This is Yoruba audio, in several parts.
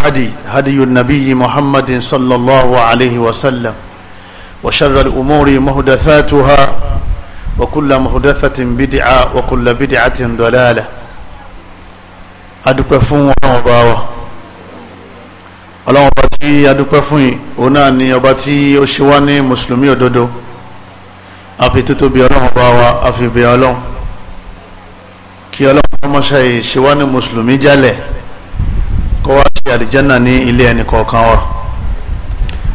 الهدي هدي النبي محمد صلى الله عليه وسلم وشر الأمور مهدثاتها وكل مهدثة بدعة وكل بدعة دلالة adúpẹ́ fún ọlọ́run ọba wa ọlọ́run ọba tí adúpẹ́ fún yìí òun náà ni ọba tí ó ṣe wá ní mùsùlùmí òdodo àfi títóbi ọlọ́run ọba wa àfi bẹ̀ ọlọ́run kí ọlọ́run ọmọṣẹ́ yìí ṣe wá ní mùsùlùmí jálẹ̀ ti àlìjánà ní ilé ẹnì kọ̀ọ̀kan wa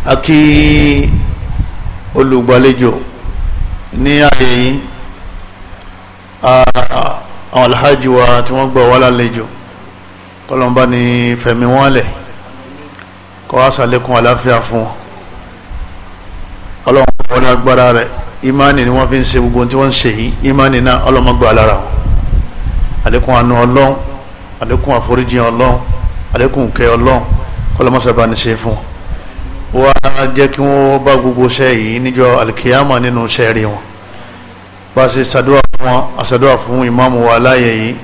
a kí olùgbàlejò ní ààyè yìí àwọn alhaji wa tí wọ́n gbọ́ wá lálejò kọlọ̀mbá ni fẹ̀mí wọn lẹ̀ kọ́ àṣàlékún àláfíà fún wọn ọlọ́run kọ́ ní agbára rẹ̀ ìmánì ni wọ́n fi ń ṣe gbogbo tí wọ́n ń ṣe yìí ìmánì náà ọlọ́mọgbà lára wọn àlékún àánú ọlọ́run àlékún àforíjì ọlọ́run àlékún kẹ́ ọlọ́run kọlọmọsàbà ní ṣe fún wọn wá jẹ́ kí wọ́n bá gbogbo iṣẹ́ yìí níjọ́ alikiyama nínú iṣẹ́ rí wọn bá ṣe ṣàdúrà fún wọn àṣàdúrà fún ìmáàmù wa láàyè yìí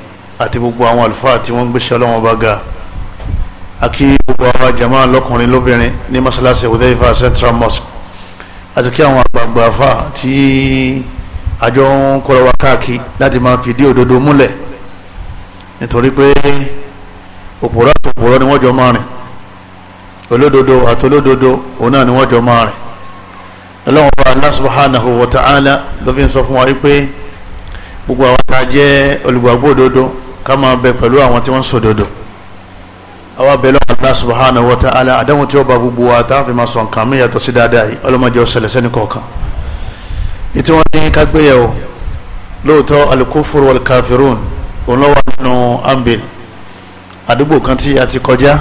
àti gbogbo àwọn àlùfáà tí wọ́n gbéṣẹ́ ọlọ́wọ́n bá ga àkí gbogbo àwọn jama lọ́kùnrin lóbìnrin ní masalasi Hudhaifa Central Mosque àti kí àwọn àgbààgbà afa tí àjọ ń kọ́ra wa káàkiri láti máa fìdí òdodo múlẹ̀ nítorí pé òpòrò àti òpòrò ni wọ́n jọ máa rìn olódodo àti olódodo òun náà ni wọ́n jọ máa rìn ọlọ́run bá Allah subhanahu wa ta'ala ló fi ń sọ fún wa wípé gbogbo àwọn tá a jẹ́ olùgbàgbọ́ òdodo ká máa bẹ pẹ̀lú àwọn tí wọ́n ń sòdodo àwọn abẹ lọ́wọ́ Allah subhanahu wa àdáhùn tí ó bá gbogbo wa tá a fi máa sọ nǹkan mí yàtọ̀ sí dáadáa yìí ọlọ́mọdé ọ̀sẹ̀lẹ̀ sẹ́ni kọ̀ọ̀kan ètò wọn ní ká lóòótọ́ al-kufru wal òun lọ́wọ́ nínú ambil àdúgbò kan tí a ti kọjá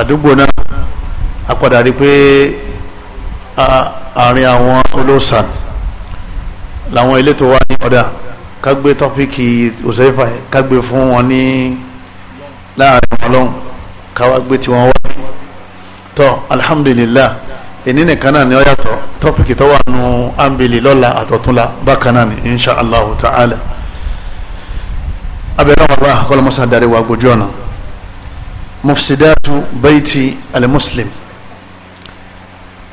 àdúgbò náà a padà rí pé àárín àwọn olóòsàn làwọn elétò wa ní ọ̀dà ká gbé tọ́píkì òṣèfà ká gbé fún wọn ní láàrin wọn lọ́hùn ká wá gbé tiwọn wá tọ́ alhamdulillah ìní nìkan náà ni ó yàtọ̀ tọ́pìkì tó wà nù ámbìlì lọ́la àtọ̀túnla bákan náà ni insha allahu ta'ala abẹ́rẹ́ wọn bá kọ́lọ́mọ́sá darí wa gbójú ọ̀nà mufsidatu baiti alimuslim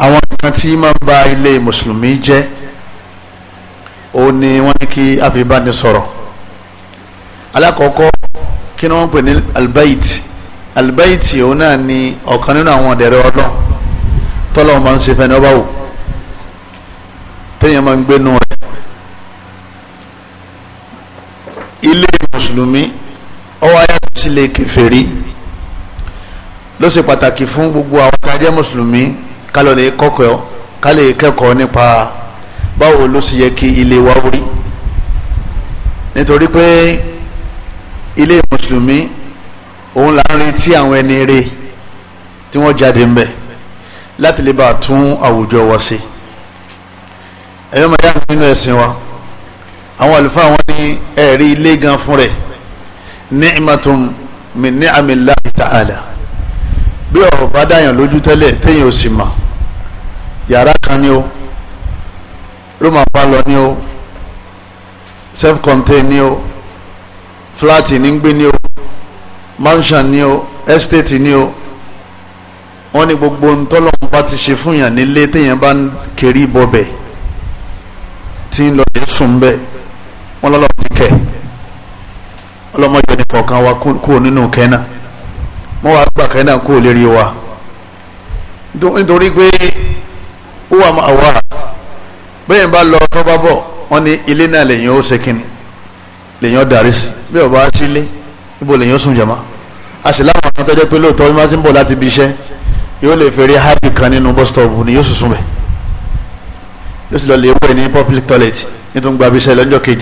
àwọn kan tí máa ń ba ilé mùsùlùmí jẹ́ ó ní wọ́n ní kí abibani sọ̀rọ̀ alákọ̀ọ́kọ́ kí ni wọ́n pè ní albait albait òun náà ni ọ̀kan nínú àwọn ọ̀dẹ̀rẹ̀ ọlọ́run tọ́lọ́run máa ń ṣe fẹ́ni ọba wò téèyàn máa ń gbé nù rẹ̀ ilé mùsùlùmí ọwọ́ ayé àti sílé kèfèrí ló ṣe pàtàkì fún gbogbo àwọn tá a jẹ́ mùsùlùmí ká lọ lè kọ́kọ́ ká lè kẹ́kọ̀ọ́ nípa báwo ló ṣe yẹ kí ilé wa rí nítorí pé ilé mùsùlùmí òun là ń retí àwọn ẹni rè tí wọ́n jáde ń bẹ̀ láti lè bá tún àwùjọ wa ṣe ẹ̀yọ́ máa yá nínú ẹ̀sìn wa àwọn àlùfáà wọn ní ẹ̀rí ilé gan fún rẹ̀ ni'matun min ni'amillahi ta'ala bí ọ̀rọ̀ bá dàyàn lójú tẹ́lẹ̀ téèyàn ò sì mọ̀ yàrá kan ni o roma palọ ni o self contained ni o flat ní gbé ni o mansion ni o estate ni o wọ́n ní gbogbo ntọ́lọ́mù bá ti ṣe fún yàn nílé téèyàn bá ń kiri bọ̀bẹ̀ tí ń lọ lè sùn bẹ́ẹ̀ wọ́n lọ́lọ́ ti kẹ̀ ọlọ́mọdé ní kọ̀ọ̀kan wa kúrò nínú kẹ́nà. wọ́n wá gbà kan náà lérí wa nítorí pé ó wà máa wà bẹ́ẹ̀ bá lọ tó bá bọ̀ wọ́n na ilé náà lèyìn ó ṣe kínní ọba sílé níbo ó sùn a sì láwọn àwọn tọ́jọ́ pé lóòótọ́ máa ti ń bọ̀ láti ibi iṣẹ́ yóò lè fẹ́rẹ́ hábì kan nínú bọ́sítọ̀ọ̀bù ni yóò sùn sùn bẹ̀ yóò sì lọ lè wẹ̀ ní public toilet nítorí gba abiṣẹ́ lọ́jọ́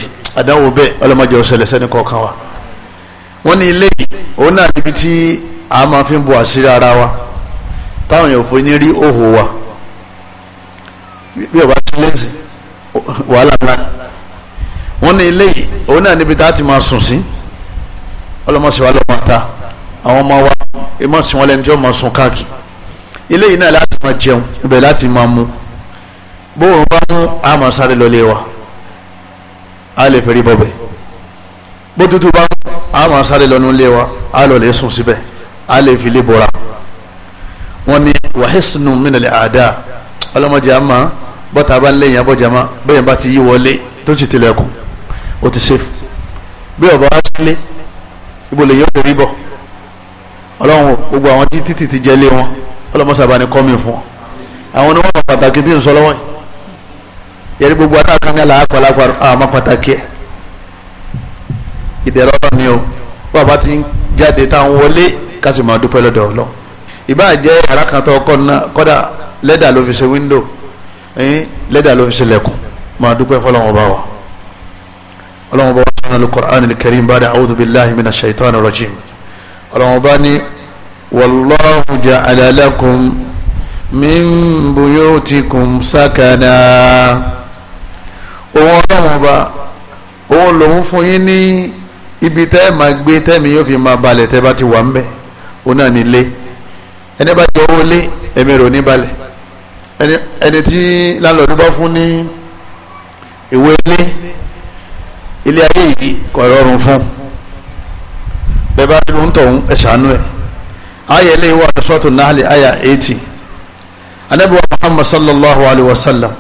wa wọ́n ní ilé yìí òun náà a máa fi ń bo àṣírí ara wa táwọn èèyàn fún ní rí òhò wa bí ọba tí lẹ́sìn wàhálà ńlá wọn ní ilé yìí òun náà níbi tá a ti máa sùn sí ọlọmọsíwá lọmọ ta àwọn ọmọ wa ẹmọ sí wọn lẹni tí wọn máa sùn káàkiri ilé yìí náà láti máa jẹun ibẹ̀ láti máa mu bóun bá mú a sáré lọlé wa a lè fẹ́rí bọ́bẹ̀ bó tútù bá mú a sáré lọ́nu lé wa a lọ lè sùn síbẹ̀. Si Ale lè fi lè bọ̀ra wọ́n ní wàhísùnù mìnàlẹ̀ àdá ọlọ́mọdé a máa bọ́ta bá ń lẹ́yìn abọ́jàmá bẹ́ẹ̀ bá ti yí wọlé tó ti tilẹ̀kùn o ti ṣe bí ọba wá sílé ibo lè yọ orí bọ̀ ọlọ́run gbogbo àwọn tí títì ti jẹ́lé wọn ọlọ́mọsàbá ni kọ́mí fún wọn àwọn ni wọ́n mọ pàtàkì tí ń sọ lọ́wọ́ yẹri gbogbo atákan yà láàpọ̀ lápọ̀ àmọ́ pàtàkì ẹ̀ ìdẹ̀rọ̀ ni o bàbá ti ń jáde táwọn wọlé ká sì máa dúpẹ́ lọ́dọ̀ ọlọ́run ìbá jẹ́ yàrá kan tó kọ́ ná kọ́dà lẹ́dà ló fi ṣe wíńdò ẹ̀yìn lẹ́dà ló fi ṣe lẹ́kùn máa dúpẹ́ fọlọ́run ọba wa ọlọ́run ọba wa sọ́nà al-Qur'an al-Karim ba'da a'udhu billahi minash shaitani rajim ọlọ́run ọba ní wallahu ja'ala lakum min buyutikum sakana òun ọlọ́run ọba òun lòun fún ibi tẹ́ ẹ̀ máa gbé tẹ́mi yóò fi máa balẹ̀ tẹ́ bá ti wà ń òun náà ní ilé ẹni bá jẹ owó ilé ẹ̀mí rẹ̀ ò ní balẹ̀ ẹni tí láńlọ́ọ̀dù bá fún ní ìwé ilé ilé ayé yìí kò rọrùn fún bẹ́ẹ̀ bá ń tọ̀hún ẹ̀ ṣàánú ẹ̀ ayé ilé wa sọ́tò náàlì àyà eighty anabi wa muhammad sallallahu alayhi wa sallam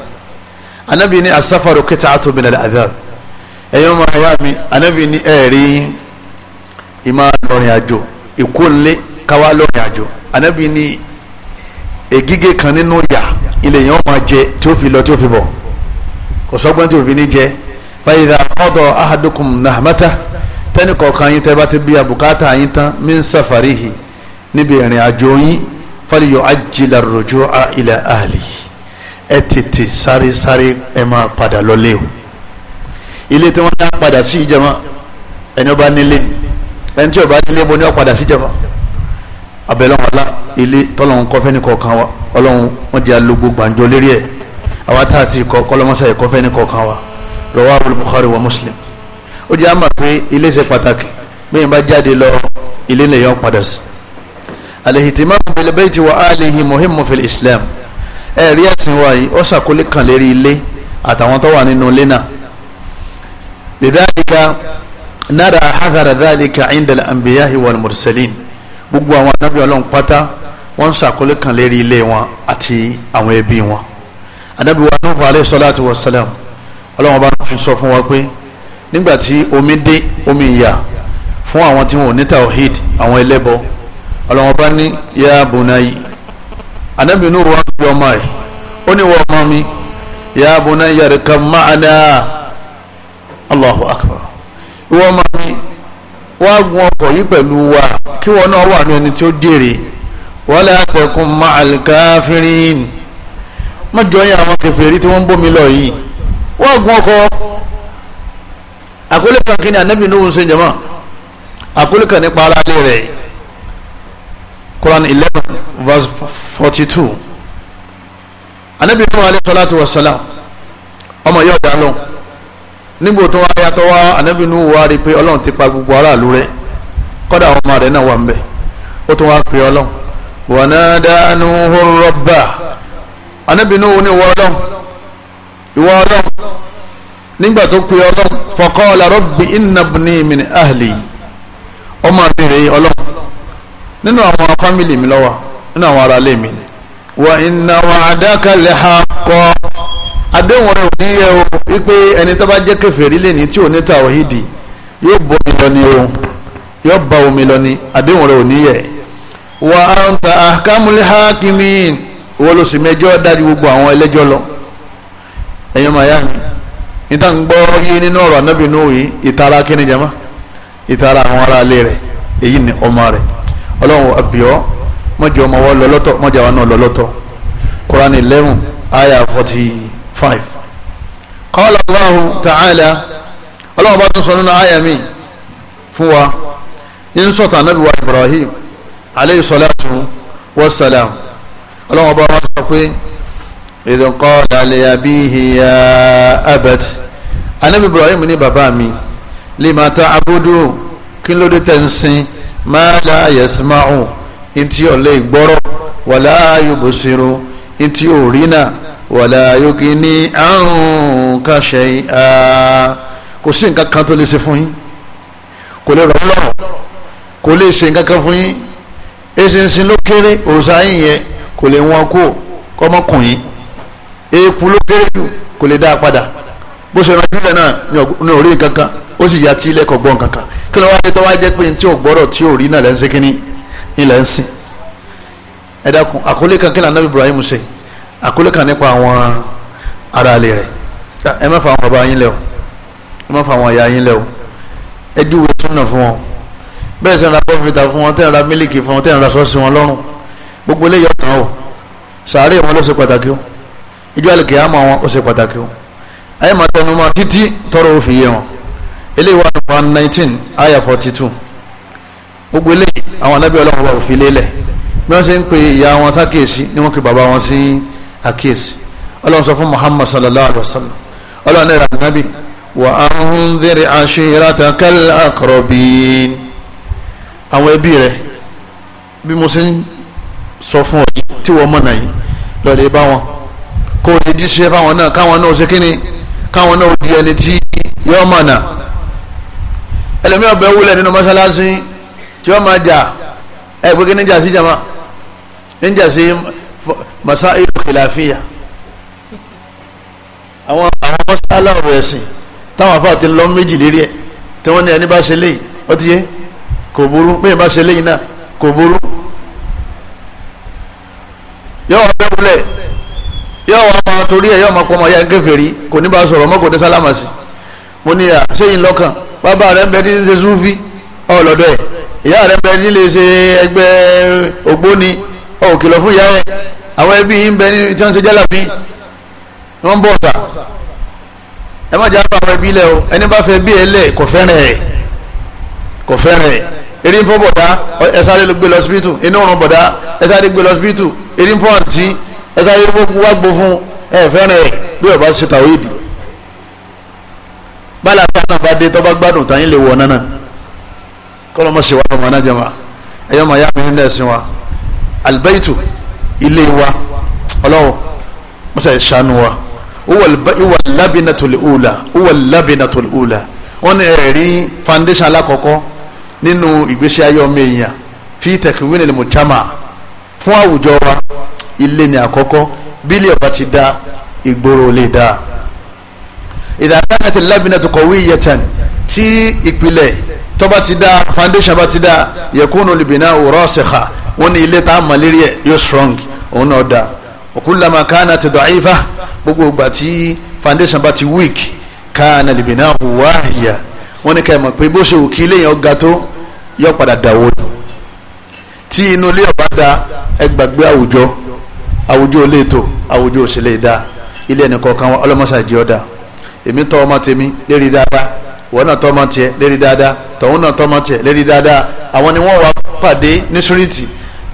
anabi ni asafaru qita'atu min al-adhab ẹ̀yọ́ máa yá mi anabi ni ẹ̀rí ìmọ̀ àlọ́rin àjò ìkó ńlẹ́ káwá lọ́rìn àjò anabi ni ègígé kan nínú yà ilé yẹn máa jẹ tí ó fi lọ tí ó fi bọ̀ kò sọ́gbọ́n tí ò fi ní jẹ fàyídà ọ̀dọ̀ ahadukum nahmata tẹ́nì kọ̀ọ̀kan yín tẹ́ bá ti bí abùkátà yín tán min safarihi níbi ìrìn àjò yín fàlíyọ̀ ajìlá rojo a ila ahli ẹ tètè sáré sáré ẹ máa padà lọlé o ilé tí wọ́n dá padà sí ìjọba ẹni ọba nílé ẹni tí ọba nílé mo ní ọ padà sí ìjọba abẹ́lẹ́wọ̀n ọlá ilé tọ́lọ́hún kọ́fẹ́ ní kọ̀ọ̀kan wa ọlọ́hún wọ́n di alógbó gbàǹjọ lérí ẹ̀ àwa tá a ti kọ́ kọ́lọ́mọ́sá yìí kọ́fẹ́ ní kọ̀ọ̀kan wa rawahu Bukhari wa Muslim ó di àmà pé ilé ṣe pàtàkì bẹ́ẹ̀ bá jáde lọ ilé lè yàn padà sí. al-ihtimamu bil bayti wa alihi muhimmu fil Islam ẹ̀sìn wa yìí ó ṣàkólé kan hadhara dhalika inda al-anbiya'i wal mursalin gbogbo àwọn anábì ọlọ́run pátá wọ́n ń sàkólé kan lérí ilé wọn àti àwọn ẹbí wọn anábì wa Nuhu alayhi salatu wa salam ọlọ́run bá fi sọ fún wa pé nígbà tí omi dé omi ìyà fún àwọn tí wọn ò ní tawhid àwọn ẹlẹ́bọ ọlọ́run bá ní ya bunayi anábì Nuhu wa gbé ọmọ rẹ̀ ó ní wọ́n ọmọ mi ya bunayi yarkab ma'ana Allahu akbar ìwọ́n ọmọ mi wá gun ọkọ̀ yìí pẹ̀lú wa kí wọn náà wà ní ẹni tí ó dèrè wala takun ma'al kafirin mọ́jọ yẹn àwọn kèfèrí tí wọ́n ń bómi lọ yìí wá gun ọkọ̀ àkólé kan kí ni ànábì Nuhu ṣe jẹ́mọ́ àkólé nípa ara lé rẹ̀ Quran eleven verse forty two ànábì Nuhu alayhi salatu ọmọ yóò dá lóhùn nígbò tó wáyá tó wá ànábì Nuhu wá rí i pé ọlọ́run ti pa gbogbo aráàlú rẹ kọ́dà àwọn ọmọ rẹ̀ náà wà ń bẹ̀ ó tún wá pè ọlọ́run wa nada Nuhu rabbah ànábì Nuhu ní ìwọ ọlọ́run ìwọ ọlọ́run nígbà tó pè ọlọ́run faqala rabbi inna ibni min ahli ọmọ mi ọlọ́run nínú àwọn fámìlì mi ló nínú àwọn aráalé mi wa inna wa'daka al-haqq àdéhùn rẹ̀ ò ní yẹ o wípé ẹni tó bá jẹ́ kèfèrí lè ní tí ò ní tàwhídì yóò bọ omi lọ ni o yóò ba omi lọ ni àdéhùn rẹ̀ ò ní yẹ wa anta ahkamul hakimin wọ́n lọ sí mẹ́jọ́ dájú gbogbo àwọn ẹlẹ́jọ́ lọ ẹ̀yọ́ màyá mi níta ń gbọ́ yé nínú ọ̀rọ̀ anábì nù yìí ìtara kí ni jama ìtara àwọn ará ilé rẹ̀ èyí ni ọmọ rẹ̀ ọlọ́run àbíọ́ mọ̀jọ́ ọmọ wọn lọ lọ́tọ̀ mọ̀jọ́ àwọn náà lọ lọ́tọ̀ Quran eleven ayah forty five qala Allahu ta'ala ọlọ́wọ́ bá tún sọ nínú àyà mi fún wa yín sọ̀tà nàbí wa Ibrahim aleyhi salatu wa salam ọlọ́wọ́ bá wá sọ pé idh qala li abihi ya abati anabi Ibrahim ní bàbá mi lima ta'budu kí ló dé tẹ̀ ń sin ma la yasma'u ntí ọ̀lẹ́ ìgbọ́rọ̀ wala yubsiru ntí òrìnà wàlá yókì ní àrùn kàṣẹ kò sí nǹkan kan tó lè ṣe fún yín kò lè rọ̀ lọ́rọ̀ kò lè ṣe nǹkan kan fún yín eṣinṣin ló kéré òòṣà yín yẹn kò lè wọn kó kọ́mọkùnrin eku ló kéré jù kò lè dá a padà bó ṣe ràn júlẹ̀ náà ní orí nǹkan kan ó sì yà tí ilẹ̀ kọ̀ gbọ́n kankan kí ló wá dé tó wá jẹ́ pé tí ò gbọ́dọ̀ tí ò rí náà lẹ́ ń ṣe kínní ilẹ̀ ń sìn ẹ dákun àkọlé kan kí ni anabi Ibrahim ṣe yìí àkọlé kan nípa àwọn ara ilé rẹ̀ ẹ má fa àwọn bàbá yín lẹ̀ o ẹ má fa àwọn ìyá yín lẹ̀ o ẹ júwe súnà fún wọn bẹ́ẹ̀ sẹ́ni ra kọ́fìtà fún wọn tẹ́ẹ̀ ra mílìkì fún wọn tẹ́ẹ̀ ra sọ́ọ̀sì wọn lọ́rùn gbogbo eléyìí ọ̀tàn o sàárè wọn ló ṣe pàtàkì o ìjọ àlùkè àmọ́ wọn ó ṣe pàtàkì o ayé máa tẹnu mọ́ títí tọrọ òfin yé wọn eléyìí wà ní one nineteen ayah forty two gbogbo eléyìí àwọn anábìyàn ọlọ́run wà òfin lélẹ̀ bí wọ́n ṣe àkíyèsí ọlọ́run sọ fún muhammad sallallahu alayhi wa sallam ọlọ́run ní ìrànnábì wa anzir ashiratakal aqrabin àwọn ẹbí rẹ bí mo ṣe ń sọ fún ọ tí wọ́n mọ̀ náà yìí lọ́ọ̀dẹ̀ bá wọn kó o lè jíṣẹ́ fáwọn náà káwọn náà ṣe kíni káwọn náà di ẹni tí yọ mọ̀ náà ẹlẹ́mi ọ̀bẹ wúlẹ̀ nínú mọ́ṣáláṣí tí wọ́n máa jà kí níjà sí jama níjà sí masáìlú kìláfíà àwọn àwọn mọ́sálà ọ̀rọ̀ ẹ̀sìn táwọn afá ti lọ méjì lérí ẹ̀ tí wọ́n ní ẹni bá ṣe léyìí ó ti yé kò burú bẹ́ẹ̀ bá ṣe léyìí náà kò burú yóò wá bẹ́ẹ̀ wúlẹ̀ yóò wá máa torí ẹ̀ yóò máa pọ́ ọmọ ya kèfèrí kò ní bá sọ̀rọ̀ mọ́ ní sálámà sí mo ní à sẹ́yìn lọ́kàn bàbá rẹ̀ ń bẹ ní ṣe súfì ọ̀lọ́dọ̀ ẹ̀ ìyá rẹ̀ ń bẹ ní lè ṣe ẹgbẹ́ ògbóni ọ̀ kìlọ̀ fún ìyá rẹ̀ àwọn ẹbí yìí ń bẹ ní tí wọ́n ti jálà bí wọ́n ń bọ̀ ọ̀sà ẹ má jábọ̀ àwọn ẹbí lẹ̀ o ẹni bá fẹ́ bí ẹ lẹ̀ kò fẹ́ràn ẹ̀ kò fẹ́ràn ẹ̀ erin fọ́ bọ̀dá ẹ sáré gbé lọ síbítù inú ọ̀run bọ̀dá ẹ sáré gbé lọ síbítù erin fọ́ àǹtí ẹ sáré wá gbó fún ẹ fẹ́ràn ẹ̀ bí ọba ṣe tàwé ìdí bala fana ba de tọba gbádùn tàn yín lè wọ nánà kọlọmọ ṣe wà lọmọ náà jẹ wa ẹyọ mọ ya mi ń dẹ sin wa albaitu ilé wa ọlọ́wọ́ musa yẹ ṣàánú wa uwa labina toli ula uwa labina toli ula wọn ẹ̀rí foundation alákọ̀ọ́kọ́ nínú ìgbésí ayé ọmọ èèyàn fi tẹ̀kíwé ní mujama fún àwùjọ wa ilé ní àkọ́kọ́ bílẹ̀ ọba ti da ìgboro lè da ìdàgbàsókè ti labina tó kọ̀wé yẹtàn tí ìpìlẹ̀ tọ́ba ti da foundation bá ti da yẹkùnú libina rọ́ọ̀sẹ̀ka wọ́n ní ilé tá a mọ̀ lérí yóò strong òun náà da kullama kanat da'ifa gbogbo ìgbà tí foundation bá ti weak kana libinahu wahiya wọ́n ní kẹ́ ẹ̀ mọ̀ pé bó ṣe òkè ilé yẹn ọ̀gá tó yọ padà dàwó tí inú ilé ọ̀bá da ẹ gbàgbé àwùjọ àwùjọ ò lè tò àwùjọ ò sì lè da ilé ẹnì kọ̀ọ̀kan ọlọ́mọṣà jẹ́ ọ̀dà èmi tọ́ ọmọ tèmi lérí dáadáa wọ́n náà tọ́ ọmọ tiẹ̀ lérí dáadáa tọ̀hún náà tọ́ ọmọ tiẹ̀ lérí dáadáa àwọn ni wọ́n wá pàdé ní súrìtì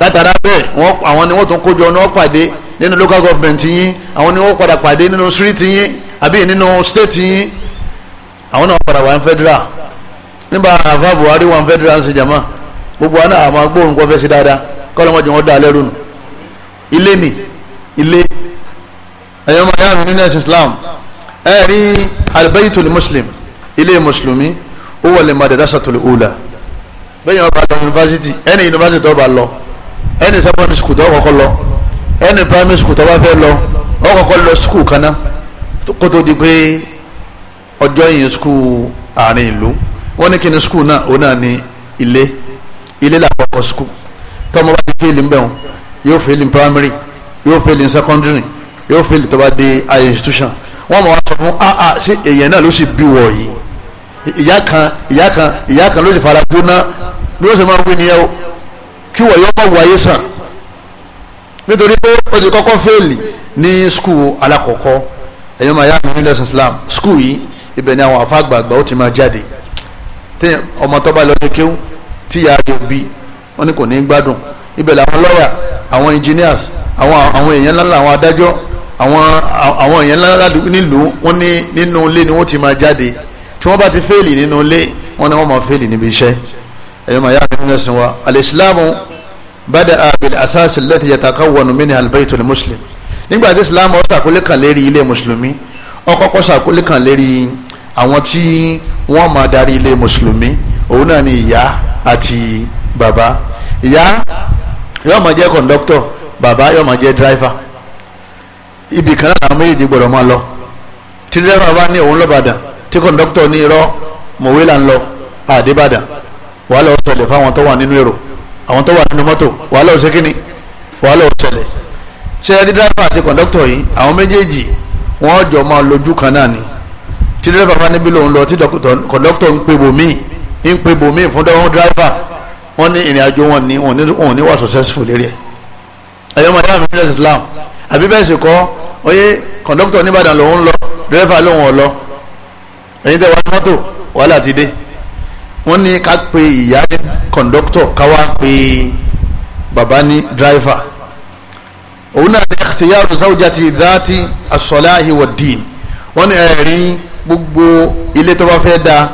látara bẹ́ẹ̀ wọ́n àwọn ni wọ́n tún kójọ ní wọ́n pàdé nínú local government yín àwọn ni wọ́n padà pàdé nínú street yín àbí nínú state yín àwọn náà padà wà ní federal nígbà àfa Buhari wà ní federal ń ṣe jama gbogbo àná àwọn agbóhùn kọfẹ́ sí dáadáa kọ́lọ́mọdé wọn dá lẹ́rù nù ilé ni ilé ẹ̀yọ́ máa yá mi nínú ẹ̀sìn Islam ẹ rí albaytul muslim ilé mùsùlùmí ó wọlé madrasatul ula bẹ́ẹ̀ yẹn wọ́n bá lọ yunifásitì ẹni yunifásitì tó bá lọ ẹni secondary school tó kọ́kọ́ lọ ẹni primary school tó bá fẹ́ lọ ó kọ́kọ́ lọ school kan náà kó tó di pé ọjọ́ yìí school àárín ìlú wọ́n ní kí ni school náà ó náà ní ilé ilé làkọ́kọ́ school tọ́mọ bá ti fẹ́ẹ̀lì ń bẹ̀ wọn yóò fẹ́ẹ̀lì primary yóò fẹ́ẹ̀lì secondary yóò fẹ́ẹ̀lì tó bá dé high institution wọ́n mọ̀ wá sọ fún ah ah ṣé èèyàn náà ló sì bí wọ̀ yìí ìyá kan ìyá kan ìyá kan ló sì fara gbóná bí sì máa ń gbé nìyẹn kí wọ́n yọ́ wáyé sàn nítorí pé ó ti kọ́kọ́ fẹ́ẹ̀lì ní skul alákọ̀ọ́kọ́ ẹ̀yọ́ màá yá mi nílẹ̀ islam skul yìí ibẹ̀ ni àwọn afáàgbà àgbà ó ti máa jáde tí ọmọ tó bá lọ ní kéwú tí ìyá rẹ̀ bí wọ́n ní kò ní gbádùn ibẹ̀ làwọn lọ́yà àwọn engineers àwọn àwọn èèyàn ńláńlá àwọn adájọ́ àwọn àwọn èèyàn ńláńlá nílùú wọ́n ní nínú ilé ni wọ́n ti máa jáde tí wọ́n bá ti fẹ́ẹ̀lì nínú ilé wọ́n ní wọ́n máa fẹ́ẹ̀lì níbi iṣẹ́ ẹ̀yọ́ màá yá mi nínú ẹ̀sìn wa alìsílámù bada abil asasi lẹ́tì yatakawwanu minha albaytu muslim nígbà tí islam ó ṣàkólé kan lérí ilé mùsùlùmí ó kọ́kọ́ ṣàkólé kan lérí àwọn tí wọ́n máa darí ilé mùsùlùmí òun náà ni ìyá àti bàbá ìyá yóò máa jẹ́ kọ̀ńdọ́kítọ̀ bàbá yóò máa jẹ́ dráìvà ibì kan náà àwọn méjèèjì gbọ́dọ̀ máa lọ tí dráìvà bá ní òun lọ́bàdàn tí kọ̀ńdọ́kítọ̀ ní irọ́ mọ̀wé là wàhálà ó ṣẹlẹ̀ fáwọn tó wà nínú èrò àwọn tó wà nínú mọ́tò wàhálà ó ṣe kíni wàhálà ó ṣẹlẹ̀ ṣé ẹni dírẹ́fà àti kọ̀ńdọ́kítọ̀ yìí àwọn méjèèjì wọ́n jọ máa lójú kan náà ni tí dírẹ́fà bá níbi lòun lọ tí kọ̀ńdọ́kítọ̀ ń pe bòmíì ń pe bòmíì fún dọ́wọ́n dírẹ́fà wọ́n ní ìrìn àjò wọn ní wọn ní wà successful lérí ẹ̀ ẹ̀yọ́ mọ̀ dáhà Islam àbí bẹ́ẹ̀ sì kọ́ oyé kọ̀ńdọ́kítọ̀ ní Ìbàdàn lòun lọ dírẹ́fà lòun ọ̀ wọ́n ní ká pe ìyá ní kọ̀ǹdọ́kítọ̀ ká pe bàbá ní dráìvà òun náà ní ikhtiyaru zawjati dhati as-salahi wad-din wọ́n ní ẹ̀rín gbogbo ilé tó bá fẹ́ da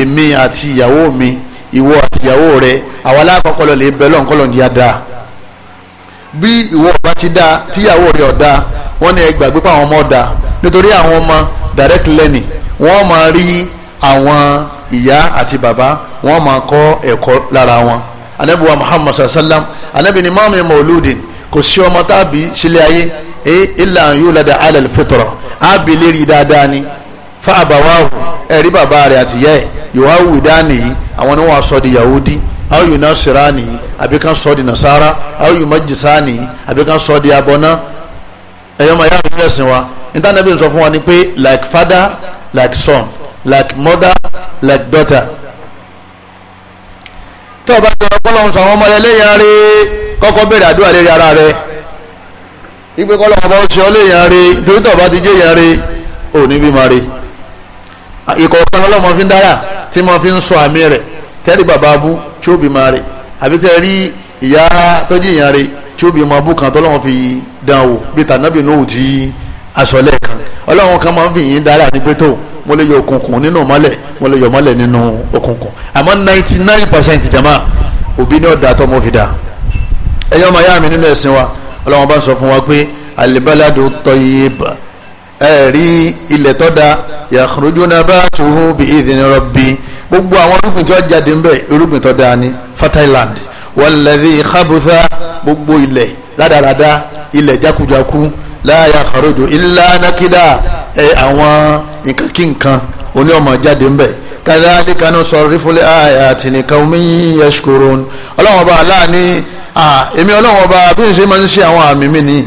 èmi àti ìyàwó mi ìwọ àti ìyàwó rẹ àwa alákọ̀ọ́kọ́ lọ lè bẹ lọ́nkọ́lọ́ ní yàda bí ìwọ ọba ti da tíyàwó rẹ ọ̀dà wọ́n ní ẹ gbàgbé pa àwọn ọmọ ọ̀dà nítorí àwọn ọmọ direct learning wọ́n máa rí àwọn ìyá àti bàbá wọ́n máa kọ́ ẹ̀kọ́ lára wọn anabi wa muhammad sallam anabi ni maami mauludin kò sí ọmọ tá a bí sílé ayé ee ilà yóò lada alẹ́ fitra a bí lérí dáadáa ni fa abawahu ẹ̀rí bàbá rẹ̀ àti yẹ́ ẹ̀ yòówá wù dání yìí àwọn ni wọ́n sọ di yahudi aw yu nasira ni àbí kan sọ di nasara aw yu majisa ni àbí kan sọ di abọ́ná ẹ̀yọ́ ma yára ní ẹ̀sìn wa níta nàbí sọ fún wa ni pé like father like son like mother lẹ́dọ́ta tí ọba tó ọlọ́run sọ àwọn ọmọ ẹlẹ́yìn rí kọ́kọ́ béèrè àdúrà lérí ara rẹ ìgbé kọ́lọ́run ọba ó ṣe ọ léyìn rí torí tọ́ba ti jẹ́ yẹn rí ò ní bí máa rí ìkọ̀ọ̀kan ọlọ́mọ fi ń dára tí mo fi ń sọ àmì rẹ̀ tẹ́rí bàbá abú tí ó bí máa rí àbí tẹ́rí ìyá tọ́jú ìyá rí tí ó bí máa bú kan tọ́lọ́run fi dán wò bí tànàbì náà ò tí aṣọ lẹ́ẹ̀kan ọlọ́run kan máa ń fi yín dára ní pétó mo lè yọ òkùnkùn nínú mọ́lẹ̀ mo lè yọ mọ́lẹ̀ nínú òkùnkùn àmọ́ ninety nine percent jama òbí ní ọ̀dà tó mo fi dà ẹ̀yọ́ ọmọ ayá mi nínú ẹ̀sìn wa ọlọ́wọ́n bá ń sọ fún wa pé alibaladu tayyib ẹ rí ilẹ̀ tó da yakhruju nabatuhu bi idhni rabbi gbogbo àwọn irúgbìn tó jáde ń bẹ irúgbìn tó da ni fertile land walladhi khabutha gbogbo ilẹ̀ ládàradà ilẹ̀ jákujáku láyà àkàròjò ilá nákìdá ẹ àwọn nǹkan kí nǹkan oní ọmọ jáde ń bẹ kàdáàdì kanú sọ̀rọ̀ rífúlẹ̀ àyà àti nìkan omi yashkurun ọlọ́wọ́n bá aláàní èmi ọlọ́wọ́n bá bí n ṣe máa ń ṣe àwọn àmì mi nìyí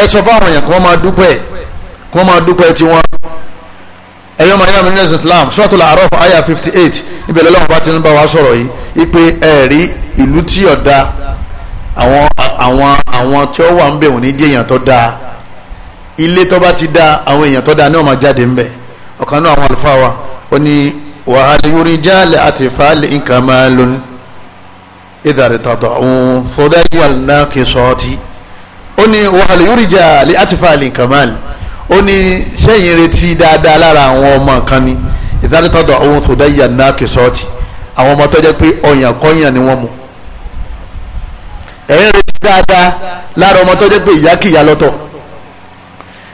ẹ sọ fáwọn èèyàn kí wọ́n máa dúpẹ́ kí wọ́n máa dúpẹ́ tí wọ́n ẹ̀yọ́ máa yá mi nẹ́sìn Islam Suratul A'raf àyà fifty eight ibẹ̀ lọ́wọ́n bá ti ń bá wa sọ̀rọ̀ yìí ipe ẹ̀rí ìlú tí ọ̀dà àwọn àwọn àwọn tí ó wà ń bẹ̀ wọ́n ní jẹ́ èèyàn tó dáa ilé tó bá ti dáa àwọn èèyàn tó dáa ní ọmọ jáde ń bẹ̀ ọ̀kan náà àwọn àlùfáà wa ó ní wàhálà yorin jáàlẹ̀ àti fàálẹ̀ nǹkan máa ń lónìí ìdàrí tọ̀tọ̀ òun fọdá yàrá náà kì í sọ ó ní wàhálà yorin jáàlẹ̀ àti fàálẹ̀ nǹkan máa lè ó ní sẹ́yìn retí dáadáa lára àwọn ọmọ kan ni ìdàrí tọ̀tọ̀ òun fọdá yàrá náà kì í sọ àwọn ọmọ tó pé ọ̀yàn kọ́yàn ni wọ́n mu ẹ̀ ń retí dáadáa lára ọmọ tó jẹ́ pé ìyá lọ́tọ̀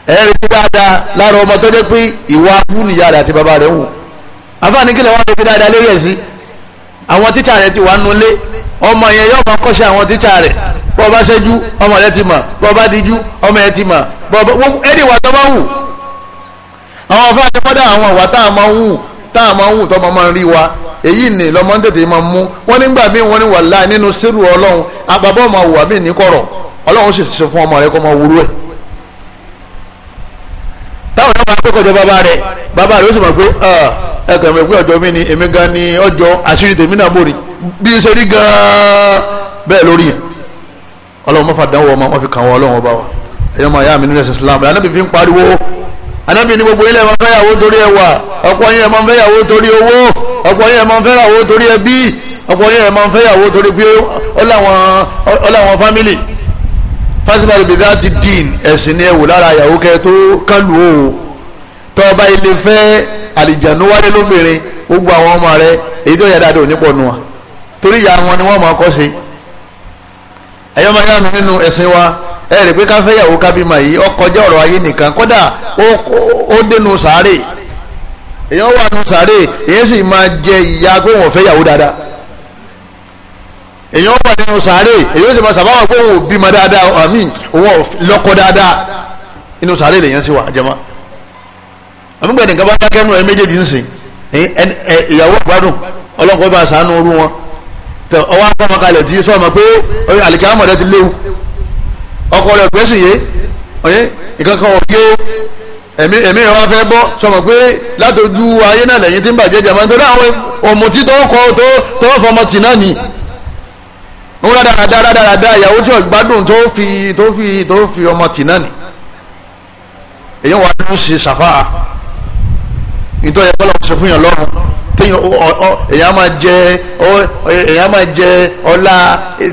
ẹ̀ ń dáadáa lára ọmọ tó jẹ́ pé ìwà abú nìyá rẹ̀ àti bàbá rẹ̀ wò àfààní kílẹ̀ dáadáa lérí ti wà nulẹ̀ ọmọ yẹn yóò máa kọ́ṣẹ́ àwọn tíṣà rẹ̀ bọ́ bá ṣẹ́jú ọmọ rẹ̀ ti mọ̀ bọ́ bá ọmọ rẹ̀ ti mọ̀ bọ́ ẹni wà tó wa èyí ni lọmọ ma tètè máa mú wọ́n nígbà míì nínú sírù ọlọrun ọmọ fún ọmọ rẹ ọmọ táwọn bàbá rẹ bàbá rẹ ó sì ẹ kàn mí mi ni èmi gan ni àṣírí tèmi náà bí n ṣe gan-an lórí yẹn ọmọ wọn fi kàn wọ́n ọlọrun ọba wa ẹ̀yọ́ máa yá mi Islam anábì fi gbogbo ilé máa fẹ́yàwó torí ẹwà yín máa ọ̀pọ̀ yẹn máa ń fẹ́ yàwó torí ẹbí ọ̀pọ̀ yẹn máa ń fẹ́ yàwó torí pé ọláwọn fámìlì fásitì bìdá ti dín ẹ̀sìn ni ẹ wò lára yàwó kẹ tó kálù o tọ́ba ilé fẹ́ àlìjànú wálé lóbìnrin gbogbo àwọn ọmọ rẹ èyí tó yẹ dáadáa ò ní pọ̀ nù wọn torí ìyá wọn ni wọ́n máa kọ́ sí ẹ̀yọ́ máa yánu nínú ẹ̀sìn wa ẹ rí pé káfẹ́yàwó kábímọ yìí ọkọjọ́ ọ̀rọ̀ ayé nìkan kódà ó dénú sàárè èèyàn wà nù sàárè èèyàn sì máa jẹ ìyá pé wọn fẹ́ yàwó dáadáa èèyàn wà nù sàárè èèyàn sì máa sàbáwọ̀ pé òun ò bímọ dáadáa àmì òun lọ́kọ dáadáa inú sàárè lèèyàn sì wà jẹmọ́ àmúgbà nìkan bá dákẹ́ nù ẹ méjèèjì ń sìn ìyàwó gbádùn ọlọ́kọ̀ bá sànú orú wọn tẹ ọwọ́ akọ́mọ kalẹ̀ tí sọ́ọ̀mọ pé àlìkàmọ̀ rẹ ti léwu ọkọ rẹ pẹ́sì yé ìkankan ò ẹ̀mí ẹ̀mí ìwà fẹ́ bọ́ sọmọ pé látọjú ayé náà lẹ́yìn tí ń bàjẹ́ jẹ́ máa ń torí àwọn ọ̀mùtí tó kọ́ tó tó fọmọ tì náà nì ń rà dáradára dáradára ìyàwó tí ọ̀gbádùn tó fi tó fi tó fi ọmọ tì náà nì èyí wà ló ṣe ṣàfáà nítorí ẹ̀kọ́ lọ́wọ́ sọ fún yàn lọ́rùn téèyàn èyàn máa jẹ èyàn máa jẹ ọlá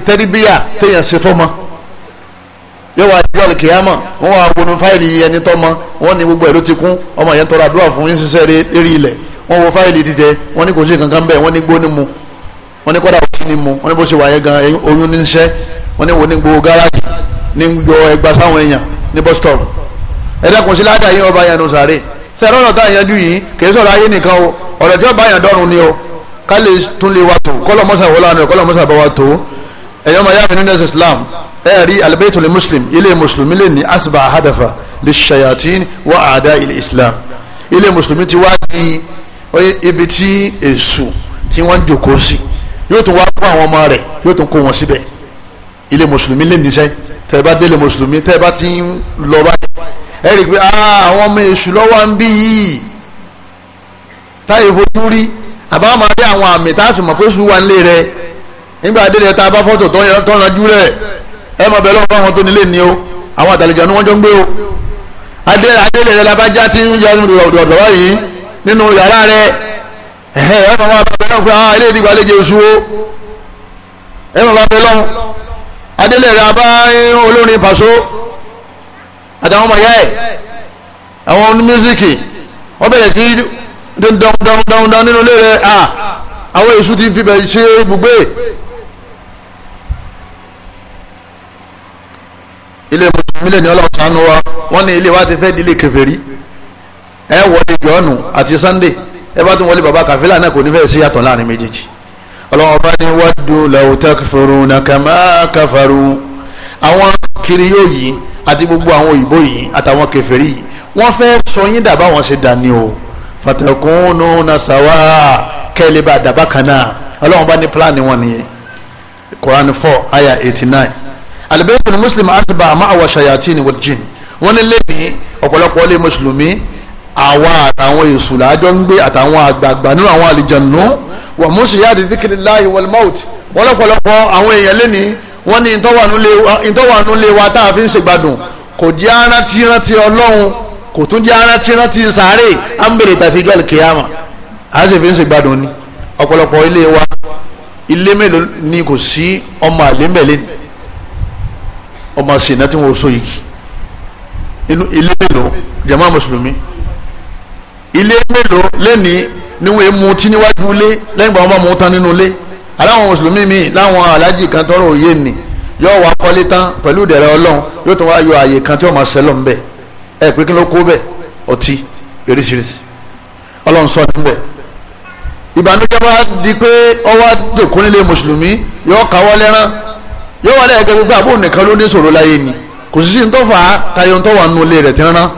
tẹ́ríbíyà téèyàn ṣe fọ́mọ yóò wá ìjọ kìámà wọn wá wọnú fáìlì ẹni tó mọ wọn ní gbogbo ẹ ló ti kún ọmọ yẹn tọrọ àdúrà fún yín ṣiṣẹ́ lérí ilẹ̀ wọn wo fáìlì títẹ wọn ní kò sí kankan bẹ́ẹ̀ wọn ní gbóni mu wọn ní kọ́dà òsì ni mu wọn ní bó ṣe wà yẹn gan oyún ní ṣẹ́ wọn ní wo ní gbogbo gáràjì ní yọ ẹgbà sáwọn èèyàn ní bus stop ẹ̀dá kùn sí ládàá yín ọba yẹn nù sàrè sẹ́rọ̀ ọ̀nà tá yìí kì í sọ̀rọ̀ ayé nìkan o ọ̀rọ̀ tí ó bá yàn dọ́run ni o ká lè tún lè wa tó Islam ẹ rí alibaitu lè muslim ilé mùsùlùmí lè ní asibà hadafa lè ṣayatin wà àdá ilé islam ilé mùsùlùmí ti wá di ibi tí èṣù tí wọ́n ń jòkóó sí yóò tún wá kó àwọn ọmọ rẹ̀ yóò tún kó wọn síbẹ̀ ilé mùsùlùmí lè níṣẹ́ tẹ́ ẹ bá délé mùsùlùmí tẹ́ bá ti ń lọ báyìí ẹ pé ah, àwọn ọmọ èṣù lọ́wọ́ ń bí yìí táyé fojú rí àbá máa rí àwọn àmì tá a fi mọ̀ pé sùn wà nílé rẹ̀ nígbà délé tá bá fọ́tò tó yanjú rẹ̀ ẹ mọ̀ bẹ́ẹ̀ lọ́wọ́ fún àwọn tó nílé ni o àwọn àtàlejò ni wọ́n jọ ń gbé o adé adélè rẹ labájá tí ń yà ọ̀dọ̀ báyìí nínú yàrá rẹ ẹ̀hẹ́ ẹ mọ̀ bá bẹ́ẹ̀ lọ́wọ́ fún àwọn ilé ah, ìdìgbà àlejò oṣù o ẹ mọ̀ bá bẹ́ẹ̀ lọ́wọ́ adélè rẹ abá olórin pàṣọ àtàwọn ọmọ yá ẹ àwọn onímísíkì wọ́n bẹ̀rẹ̀ sí dandandandandan nínú ilé rẹ ah, àwọn èṣù ti fi bẹ̀ ṣe ibùgbé ilé mùsùlùmí lè ní ọlọ́run sànú wa wọ́n ní ilé wa ti fẹ́ di ilé kèfèrí ẹ wọlé jọ́ọ̀nù àti sunday ẹ bá tún wọlé baba kàfílà náà kò ní fẹ́ẹ́ sí yàtọ̀ láàrin méjèèjì ọlọ́run bá ní waddu law takfuruna kama kafaru àwọn kiri yóò yìí àti gbogbo àwọn òyìnbó yìí àtàwọn kèfèrí yìí wọ́n fẹ́ sọ yín dà báwọn ṣe dà o fatakunu nasawa kẹ́lẹ́ bá dàbá kan náà ọlọ́run bá ní plan wọn nìyẹn Quran four aya eighty nine alibẹ́yìn muslim àtibá àmọ́ àwọn ṣayàtì ni wọ́n jìn wọ́n ní lẹ́yìn ọ̀pọ̀lọpọ̀ lé mùsùlùmí àwa àtàwọn èṣù làájọ́ ń gbé àtàwọn àgbààgbà nínú àwọn àlìjànú wọ́n mú sí yáàdì díkìrì láàyè wọ́n mọ́ọ̀tì wọ́n lọ́pọ̀lọpọ̀ àwọn èèyàn lẹ́ni wọ́n ní ìtọ́wànú lé wa tá a fi ń ṣègbádùn kò jẹ́ arántí rántí ọlọ́run kò tún jẹ́ arántí rántí sàárè á ń bèrè tàfíjọ́ kìámà á sì fi ń ṣègbádùn ni ọ̀pọ̀lọpọ̀ ilé wa ilé mélòó ni kò sí ọmọ àlè ọmọ sìnà tí wọn so yìí inú ilé mélòó jama mùsùlùmí ilé mélòó lẹ́ni ni wọ́n mú tí níwájú ilé lẹ́yìn wọn bá mú tán nínú ilé aláwọn mùsùlùmí mi láwọn alájì kan tọrọ òye nì yóò wá kọ́lé tán pẹ̀lú ìdẹ̀rẹ̀ ọlọ́run yóò tún wá yọ àyè kan tí wọ́n máa sẹ́lọ̀ ńbẹ ẹ pé kí ló kó bẹ ọtí eríṣiríṣi ọlọ́run sọ níbẹ ìbànújẹ́ bá di pé ọwọ́ àdókòó mùsùlùmí yóò káwọ́ lẹ́rán yóò wà lẹ́yìn kẹ́kẹ́ pé àbúrò nìkan ló ní sòrò láyé ni kò sí sí ní tó fà á tayọ tó wà nù ilé rẹ̀ tí ń rán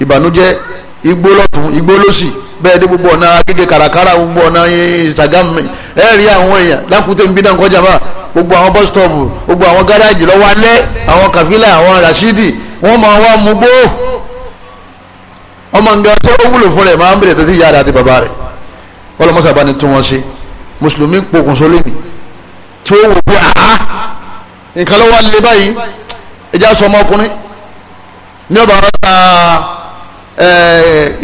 ìbànújẹ́ igbó lọ́tún igbó lọ́sì bẹ́ẹ̀ dé gbogbo ọ̀nà gẹ́gẹ́ kàràkàrà gbogbo ọ̀nà Instagram ẹ rí àwọn èèyàn lákùtẹ́ nbí náà kọjá bá gbogbo àwọn bus stop gbogbo àwọn gáràjì lọ́wọ́ alẹ́ àwọn kàfílà àwọn Rashidi wọ́n máa wá mú gbó ọmọ nǹkan tó wúlò fún rẹ̀ máa ń bèrè tètè yára àti bàbá rẹ̀ ọlọ́mọsàbá ni tún wọn ṣe mùsùlùmí pokùnso lẹ́nu tí ó wò pé àá nǹkan ló wá lé báyìí ẹjẹ́ aṣọ ọmọkùnrin ní ọba ta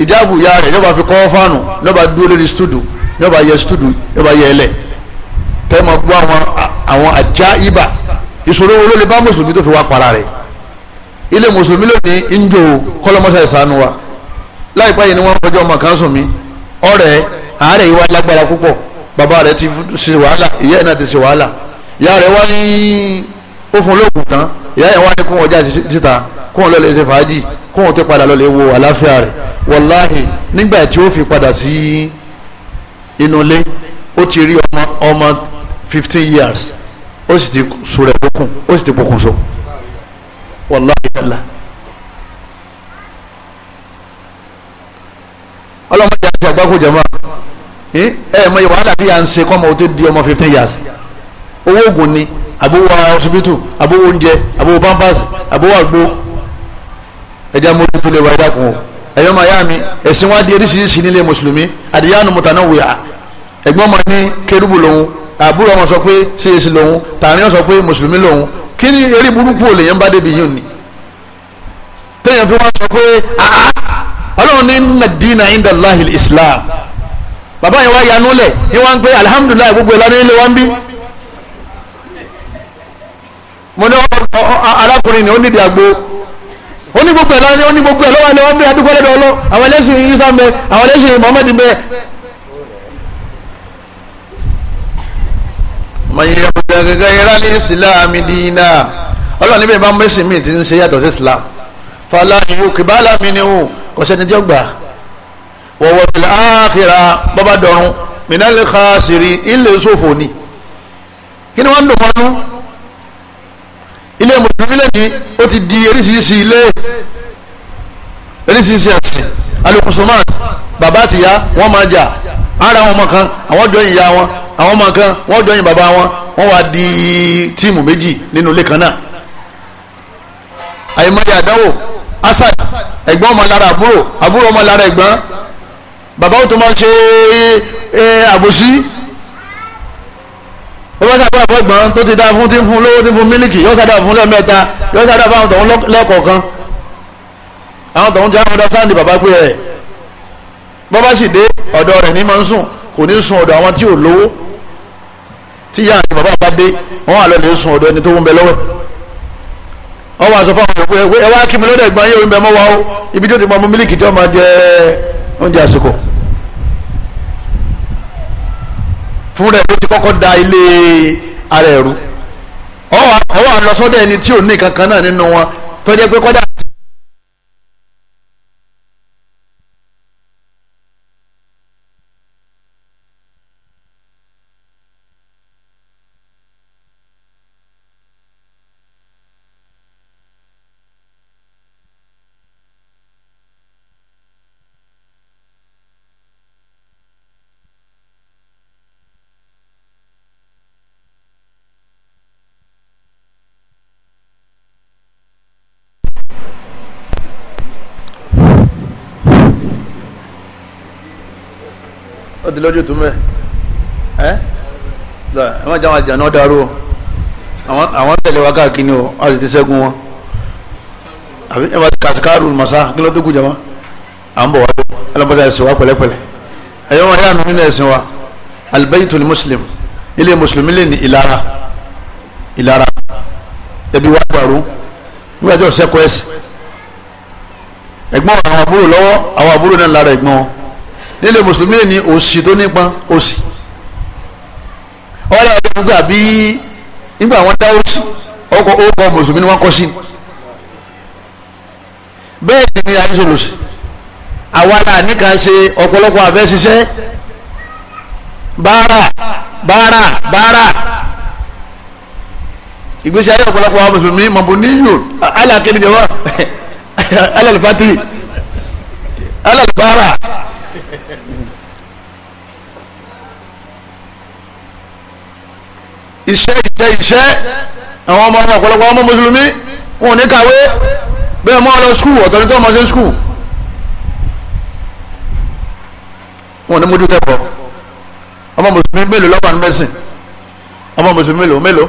ìjáàbù ya rẹ̀ ní ọba fi kọ́ fáànù ní ọba dúró lórí stúdù ní ọba yẹ stúdù ní ọba yẹ ẹlẹ̀ tẹ́ ma gbọ́ àwọn àwọn ajá ibà ìṣòro wo ló lè bá mùsùlùmí tó fi wá para rẹ̀ ilé mùsùlùmí lónìí ń jò kọ́lọ́mọ́sá ìsànú wa láìpẹ́ yìí ni wọ́n kọjá ọmọ kan sùn mí ọ̀rẹ́ àárẹ̀ ìwà lágbára púpọ̀ bàbá rẹ̀ ti ṣe wàhálà ìyá ẹ̀ náà ti ṣe wàhálà ìyá rẹ̀ wá ní ó fún lóògùn tán ìyá yẹn wá ní kún ọjà síta kún ọ lọ́lẹ̀ ṣe fàájì kún ọ tó padà lọ́lẹ̀ wo àláfíà rẹ̀ wàláhì nígbà tí ó fi padà sí inú ilé ó ti rí ọmọ ọmọ fifteen years ó sì ti sùrẹ̀ bókun ó sì ti bókun so wàláhì kàlá. ọlọ́mọdé àti àgbákò jẹ̀mọ́ ẹ ẹ mọ ìwà àdàbí à ń ṣe kọ́mọ ó ti di ọmọ fifteen years owó oògùn ni àbówó ọsibítù àbówó oúnjẹ àbówó pampers àbówó àgbo ẹ̀dá mójútó lè wá ẹ̀dá kùn ó ẹ̀yọ́ máa yá mi ẹ̀sìn wá di eríṣiríṣi nílé mùsùlùmí àdìyánu mùtánà wìyà ẹ̀gbọ́n máa ní kérúbù lòun àbúrò ọmọ sọ pé ṣèyẹsì lòun tààrin sọ pé mùsùlùmí lòun kí ni eré burúkú ò lè yẹn bá débi yìí ni téèyàn fi wá sọ pé ọlọ́run ní nàdínà indalahi islam bàbá yẹn wá yanú lẹ̀ ni wọ́n ń pè alhamdulilayi gbogbo ìlànà ilé wọn bí mo ní oh, oh, oh, ah, arákùnrin ni ó nídìí àgbo ó ní gbogbo ẹ̀ lọ́wọ́ ó ní gbogbo ẹ̀ lọ́wọ́ ni wọ́n bí adúgbò lọ́dọ̀ ọlọ́ àwọn ẹlẹ́sìn isa mbẹ àwọn ẹlẹ́sìn Muhammad mbẹ. mọ̀nyẹ́rẹ́ bọ̀dọ̀ gẹ́gẹ́ yẹra ní ìsìlámù dínà ọlọ́run níbẹ̀ bá mẹ́sìn mi ti ń ṣe yàtọ̀ sí islam fàlà ìlú kìbálà mi ni òun kò sẹ́ni tí ó gbà wọ̀wọ̀ fìlà áàkìrà bọ́bá dọ̀run mìnàlẹ́ kásìrì ilé sófò ni kí ni wọ́n ń dùn wọn ilé mùsùlùmí lẹ́yìn ó ti di eríṣiríṣi ilé eríṣiríṣi ẹ̀sìn alukusumat bàbá àtìyá wọ́n máa jà ara àwọn ọmọ kan àwọn jọyìn ìyá wọn àwọn ọmọ kan wọ́n jọyìn bàbá wọn wọ́n wá di tíìmù méjì nínú ilé kan náà àyèmáyé àdánwò asad ẹ̀gbọ́n ọmọ lára àbúrò àbúrò ọmọ lára ẹ̀gbọ́n bàbá ó tó máa ṣe eh, àbòsí wọ́n bá sábà fọ́gbọ́n tó ti dá fún tí ń fún lówó tí ń fún mílíkì yóò sábà fún lẹ́ẹ̀mẹ́ta yóò sábà fún àwọn tòun lẹ́ẹ̀kọ̀ọ̀kan àwọn tòun jẹ́ àwọn ọ̀dọ́ sáǹdì bàbá pé ẹ̀ bọ́ bá sì dé ọ̀dọ̀ rẹ̀ ní máa ń sùn kò ní sùn ọ̀dọ̀ àwọn tí ò lówó tí yá àti bàbá bá dé wọ́n àlọ́ lè sùn ọ̀dọ̀ ẹni tó ń bẹ lọ́wọ́ wọ́n wá sọ fún àwọn pé ẹ wá kí fún rẹ̀ ló ti kọ́kọ́ da ilé ara ẹ̀rú ọwọ́ àlọ́sọ́dọ̀ ẹni tí ò ní kankan náà nínú wọn tó pé kọ́dà ti lọ́jọ́ tó mẹ́ ẹ́ ẹ má jẹ́ àwọn àjànà dàrú o àwọn tẹ̀lé wa káàkiri ni o a sì ti ṣẹ́gun wọn àbí ẹ bá ti kàṣíkàrù màsá kí ló tó kù jama à ń bọ̀ wá alábọ́dá ẹ̀sìn wa pẹ̀lẹ́pẹ̀lẹ́ ẹ̀yọ́ wọn yára nínú ẹ̀sìn wa albaytul muslim ilé mùsùlùmí lè ní ìlara ìlara ẹbí wa gbàrú nígbà tí ò sẹ́kọ̀ẹ́sì ẹ̀gbọ́n àwọn àbúrò lọ́wọ́ àwọn àbúrò náà lára ẹ̀gbọ́n wọn nílẹ̀ mùsùlùmí ní òsì tó nípọn òsì ọ̀rẹ́ ọ̀rẹ́ gbà bí nígbà wọn dá òsì ọkọ̀ ọkọ̀ mùsùlùmí ni wọ́n kọ́ sí bẹ́ẹ̀ ni ní ayé sọlọ́sì àwàlà nìkan ṣe ọ̀pọ̀lọpọ̀ abẹ́ ṣiṣẹ́ báárà báárà báárà ìgbésí ayé ọ̀pọ̀lọpọ̀ àwọn mùsùlùmí mọ̀bù níyù alákéde jẹ́wọ́ alálùfátì alálùbárà. iṣẹ́ iṣẹ́ iṣẹ́ àwọn ọmọ ọ̀pọ̀lọpọ̀ ọmọ mùsùlùmí wọn ò ní kàwé bẹ́ẹ̀ mọ́ lọ skul ọ̀tọ̀ ní tó ọmọ ṣe skul wọn ò ní mójú kẹ́kọ̀ọ́ ọmọ mùsùlùmí mélòó lọ́wọ́ àti mẹ́sìn ọmọ mùsùlùmí mélòó mélòó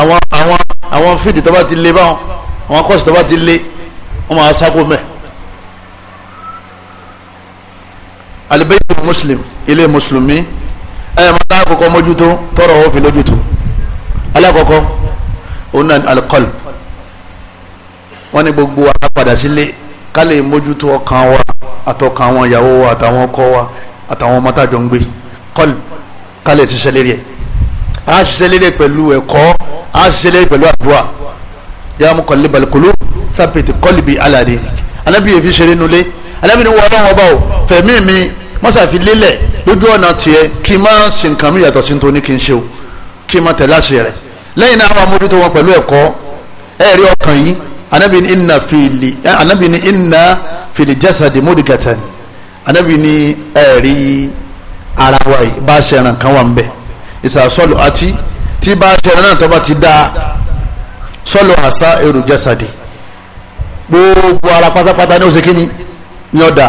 àwọn àwọn àwọn fíìdì tó bá ti le báwọn àwọn kọ́ọ̀sì tó bá ti le wọ́n máa sáko mẹ́ alibẹ́yìn muslim ilé mùsùlùmí ẹ mọ tá àkọ́kọ́ mójútó tọrọ òfin lójútó alákọ̀ọ́kọ́ òun náà alikọl wọn ni gbogbo apadà sílé ká lè mójútó ọkàn wa àtọkàn àwọn ìyàwó wa àtàwọn ọkọ wa àtàwọn ọmọ tájọ ń gbé kọl ká lè ti ṣẹlẹ̀ rẹ̀ a ṣiṣẹ́ lédè pẹ̀lú ẹ̀kọ́ a ṣiṣẹ́ lédè pẹ̀lú àdúrà yà mú kọ́lé balùkùlù sápẹ̀tì kọ́lì bíi aládé alábìyẹ fi ṣeré nulẹ̀ alábìyẹ ni wọ́n ọlọ́wọ́ mọ́sàfi lélẹ̀ lójú ọ̀nà tiẹ̀ kí n má ṣe nǹkan mi yàtọ̀ sí ní tóní kí n ṣe o kí n má tẹ̀ láṣẹ rẹ̀ lẹ́yìn náà àwọn amójútó wọn pẹ̀lú ẹ̀kọ́ ẹ̀rí ọkàn yìí anabi ni inna fili anabi ni inna fili jasadi mudigatan anabi ni ẹ̀rí ara wa yìí bá ṣe ẹran kan wà ń bẹ̀ ìsàsọ́lù àti tí bá ṣe ẹran náà tó bá ti dáa sọ́lù àṣà èrò jasadi gbogbo ara pátápátá ní ó ṣe kí ni yọ̀ọ̀dà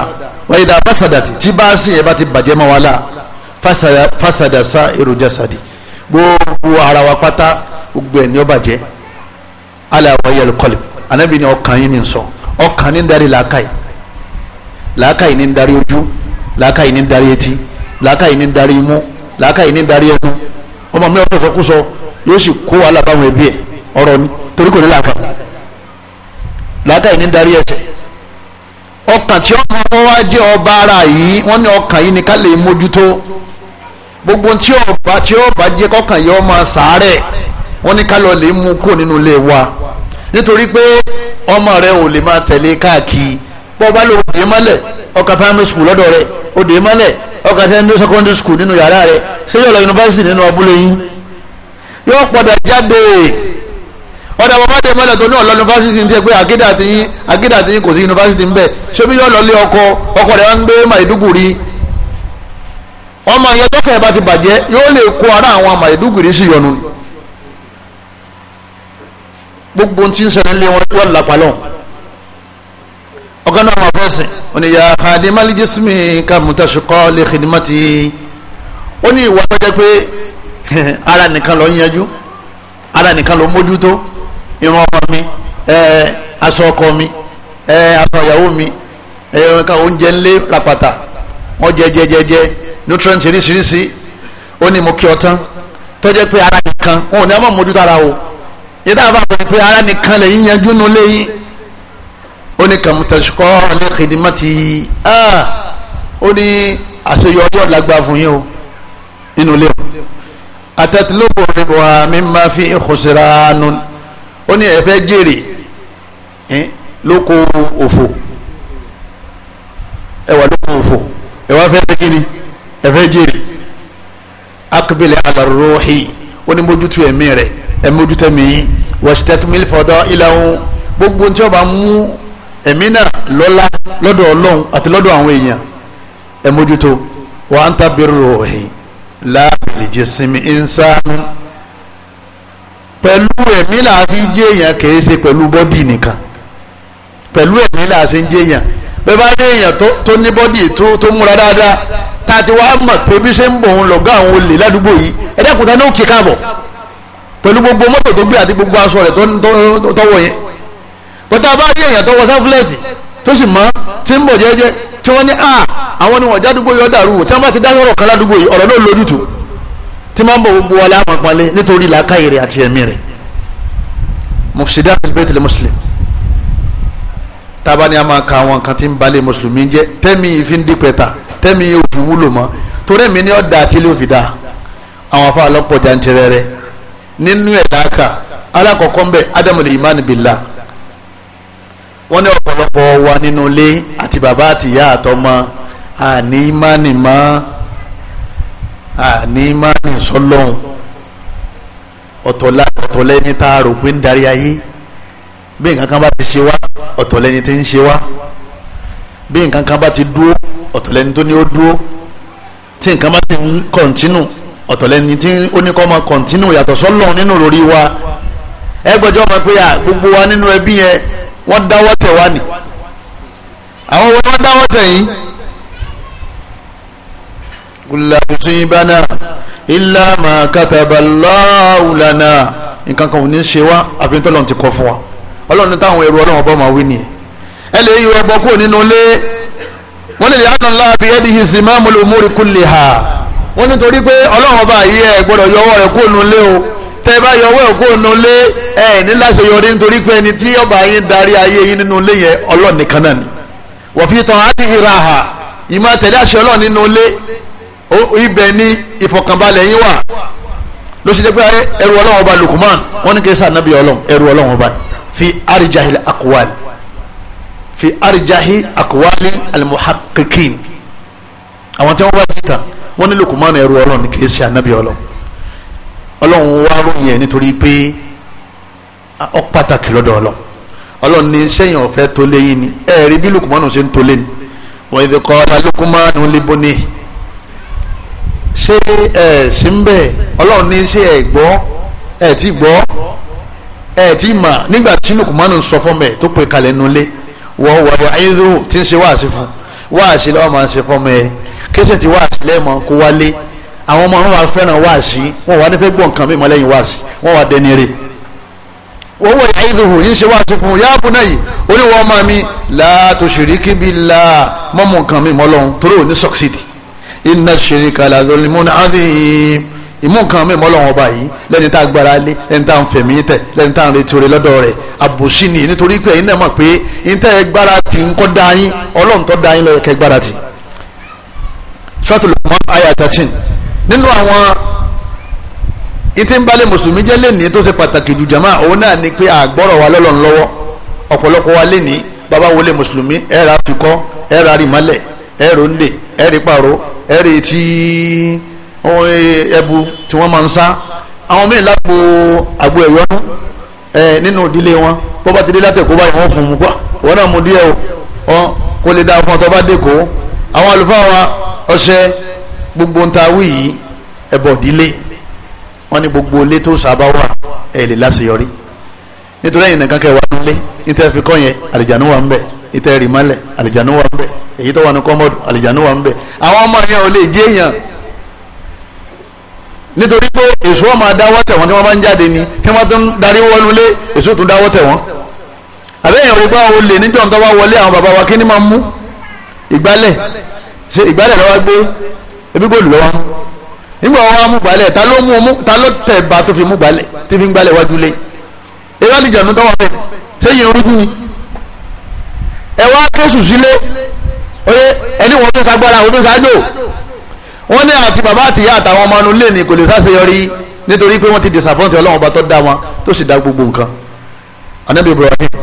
wọ́n yìí dá fásadàtì tí bá sì ẹ̀ bá ti bàjẹ́ mọ́ wa la fásadàsá èròjà sàdì gbogbo ara wa pátá gbogbo ẹ̀ ní ó bàjẹ́ aláwọ̀ yẹlẹ kọlẹ̀ anábì ni ọkàn yín ni sọ ọkàn ní darí làákàyè làákàyè ní darí ojú làákàyè ní darí etí làákàyè ní darí imú làákàyè ní darí ẹnu ọmọ mi ọ̀fẹ́ fọkúsọ yóò sì kó wàhálà báwọn ẹbí ẹ ọ̀rọ̀ ni torí kò ní làákà làákàyè ní darí ẹsẹ̀ ọkàn tí ọmọ wọn wá jẹ ọba ara yìí wọn ní ọkàn yìí ni ká lè mójútó gbogbo tí ọba tí ọba yi kọkàn yìí ọmọ sàárẹ̀ wọ́n ní ká lọ lè mú kó nínú ilé wa nítorí pé ọmọ rẹ ò lè máa tẹ̀lé káàkiri bọ́ ọba ló dé mọ́lẹ̀ ọkàn primary school lọ́dọ̀ rẹ ó dé mọ́lẹ̀ ọkàn tẹ́ndó secondary school nínú yàrá rẹ ṣé nínú abúlé yín yóò jáde wọ́n dàbọ̀ bá dé mọ́lẹ̀ tó ní ọ̀lọ́ yunifásitì ń tẹ́ pé àgídà tí yín àgídà tí yín kò sí yunifásitì ń bẹ̀ ṣé bí yóò lọ lé ọkọ ọkọ rẹ̀ ń gbé Maiduguri ọmọ yẹn tó bá ti bàjẹ́ yóò lè kó ara àwọn Maiduguri sí yọnu gbogbo tí ń ṣẹlẹ̀ lé wọn wọ́n lápá lọ́wọ́ ọ̀gá náà máa fẹ́ ó ní ya khadima alijisimi ka mutasukọ le khidimati ó ní ìwà tó jẹ́ pé ara nìkan ló ń yanjú ara nìkan ló ń mójútó irun ọmọ mi ẹ aṣọ ọkọ mi ẹ aṣọ ìyàwó mi ẹ ẹranka oúnjẹ ńlẹ rapata wọn jẹ jẹ jẹ jẹ nutrient oríṣiríṣi ó ní mo kí ọ tán tọjẹ pé ara nìkan wọn ò ní àwọn mójútó ara o yìí dáhùn báwo ni pé ara nìkan lè yíyanjú nu léyìn ó ní kàmùtàṣùkọ ní kìdìmọ́tì ah! ó ní àṣeyọrí ọ̀làgbà fún yín o nínú ilé o àtẹ̀tìlógún rẹ̀ wà mí máa fi ìkùsìrà nù ó ní ẹ fẹ́ jèrè lóko òfò ẹ wà lóko òfò ẹ wá fẹ́ kíni ẹ fẹ́ jèrè akbili ala ruhi ó ní mójútó ẹ̀mí rẹ̀ ẹ mójútó ẹ̀mí yín wasitakmil fadailahu gbogbo tí wọ́n bá mú ẹ̀mí náà lọ́lá lọ́dọ̀ ọlọ́run àti lọ́dọ̀ àwọn èèyàn ẹ mójútó wa anta birruhi la biljismi insanu pẹ̀lú ẹ̀mí là á fi jẹ́ èèyàn kìí ṣe pẹ̀lú bọ́dì nìkan pẹ̀lú ẹ̀mí là á ṣe ń jẹ́ èèyàn bẹ́ẹ̀ bá dé èèyàn tó ní bọ́dì tó múra dáadáa tá a ti wá mọ̀ pé bí ṣe ń bọ̀ òun lọ̀gá àwọn olè ládùúgbò yìí ẹ̀dẹ́kùn tán ní òkè káàbọ̀ pẹ̀lú gbogbo mọ́tò tó gbé àti gbogbo aṣọ rẹ̀ tọwọ́ yẹn bọ́tà bá rí èèyàn tọwọ́ sáfúlẹ̀tì tó sì mọ́ tí ń bọ̀ jẹ́jẹ́ tí wọ́n ní àwọn ni wọ́n jádùúgbò yọ̀ dàrú tí wọ́n bá ti dá sọ̀rọ̀ kan ládùúgbò yìí ọ̀rọ̀ náà lójútùú tí máa ń bọ̀ gbogbo wa láàmú àpọ́nlé nítorí làákàyè rẹ̀ àti ẹ̀mí rẹ̀ mufsidat al-baytil muslim tábà ní a máa ka àwọn nǹkan tí ń balẹ̀ mùsùlùmí jẹ́ tẹ́mi ìfi ń di pẹ̀ta tẹ́mi yóò fi wúlò mọ́ torí mi ní ọ̀dà àti ilé òfìdá àwọn afá ọlọ́pọ̀ jantirẹ rẹ nínú ẹ̀ láàkà alákọ̀ọ́kọ́ ń bẹ̀ adamul iman billah wọ́n ní ọ̀pọ̀lọpọ̀ wa nínú ilé àti bàbá àtìyá àtọmọ àní ìmánì máa àní mánì sọlọ́hún ọ̀tọ̀lẹ́ni tá a rò pé ń darí ayé bí nǹkan kan bá ti ṣe wá ọ̀tọ̀lẹ́ni ti ń ṣe wá bí nǹkan kan bá ti dúró ọ̀tọ̀lẹ́ni tó ní ó dúró tí nǹkan bá ti ń kọ̀ntínù ọ̀tọ̀lẹ́ni tí ó ní kọ́ máa kọ̀ntínù yàtọ̀ sọ́lọ́hún nínú lórí wa ẹ gbọ́dọ̀ máa pé à gbogbo wa nínú ẹbí yẹn wọ́n dáwọ́ tẹ̀ wá nì àwọn wọn dáwọ́ yìí kula musibana illa ma kataba Allahu lana nǹkan kan ò ní ṣe wá àfi tí Ọlọ́run ti kọ fún wa Ọlọ́run ní táwọn ẹrú Ọlọ́run ọba máa wí nìyẹn ẹ lè yí ọbọ kúrò nínú ilé wọn lè yàtọ̀ ńlá àbí ẹbí yìí sì máa múlò múri ha wọn nítorí pé Ọlọ́run ọba yìí ẹ gbọ́dọ̀ yọ ọwọ́ rẹ kúrò nínú ilé o tẹ ẹ bá yọ ọwọ́ ẹ kúrò nínú ilé ẹ ní yọrí nítorí pé ẹni tí ọba yín darí ayé yín nínú ilé yẹn Ọlọ́run nìkan náà ni wọ́n fi tàn á ti hira ìmọ̀ tẹ̀lé àṣẹ Ọlọ́run nínú ilé ibẹ̀ ni ìfọ̀kànbalẹ̀ yín wà ló ṣe jẹ́ pé ẹrù ọlọ́run ọba Luqman wọ́n ní kí sànàbí ọlọ́run ẹrù ọlọ́run ọba fi arjahil aqwal fi arjahi akwali almuhakikin àwọn tí wọn bá ti tàn wọn ní lukumanu ẹrú Ọlọ́run ní kìí ṣe anabi Ọlọ́run Ọlọ́run wá ròyìn ẹ nítorí pé ọ pàtàkì lọ́dọ̀ Ọlọ́run Ọlọ́run ní sẹ́yìn ọfẹ tó léyìn ni ẹ rí bí lukumanu ṣe ń tó lé wọn ìdí kọ́ lukumanu libuni ṣé ẹ sí ń bẹ̀ ọlọ́run ní ṣé ẹ gbọ́ ẹ ti gbọ́ ẹ ti mà nígbà tí lukumanu sọ fún mi tó pe kalẹ̀ nulẹ̀ wọ́n wọ́n wọ́n ayélujára ti ń ṣe wáàsí fún wáàsí lọ́wọ́ máa ń ṣe fún mi kéṣẹ́ ti wáàsí lẹ́ẹ̀mọ́ kó wálé àwọn ọmọ wọn wá fẹ́ràn wáàsí wọn wá nífẹ̀ẹ́ gbọ́ nǹkan mímọ́ lẹ́yìn wáàsí wọn wá dẹni rè wọ́n wọ́n yà ìdòwò yìí ṣe wáàsí fún yá àbúná yìí oníwọ̀ ọmọ mi láàtò ṣèríkì bíi láà mọ́mú nǹkan mímọ́ lọ́hún torí òní sọ́ksìdì inna ṣirika la zulmun azim ìmú nǹkan mi mọ́ lọ́wọ́ ọba yìí lẹ́ni tá a gbára lé lẹ́ni tá a ń fẹ̀mí tẹ̀ lẹ́ni tá a ń retí oore lọ́dọ̀ rẹ̀ àbòsí ni nítorí pé ẹ̀yin náà mọ̀ pé ìtẹ́ gbára tì ń kọ́ da yín ọlọ́run tó da yín lọ́yọ̀ kẹ́ gbára tì. sọ́tò ló mọ àyà thirteen nínú àwọn ìtí ń balẹ̀ mùsùlùmí jẹ́ lẹ́nìí tó ṣe pàtàkì jù jàmá òun náà ni pé àgbọ̀rọ̀ wa lọ́lọ́run lọ́wọ́ ọ̀pọ̀lọpọ̀ wa lẹ́nìí bàbá wọlé mùsùlùmí ẹ̀rà fikọ́ ẹ̀rà rìmọ́lẹ̀ ẹ̀rọ ńlẹ̀ ẹ̀rí pààrọ̀ ẹ̀rí tí ẹbu tí wọ́n máa ń sá àwọn míì lágbo àgbo ẹ̀yọ́nú nínú ìdílé wọn bó bá ti dé látẹ̀kọ́ báyìí wọ́n fún un pa wọ́n náà mú díẹ̀ o kó lè dá fún ọ tó bá dé kó àwọn àlùfáà wa ọṣẹ gbogbo ń ta wí yìí ẹbọ ìdílé wọn ni gbogbo ilé tó sábà wà ẹ lè láṣeyọrí nítorí ẹ̀yìn nìkan kẹwàá nílé nítorí ẹ fi kọ́ yẹn àlìjánu wà ń bẹ̀ ìtẹ́ rì mọ́lẹ̀ àlìjánu wà ń bẹ̀ èyí tó wà ní kọ́mọ́dù àlìjánu wà ń bẹ̀ àwọn ọmọ yẹn ò lè jẹ́ èèyàn nítorí pé èso wọn máa dáwọ́ tẹ̀ wọ́n tí wọ́n bá ń jáde ni kí wọ́n tún darí wọnú lé èso tún dáwọ́ tẹ̀ wọ́n àbẹ́yẹn rí bá o lè níjọ́ tó bá wọlé àwọn bàbá wa kí ni máa mú ìgbálẹ̀ ṣe ìgbálẹ̀ lọ́wọ́ gbé ebí gbòòlù lọ́wọ́ nígbà wọn wá mú gbálẹ̀ ta ló mú mú ta ló tẹ̀ bá tó fi mú gbálẹ̀ tí fi ń gbálẹ̀ wájú lé ewé àlìjànú tó wà bẹ́ẹ̀ ṣé yẹn rújú ni ẹ wá kéṣù sílé oyè ẹni wọn tó sagbára wọn tó sáájò wọn ní àti bàbá àtìyá àtàwọn ọmọ inú ni kò lè sáṣeyọrí nítorí pé wọ́n ti disappoint ọlọ́run ọba tó dá wọn tó sì dá gbogbo nǹkan anabi ibrahim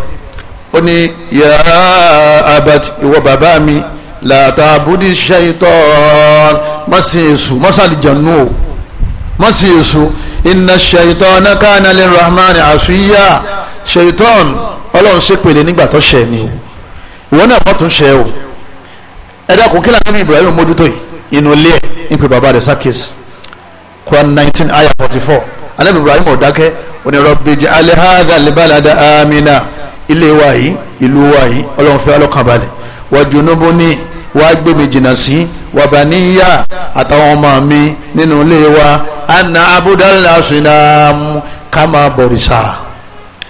ó ní ya abati ìwọ bàbá mi làtàbùdí shaitan mọ́sí èso mọ́sàlì jẹ̀nu o mọ́sí èso inna shaitana kana lirrahmani àṣùyà shaitan ọlọ́run ṣépèlè nígbà tó ṣẹ̀ ni o ìwọ náà mọ́tò ń ṣe o ẹ dákun kí lànà Ibrahim mójútó yìí inú ilé ẹ̀ ń pè bàbá rẹ̀ sákèsì Quran nineteen ayah forty four alẹ́ Ibrahim ọ̀dákẹ́ onírọ̀bìjì alẹ́ hàdà lẹ́bàládà amina ilé wa yìí ìlú wa yìí ọlọ́run fẹ́ ọlọ́kàn balẹ̀ wàjúnúbù ní wàá gbé mi jìnnà sí wàbà níyà àtàwọn ọmọ mi nínú ilé wa anna abudulayi asunam kama borisa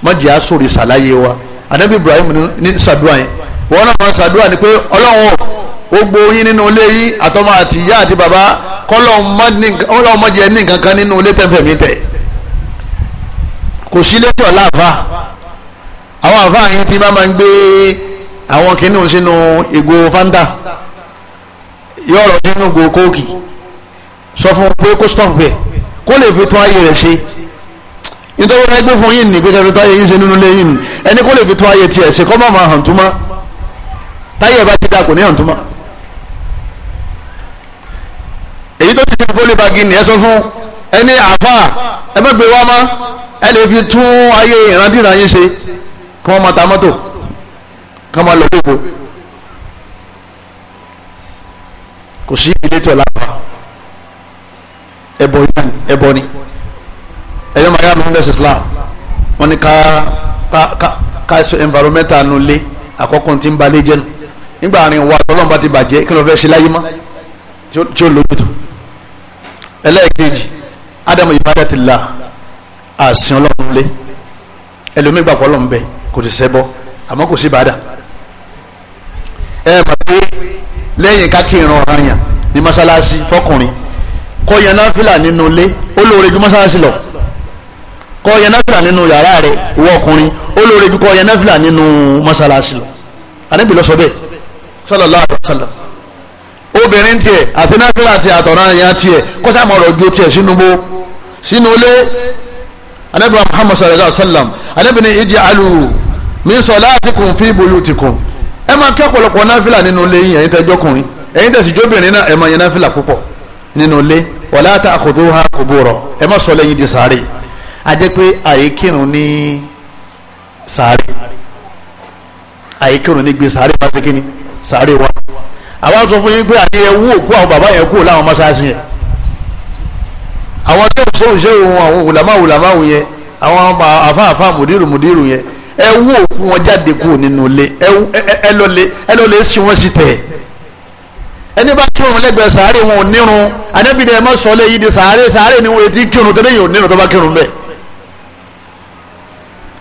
mọ̀jì asòrìṣà láyé wa anabi Ibrahim ní sàdúrà yẹn wọn náà máa ṣàdúrà ni pé ọlọ́run ó gbó yín nínú ilé yín àtọmọ àti ìyá àti bàbá kọ́lọ́run má jẹ́ ní nǹkan kan nínú ilé tẹ̀fẹ̀ mi tẹ̀ kò sí lẹ́tọ̀ láàfà àwọn àfà yín ti máa máa ń gbé àwọn kìnnìún sínú ìgò fanta yóò rọ sínú ìgò kóòkì sọ fún un pé kó stop bẹ́ẹ̀ kó lè fi tún ayé rẹ̀ ṣe nítorí wọn gbé fún yín ní pé kẹfì tó ayé yín ṣe nínú ilé yín ẹni kó lè fi tún ayé tiẹ̀ ṣe kọ́ máa máa hàn túmọ̀ táyé ẹ̀ bá ti da kò ní àǹtúmọ̀ èyí tó ti fi pólí bagi ni ẹ sọ fún ẹni àfa ẹ má gbé wá má ẹ lè fi tún ayé ìrandíran yín ṣe kí wọ́n máa ta mọ́tò kí wọ́n máa lọ gbogbo kò sí ilé tó lápá ẹbọ yìí ẹbọ ni ẹyọ máa yá mi ní ẹsẹ Islam wọ́n ní ká ká ká environmental nulẹ àkọ́kọ́ tí ń balẹ̀ jẹ́nu nígbà àárín wa tọ́lọ́n bá ti bàjẹ́ kí ló fẹ́ ṣe láyé mọ́ tí ó lójútu ẹlẹ́ẹ̀kejì ádámù ìbájá ti la àsìn ọlọ́run lé ẹlòmíì gbàgbọ́ ọlọ́run bẹ kò sì ṣẹbọ àmọ́ kò sí bàdà ẹ mọ̀ pé lẹ́yìn kákì ìran ọ̀ràn yàn ní mọ́sálásí fọkùnrin kọ́ yẹn náfìlà nínú ilé ó lóore ju mọ́sálásí lọ kọ́ yẹn náfìlà nínú yàrá rẹ̀ ìwọ ọkùnrin ó lóore ju kọ́ yẹn náfìlà nínú mọ́sálásí lọ àdébìlọ́sọ bẹ́ẹ̀ sallallahu alaihi wasallam obìnrin tiẹ̀ àti nákìlá tiẹ̀ àtọ̀nà yẹn tiẹ̀ kọ́sá mọ̀ ọ̀rọ̀ ju tiẹ̀ sínú bó sínú ilé anabi wa muhammad sallallahu alaihi wasallam anabi ni ij'alu min salatikum fi buyutikum ẹ máa kí ọ̀pọ̀lọpọ̀ náfìlà nínú ilé yìí ẹ̀yin tẹ́jọ́ kùnrin ẹ̀yin tẹ̀sí jóbìnrin náà ẹ̀ máa yẹn náfìlà púpọ̀ nínú ilé wala ta'khuduha qubura ẹ má sọ lẹ́yìn di sáré ajẹ́ pé àyè kírun ní sáré àyè kírun ní gbé sáré pàtàkì ni sáré wa àwọn sọ fún yín pé àti ẹwú òkú àwọn bàbá yẹn kú láwọn mọ́ṣáláṣí yẹn àwọn tí wọ́n sọ̀rọ̀ sẹ́wọ̀n wọn àwọn wùlámà wùlámà wọn yẹn àwọn àfa àfa mùdírù mùdírù yẹn ẹwú òkú wọn jáde kú nínú ilé ẹlọ́lé ẹlọ́lé sí wọn sí tẹ̀ ẹni bá kírun lẹ́gbẹ̀ẹ́ sàárè wọn ò nírun anábìnrin ẹ má sọ lé yìí di sàárè sàárè ni wọn ti kírun tẹ́lẹ̀ yìí ò nírun tó bá kírun bẹ́ẹ̀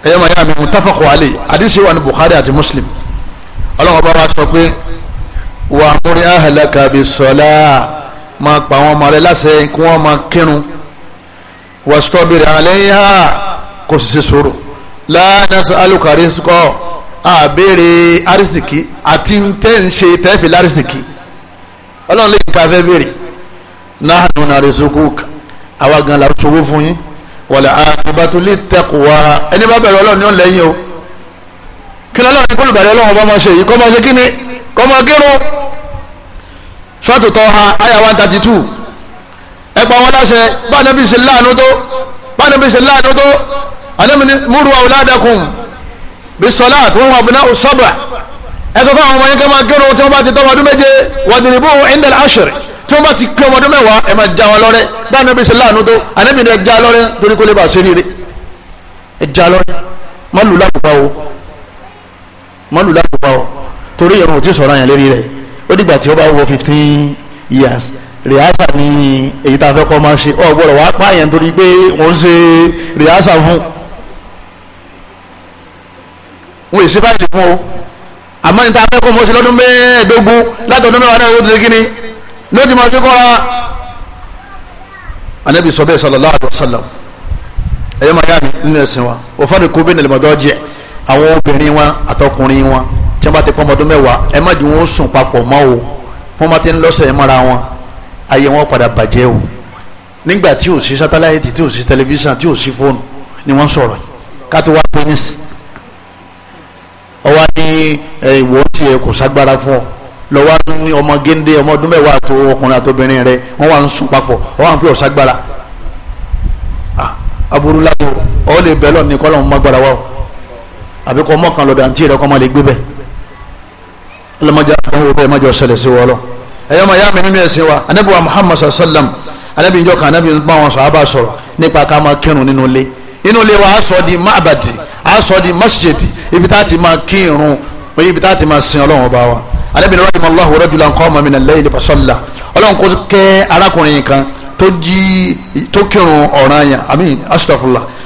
ẹ̀yẹ́ màá yára mi mú táfàkọ̀ àlè àdìsí wà ní Bukhari àti Muslim ọlọ́wọ́ bá wa sọ pé wà á múrí ahlaka bis-sala máa pa àwọn ọmọ rẹ láṣẹ kí wọ́n máa kírun wastabir alayha kò sì ṣe sòrò la nas'aluka rizqa àbèrè arísìkí àti tẹ́ ń ṣe tẹ́fì lárísìkí ọlọ́run lè ta fẹ́ bèrè nahnu narzuquka àwa gan la ṣòwò fún yín wal aqibatu lit ẹni bá bẹ̀rẹ̀ ọlọ́run ni ó lẹ́yìn o kí lọ́lọ́ ní kólùbàdé ọlọ́run bá máa ṣe yìí kọ́ máa ṣe kí ni kọ́ máa kírun ṣọ́ọ̀tù tọ́ ha aya one thirty two ẹ pa wọn láṣẹ bá anabi ṣe láàánú tó bá anabi ṣe láàánú tó anabi ni múru awladakum bis salat wa abna'u sab'a ẹ tó fún àwọn ọmọ yẹn kí wọ́n máa kírun tí wọ́n bá ti tọ́ ọdún méje wadribuhu inda al-ashr tí wọ́n bá ti kí ọmọdún mẹ́wàá ẹ máa já wọn lọ́rẹ́ bá anabi ṣe láàánú tó anabi ni ẹ já lọ́rẹ́ torí kó lè bá ṣe rí rí ẹ já lọ́rẹ́ má lù lápò mọ́lù lápòpá o torí ìrun ò tí sọ̀rọ̀ àyàn lérí rẹ̀ ó dìgbà tí ó bá wọ fifteen years rìhásà ni èyí tá a fẹ́ kọ́ máa ṣe ọ gbọ́dọ̀ wá pààyàn torí pé wọ́n ń ṣe rìhásà fún wọn èsì báyìí fún o àmọ́ ní tá a fẹ́ kọ́ mọ́ sí lọ́dún mẹ́ẹ̀ẹ́dógún látọ̀dún mẹ́wàá náà yóò ti ṣe kí ni ní ó ti máa fi kọ́ra anabi sọ bẹ́ẹ̀ sallallahu alaihi ẹ̀yọ́ máa yá nínú ẹ̀sìn wa òfàdé bẹ́ẹ̀ nílẹ̀ mọ́tò àwọn obìnrin wọn àtọkùnrin wọn tí wọ́n bá ti pọ́ ọmọdún mẹ́wàá ẹ má jù wọ́n sùn papọ̀ mọ́ o wọ́n má ti ń lọ́sẹ̀ mọ́ra wọn ayé wọn padà bàjẹ́ o nígbà tí ò sí sátáláìtì tí ò sí tẹlifíṣàn tí ò sí fóònù ni wọ́n sọ̀rọ̀ ká tó wá pé nísì ọwọ́ ní ìwọ tí ẹ kò ságbára fún ọ lọ́wọ́ ní ọmọ géńdé ọmọ ọdún mẹ́wàá àti ọkùnrin àti obìnrin rẹ wọ́n wà ń sùn papọ̀ wọ́n wà ń pè ọ̀ ságbára ah, aburú lágbo ọ lè bẹ́ẹ̀ lọ́ọ̀ ní kọ́lọ́ọ̀ àbí kọ́ mọ́kàn lọ́dà àǹtí rẹ̀ kọ́ máa lè gbé bẹ́ẹ̀ ọlọ́mọdé àdánwò bẹ́ẹ̀ mọ́jọ ṣẹlẹ̀ sí wọ́ọ́lọ́ ẹ̀yọ́ mọ̀ yá mi nínú ẹ̀sìn wa anábìwá muhammad sallam anábì ìjọ kan anábì bá wọn sọ̀rọ̀ àbá sọ̀rọ̀ nípa ká máa kírun nínú ilé inú ilé wa aṣọ di mábàdì aṣọ di masjidi ibi tá a ti máa kírun oye ibi tá a ti máa sin ọlọ́run ọba wa anábì ní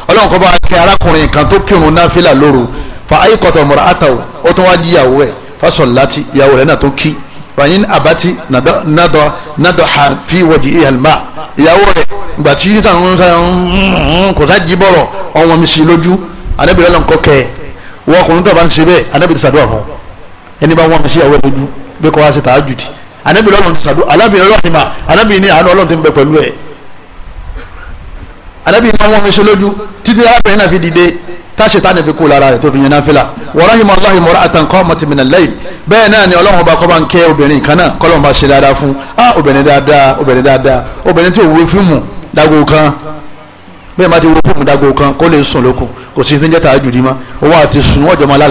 ọlọ́run kọ́ bá kẹ́ arákùnrin kan tó kírun náfìlà lóru fa ayíkọ̀tọ̀ mọ̀ra àtàwọ̀ ó tún wá níyàwó ẹ̀ fasọ̀láti ìyàwó rẹ̀ náà tó kí fàyín àbátí nàdọ̀ nàdọ̀ ha fi wọ̀dí ìhàlmá ìyàwó rẹ̀ ìgbà tí táwọn kò sá jí bọ̀rọ̀ ọ̀wọ́n mi sí lójú anábìrì ọlọ́run kọ́ kẹ́ ẹ̀ wọ́n ọkùnrin tó bá ń ṣe bẹ́ẹ̀ anábìrì sàdúrà fún ẹni bá wọ́n mi sí ìyàwó lójú bí kò wá sí tààjù di anábìrì ọlọ́run ti sàdúrà anábìrì ọlọ́run ti mà anábìrì ní àánú ọlọ́run ti ń bẹ pẹ̀lú ẹ̀ anabi ma wọn mẹsẹ lójú títí arábìnrin náà fi dìde táṣe tá nífi kó lára rẹ tó fi yẹn náà fìlà wàràhìmọ aláhi mọra àtànkọ ọmọtìmínà lẹ́yìn bẹ́ẹ̀ náà ni Ọlọ́run ọba kọba ń kẹ́ obìnrin kan náà bá ṣe dáadáa fún ah obìnrin dáadáa obìnrin dáadáa obìnrin tí òwúrò fíìmù dago kan bẹ́ẹ̀ má ti wo fíìmù dago kan kó lè sùn lókun kò sí ní jẹ tààjù ní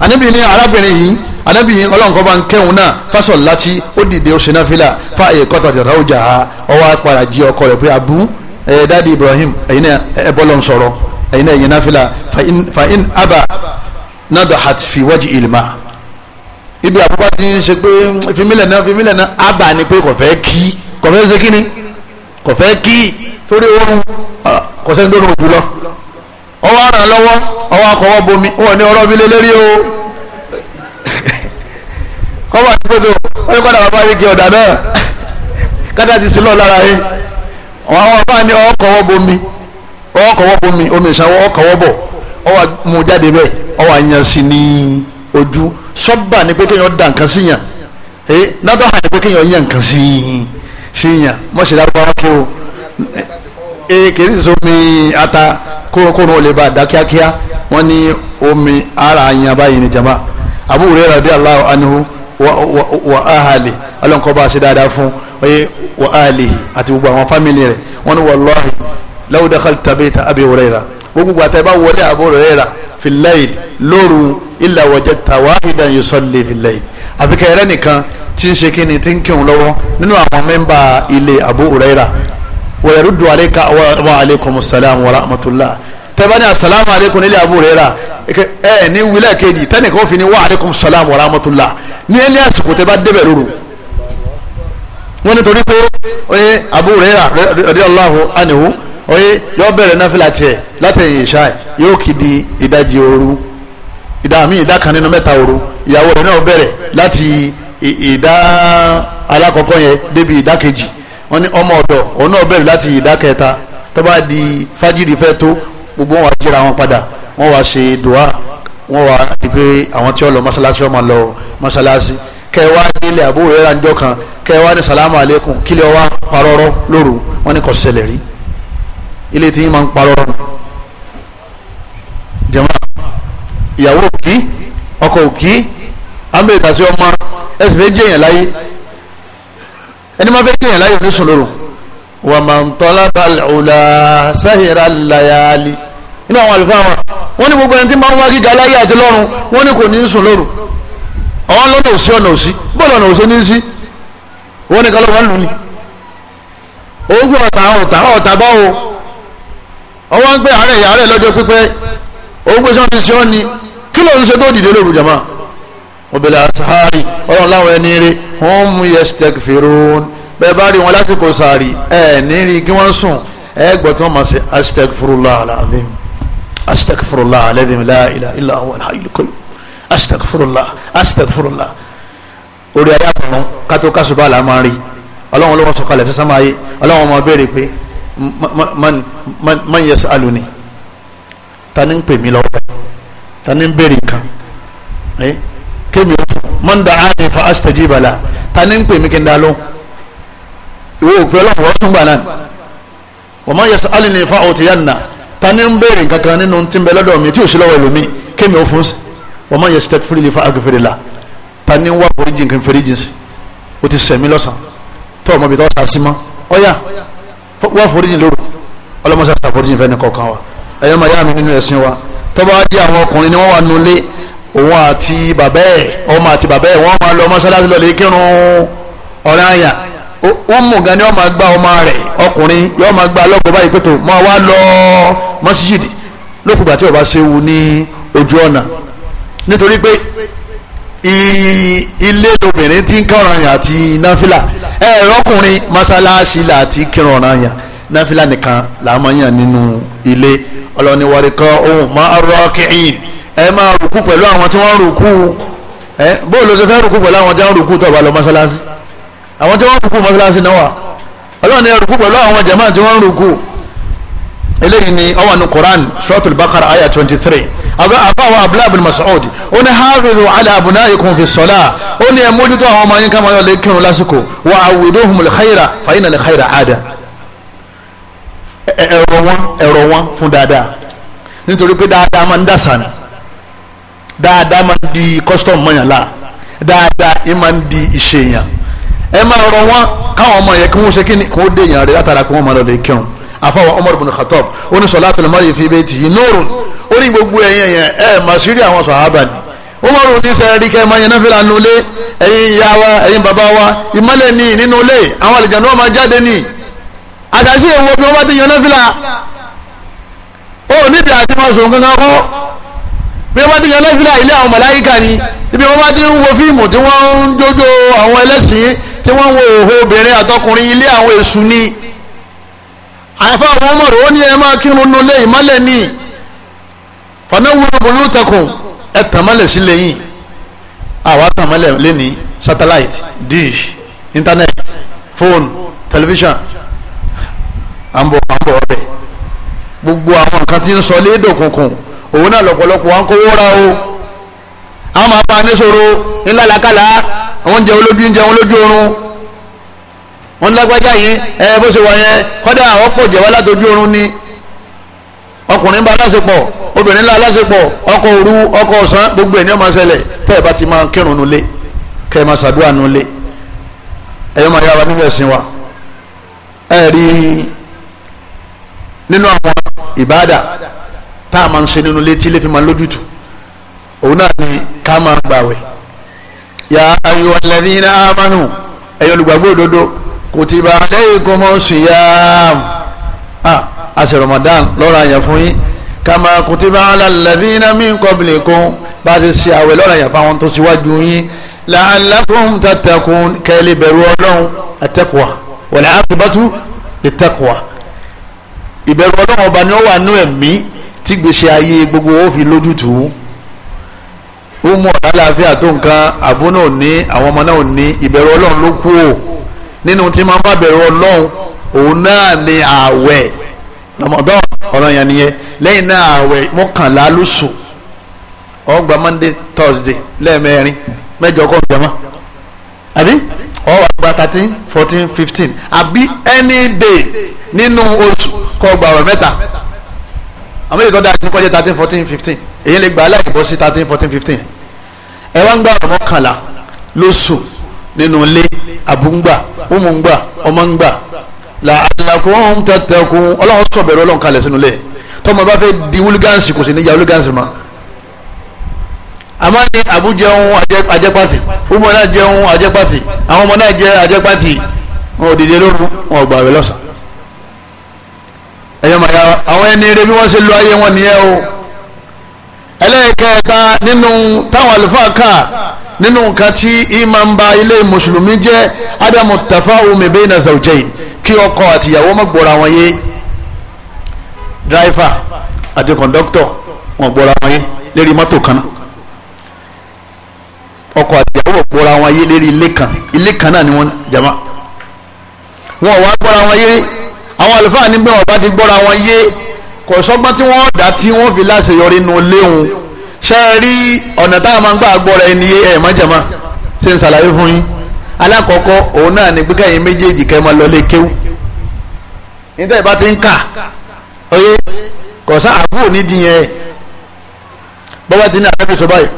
ànábì ní arábìnrin yìí ànábì yìí ọlọ́run kọ́ bá ń kẹ́hùn náà fásọ̀ láti ó dìde ó ṣe náfìlà fa èkó tàtí ọ̀tá ọjà ọwọ́ apàrà jí ọkọ rẹ̀ pé abú ẹ̀ dáàdi Ibrahim ẹ̀yin náà ẹ̀ bọ́ lọ́n sọ̀rọ̀ ẹ̀yin náà ẹ̀yin náfìlà fa in aba nadahat fi wájú ìlmà ibi àbúkọ́ ti ń ṣe pé fìmílẹ̀ náà fìmílẹ̀ náà aba ni pé kò fẹ́ kí kò fẹ́ ṣe kíni kò fẹ́ kí torí oorun kò sẹ́ni tó rùn jùlọ ọwọ́ ara lọ́wọ́ ọwọ́ akọ̀wọ́ bomi wọn ní ọ̀rọ̀ bílẹ̀ lérí o kọ́mọ̀ ní kótó wọ́n ní kọ́dà bàbá yìí kí ọ̀dà náà kátà ti sílọ̀ lára yìí àwọn àwọn bá ní ọwọ́ kọ̀wọ́ bomi ọwọ́ kọ̀wọ́ bomi omi ìṣàwọ́ ọwọ́ kọ̀wọ́ bọ̀ ọwọ́ mu jáde bẹ́ẹ̀ ọwọ́ àyàn sí ní ojú sọ́bà ní pé kéèyàn dà nǹkan sí yàn ee nàdọ́ hàn ní pé kéèyàn yàn nǹkan sí yàn mọ̀ṣẹ̀dá ata kórókóró ó lè bá dá kíákíá wọ́n ní omi ara àyàn báyìí ní jama Abu Hurairah radiyallahu anhu wa ahali ọlọ́nkọ́ba ṣe dáadáa fún oye wa ahali àti gbogbo àwọn fámìlì rẹ̀ wọ́n ní wallahi law dakhalta bayta Abi Hurairah gbogbo àtẹ bá wọlé Abu Hurairah filayi layl lóru illa wajadta wahidan yusalli fil layl àfikẹ́ rẹ̀ nìkan tí ń ṣe kí ni tí ń kírun lọ́wọ́ nínú àwọn mẹ́mbà ilé Abu Hurairah wa yaruddu alayka wa alaykum salam wa rahmatullah tẹ́bání asalaamu aleykum nílẹ̀ abu rẹ́ra ẹ ní wílẹ̀ kejì tẹ́nìkan fi ni wa aleykum salam wa rahmatulah ní ẹni àsìkò tẹ́ bá débẹ̀ lóru wọ́n nítorí pé oye abu rẹ́ra radiyallahu anhu oye yóò bẹ̀rẹ̀ náfìlà tiẹ̀ látẹ̀yìn ìṣá yóò kì di ìdajì òru ìdá mi ìdá kan nínú mẹ́ta òru ìyàwó rẹ̀ náà bẹ̀rẹ̀ láti ìdá alákọ̀ọ́kọ́ yẹn débi ìdá kejì wọ́n ní ọmọ ọ̀dọ̀ òun náà bẹ̀rẹ̀ láti ìdá kẹta tó bá di fájìrì fẹ́ tó gbogbo wọn wá jíra wọn padà wọ́n wá ṣe dùá wọ́n wá di pé àwọn tí wọ́n lọ mọ́ṣáláṣí wọ́n máa lọ mọ́ṣáláṣí kẹwàá nílẹ̀ àbúrò rẹ̀ ránjọ́ kan kẹwàá ní salamu aleykum kílẹ̀ wa parọ́rọ́ lóru wọ́n ní kò ṣẹlẹ̀ rí ilé tí yín máa ń parọ́rọ́ jẹ̀mọ́ ìyàwó òkí ọkọ òkí àmì ìtàsí ọmọ ẹsẹ̀ méjèèyàn láyé ẹni máa fẹ́ kéèyàn láyé fi sùn lóru wà máa ń tọ́lá balùwà sáhìrà làyàlì nínú àwọn àlùfáà wọn wọn ní gbogbo ẹni tí máa ń wá gíga láyé àti lọ́run wọn ní kò ní sùn lóru àwọn lọ́nà òsì ọ̀nà òsì bọ́ọ̀lù ọ̀nà òsì ní sí wọn ní kálọ̀ wọn lù ní. oògùn ọ̀tá ọ̀tá ọ̀tá bá o ọwọ́ àárẹ̀ ìyá rẹ̀ lọ́jọ́ pípẹ́ oògùn sọ́ni sí ọ́ ni bẹ́ẹ̀ bá rí wọn lásìkò sàárì ẹ̀ ní rí kí wọ́n sùn ẹ̀ gbọ́ tí wọ́n máa ṣe astagfirullah alazim astagfirullah alazim la ilaha illa huwa alhayyul qayyum astagfirullah astagfirullah orí ayé àtọ̀run kátó kásùbà là máa rí ọlọ́run ló wọ́n sọ kalẹ̀ sísan máa yé ọlọ́run máa béèrè pé man yasaluni ta ni ń pè mí lọ́wọ́ ta ni ń béèrè nǹkan eh? kémi ó fún man da'ani fa astajiba la ta ń pè mí kí n dá lóhùn ìwọ òpè ọlọ́run wọ́n tún gbà náà wọ́n máa yẹsẹ̀ alẹ́ ní ifá ọ̀tí yá nà ta ni ń béèrè kankan nínú tí ń bẹ lọ́dọ̀ mi tí ò sí lọ́wọ́ ẹlòmíì kémi ò fún sí wọ́n máa yẹsẹ̀ tẹ́kí fúlẹ̀ ifá àgbẹ̀fẹ̀rẹ̀ la ta ni ń wá foríjì nǹkan foríjì sí o ti sẹ̀mí lọ́sàn tó ọmọ ibi tó sí mọ́ ọ̀yà wá foríjì lóru ọlọ́mọṣẹ́ sàforíjì fẹ́ni kọ̀ọ̀kan wa ẹ̀yọ́ máa yá mi nínú ẹ̀sìn wa tọ́ba á jẹ́ àwọn ọkùnrin ni wọ́n wà nulẹ̀ òun àti bàbá ẹ̀ ọmọ àti bàbá ẹ̀ wọ́n máa lọ mọ́ṣáláṣí lọ́lẹ̀ kírun ọ̀rẹ́ àyà umu gan ni wọn máa gba ọmọ rẹ ọkùnrin yọọ máa gba lọgọ báyìí pẹtọ mọ wá lọ mọsíjìdì lókùgbà tí ó bá ṣéwu ní ojú ọ̀nà nítorí pé ilé lobìnrin ti ń kọ̀ràn yàn àti náfìlà ẹ̀rọ ọkùnrin mọ́sálásí là ti kírun ọ̀ràn yàn náfìlà nìkan là á máa yàn nínú ilé ọlọ́ni wàríkọ́ ohun máa rọ kẹ́hìn ẹ máa rùkú pẹ̀lú àwọn tí wọ́n rùkú ẹ bóòlù ló ṣe fẹ́ rùkú pẹ̀lú àwọn tí wọ́n rùkú tó àwọn tí wọ́n rúkú mọ́sálásí náà wà ọlọ́run ni rúkú pẹ̀lú àwọn jàmáà tí wọ́n rúkú eléyìí ni ọwọ́ ní Quran suratul Baqara aya twenty three àbáwọ̀ abdullahi bin Mas'ud ó ní hafizu ala abunaikum fi sọlá ó ní ẹ mójútó àwọn ọmọ yín káwọn lè kírun lásìkò wa awiduhum lkhaira fa inna lkhaira ada ẹ̀rọ wọn ẹ̀rọ wọn fún dáadáa nítorí pé dáadáa máa ń dàsán dáadáa máa ń di custom mọ́yànlá dáadáa ìmáa ń di ìṣèyàn ẹ máa rọ wọn káwọn ọmọ yẹn kí wọ́n ṣe kíni kó dé yàn rẹ látara kí wọ́n máa lọ lè kírun àfọwọ́ Umar ibn Khattab ó ní salatul mar'i fi baitihi nurun ó ní gbogbo ẹ̀yìn ẹ̀yìn ẹ̀ mà sírí àwọn sàhábà ni Umar ní sẹ́ẹ̀rí kẹ́ máa yẹn náà fi là nù lé ẹ̀yin ìyá wa ẹ̀yin bàbá wa ìmọ̀lẹ̀ ni nínú lé àwọn àlìjànnú wọn máa jáde ni àtàṣe èwo bí wọ́n bá ti yẹn náà fi là ó níbi àti máa sòun kankan kọ́ bí wọ́n bá ti yẹn náà fi là ilé àwọn màláyíkà ni ibi wọ́n bá ti ń wo fíìmù tí wọ́n ń jójó àwọn ẹlẹ́sìn tí wọ́n ń wo òhò obìnrin ilé àwọn èṣù ni àyàfà àwọn ọmọ rẹ̀ ó ní ẹ máa kírun nu lé ìmọ́lẹ̀ ní fanáwó obìnrin tẹkùn ẹ tàn sí lẹ́yìn àwa tàn mọ́lẹ̀ satellite dish internet phone television à ń bọ̀ à ń bọ̀ ọ̀rẹ́ gbogbo àwọn nǹkan tí ń sọ òun náà à ń o àwọn máa bá a ní àwọn jẹun lójú jẹun lójú oorun wọn lágbájá yẹn ẹ bó ṣe wà yẹn kọ́dà ọ̀pọ̀ jẹ̀wá látọjú oorun ni ọkùnrin bá aláṣepọ̀ obìnrin lá aláṣepọ̀ ọkọ òru ọkọ ọ̀sán gbogbo ẹ̀ ní ọmọ ṣẹlẹ̀ tẹ́ ẹ bá ti máa kírun nulẹ̀ kẹ́ ẹ máa ṣàdúrà nulẹ̀ ẹ̀yọ́ máa yára nínú ẹ̀sìn wa ẹ̀ rí nínú àwọn ìbáàdà tá a máa ń ṣe nínú ilé tí fi máa lójútù òun náà ni ká máa gbàwẹ̀ ya ayu alladhina amanu ẹ̀yin olùgbàgbọ́ òdodo kutiba alaykumus siyam ah àṣẹ Ramadan lọ́ra yẹn fún yín kama kutiba ala alladhina min qablikum bá a ti ṣe àwẹ̀ lọ́ra yẹn fáwọn tó ṣíwájú yín la'allakum tattaqun kẹ́lẹ́ bẹ̀rù ọlọ́run at-taqwa wal aqibatu lit-taqwa ìbẹ̀rù ọlọ́run ọba ni ó wà nú ẹ̀mí gbèsè ayé gbogbo ó fi lójútùú ó mú ọ̀rá láàfíà tó nǹkan àbú náà ní àwọn ọmọ náà ní ìbẹ̀rù ọlọ́run ló kú o nínú tí máa bá bẹ̀rù ọlọ́run òun náà ni ààwẹ̀ lọ́mọdọ́ ọ̀rọ̀ yẹn nìyẹn lẹ́yìn náà ààwẹ̀ mọ́kànlá lóṣù ọgbà monday thursday lẹ́ẹ̀mẹrin mẹ́jọ kọ́ ìjọba àbí ọwọ́ àgbà thirteen fourteen fifteen àbí any day nínú oṣù kọ́ ọgbà ọ̀rọ̀ mẹ́ta àmì ìtọ́jú àti nípa jẹ́ thirteen fourteen fifteen èyí lè gba aláìsí bọ́ sí thirteen fourteen fifteen ẹ wá ń gba ọmọ kànlá lóṣù nínú ilé àbúngbà ọmọngbà ọmọngbà la alakun tatakun ọlọ́run sọ̀bẹ̀rẹ̀ ọlọ́run kalẹ̀ sínú ilé tọmọ bá fẹ́ di wúlígánsì kò sì ní ya wúlígánsì mọ́ àmọ́ ní àbú jẹun ajẹ́pàtì ọmọ náà jẹun ajẹ́pàtì àwọn ọmọ náà jẹ ajẹ́pàtì wọn ò dìde lóru wọn ò gbà rẹ lọ́sàn ẹ̀yọ́ màá yá àwọn ẹni eré bí wọ́n ṣe lo ayé wọn nìyẹn o ẹlẹ́ẹ̀kẹta nínú táwọn àlùfáà kà nínú nǹkan tí ìmọ̀ ń ba ilé mùsùlùmí jẹ́ ádámù tafahumi bayna zawjayn kí ọkọ àtìyàwó má gbọ́ra wọn yé dráìfà àti kọ̀ńdọ́kítọ̀ wọn gbọ́ra wọn yé lérí mọ́tò kan náà ọkọ àtìyàwó wọn gbọ́ra wọn yé lérí ilé kan ilé kan náà ni wọ́n jama wọn ò wá gbọ́ra wọn yé àwọn àlùfáà ní wọn bá ti gbọ́ra wọn yé kò sọ́gbọ́n tí wọ́n dá tí wọ́n fi láṣeyọrí nu léhun ṣe é rí ọ̀nà tá a máa ń gbà gbọ́ra ẹni ẹ̀ mọ́jàmá ṣe ń ṣàlàyé fún yín alákọ̀ọ́kọ́ òun náà ni pínkà yín méjèèjì kẹ́ máa lọlé kéwú níta ìbá ti ń kà oyè kọ̀sán àbúrò nídìí yẹn bọ́bá ti ní àbẹ́bí sọ báyìí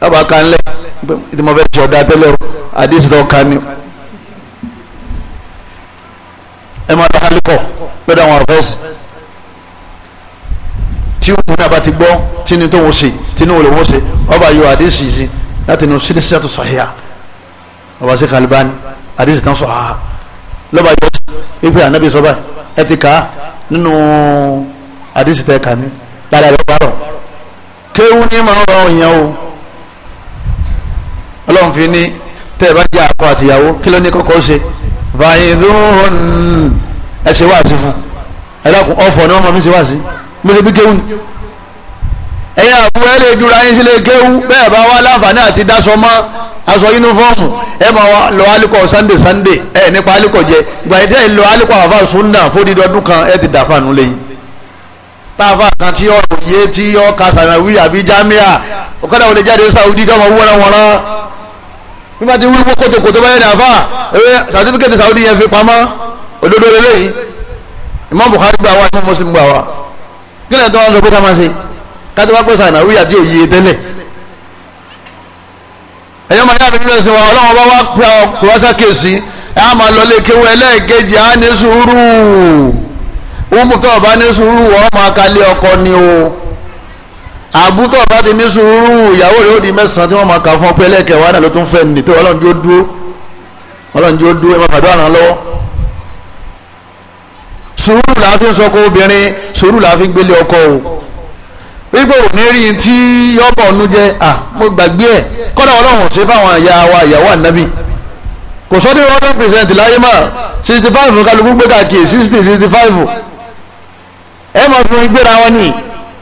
lọ́ba ká ń lẹ̀ ìdí mo ọ̀dà tẹ́lẹ̀ o àdéhùn tó ká ni ẹ máa lọ́ka tí òun náà bá ti gbọ́ tí ni tó ń ṣe tí ni òun lè wọ́n ṣe ọba yóò àdéhìsì sí láti nu sídìí sísàtò sọ̀híà ọba sí kalibani àdéhìsì tán sọ̀há lọ́ba yóò ṣe ife ànábì sọ́ba ẹ ti kà á nínú àdéhìsì tẹ̀ kà ní lára rẹ̀ bá rọ̀ kéwú ní màá rọ ìyẹn o ọlọ́run fi ní tẹ́ ẹ bá jẹ́ akọ àtìyàwó kí ló ní kọ́kọ́ ṣe fàyè dùn ẹ̀ ṣe wáàsí fún ẹ̀ dákun ọ̀fọ̀ ni wọ́n máa fi ṣe wáàsí lóṣèbí kéwù ẹ̀yin àbúrò ẹ̀ lè dúra yín sílé kéwù bẹ́ẹ̀ bá wá láǹfààní àti dáṣọ mọ́ aṣọ yunifọ́ọ̀mù ẹ̀ máa wá lọ alukọ̀ sannde sannde ẹ̀ nípa alukọ̀ jẹ ìgbà yìí tẹ́ ẹ̀ lọ alukọ̀ àfa sunna fódìdí ọdún kan ẹ̀ ti dàfa nù lẹ́yìn táàfà kan tí ọ̀rọ̀ yé tí ọkà sàmẹ̀wí àbí jámíà ọ̀kadà wọlé jáde Saudi tó ma wú wọ́n wọ́n bí wọ́n ti wí wọ́n kótókótó báyẹn ní Saudi yẹn fi pamọ́ òdodo lélẹ́yìn Imam Bukhari Muslim gbà kílẹ̀ tó wọn sọ pé ká máa ṣe ká tó wá pèsè ànáwí àti òye tẹ́lẹ̀ ẹ̀yọ́ máa yára nílẹ̀ sí wa ọlọ́run bá wá pẹ́ ọ kò wá sákèsí ẹ̀ á máa lọ lé kéwọ́ ẹlẹ́ẹ̀kejì á ní sùúrù òun tó ní sùúrù wọ́n máa kalẹ̀ ọkọ ni o àbú tó bá ti ní sùúrù ìyàwó rẹ̀ ó di mẹ́sàn-án tí wọ́n máa kà fún ọ pé ẹlẹ́ẹ̀kẹwàá náà ló tún fẹ́ nì tó ọlọ́run jó dúró ọlọ́run jó dúró sùúrù la fi ń sọkọ obìnrin sùúrù la fi ń gbélé ọkọ o wípé òní rí i tí yọ́bọ̀ ọ̀nù jẹ́ à mo gbàgbé ẹ̀ kọ́dà ọlọ́run ṣe fáwọn ìyá wa ìyàwó ànábì kò sọ ní hundred percent láyé mà sixty five kálukú gbé kàkì sixty sixty five ẹ̀ máa fi wọn wọn nìyí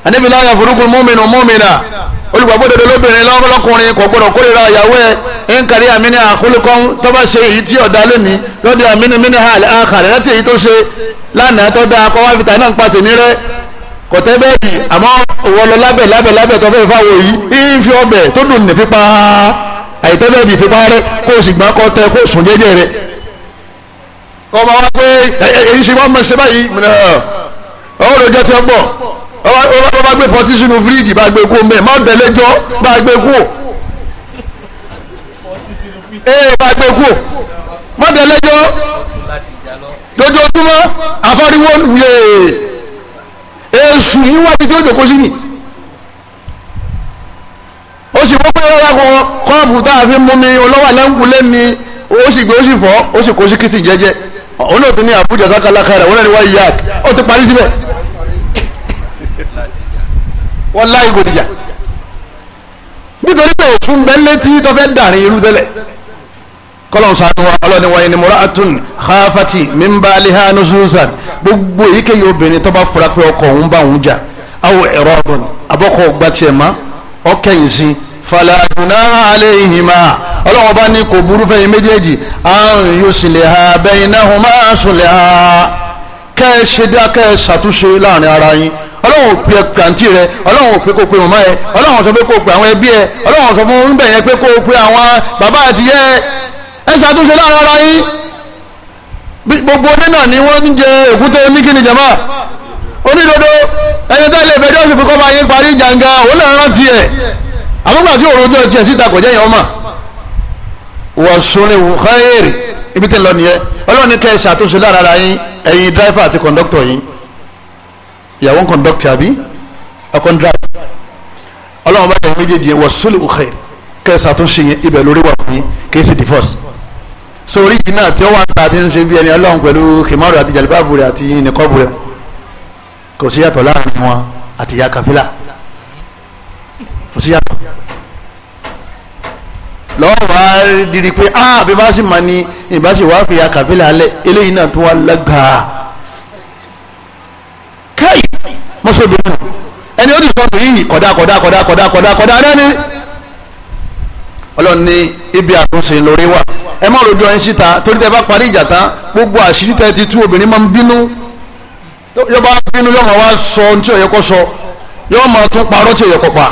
anabi láyà forúkú mọ́mìnà mọ́mìnà olùgbàgbọ́ dodo lóbìnrin lọ́kùnrin kò gbọ́dọ̀ kórìíra ìyàwó ẹ̀ ń kárí àmínú àkólókọ́n tó bá ṣe èyí tí ọ̀dà lónìí lọ́dẹ àmínú mínú àlẹ́ àkàrẹ̀ láti èyí tó ṣe lánàá tó dáa kọ́ wá fìtà náà ń pa tèmi rẹ́ kò tẹ́ bẹ́ẹ̀ bì àmọ́ òwò lọ lábẹ́ lábẹ́ lábẹ́ tó fẹ́ẹ́ fáwọ̀ yìí ń fi ọbẹ̀ tó dùn ní pípa àìtẹ́ bẹ́ẹ̀ bì pípa rẹ kó o sì gbà kọ́ tẹ kó o sùn jẹ́jẹ́ rẹ kọ́ ọ ma wá pé èyí ṣe wọ́n mọ̀ ṣe báyìí ọ̀rọ̀ ìjọ ti ọ wọ́n bá gbé fọtí sínú fíríjì bá gbé kó mẹ́ má bẹ̀lẹ́jọ́ bá gbé kó ee bá gbé kó má bẹ̀lẹ́jọ́ lójoojúmọ́ àfọwọ́riwó yéé èsù yín wá bí tí ó jòkó sí ni ó sì wọ́pẹ́ yọ́ra kan kọ́ọ̀bù tá a fi mú mi olówà lẹ́ńkulé mi ó sì gbé ó sì fọ́ ó sì kó sí kìtì jẹ́jẹ́ òun náà ti ní àbújá sákàlákà rẹ̀ wọ́n náà ni wá yíyá ó ti parí síbẹ̀ wallahi kò dìjà nítorí pé èṣù ń bẹ létí tó fẹ́ dàrin irú tẹ́lẹ̀ kọlọ́n sanu wa ọlọ́ni wa ni muratun khafati min baliha nuzuzan gbogbo èyíkéyìí obìnrin tó bá fura pé ọkọ òun bá òun jà awo ẹ̀rọ ọ̀dọ̀ni abọ́kọ̀ ọgbà tiẹ̀ ma ọkẹyìn sí ọlọ́run ò pe àǹtí rẹ ọlọ́run ò pe kó pe màmá ẹ ọlọ́run sọ pé kó pe àwọn ẹbí ẹ ọlọ́run sọ fún bẹ̀ yẹn pé kó pe àwọn bàbá àtìyẹ ẹ ṣàtúnṣe láàrin ara yín gbogbo ọdẹ náà ni wọ́n ń jẹ òkúta oníkíni jama onídodo ẹni tá ilé ìbẹ́jọ́ sì fi kọ́ bá parí jàǹgà òun náà rántí ẹ̀ àmúgbà tí òòrùn jọ tiẹ̀ síta kò jẹ́ yẹn ọmọ wọ̀ṣúnlẹ̀ wọ̀háyèrè ibi tí ń lọ nìyẹn ọlọ́run ní kẹ́ ẹ ṣàtúnṣe láàrin ara yín ẹ̀yin dráìfà àti kọ̀ńdọ́kítọ̀ yín ìyàwó ń kàn dọ́kítà àbí ọkọ̀ ń dra ọlọ́run bá yẹn méjèèjì yẹn wọ sólù òkè kẹsà tó ṣe yẹn ibẹ̀ lórí wà fún yín kì í sì divorce sórí yìí náà tí ó wà ta ti ń ṣe bí ẹni ọlọ́run pẹ̀lú kìmọ́rù àti jàlíbáàbù rẹ̀ àti nìkọ́bù rẹ̀ kò sí yàtọ̀ láàrin wọn àti ìyá kàfílà kò sí yàtọ̀ lọ́wọ́ wa diri pé ah bí bá sì máa ní ìbá sì wá fìyà kàfílà alẹ́ eléyìí náà tó wà lágbàá mọ́sọ̀bìnrin ẹni ó ti sọ fún yìí kọ̀dá kọ̀dá kọ̀dá kọ̀dá kọ̀dá kọ̀dá lẹ́ni ọlọ́run ní ibi àtúnṣe lórí wa ẹ má rojọ́ ẹ̀ ń síta torí tẹ bá parí ìjà tán gbogbo àṣírí tẹ ti tú obìnrin máa ń bínú yóò bá bínú yóò máa wá sọ ohun tí ò sọ yóò máa tún parọ́ tí ò pa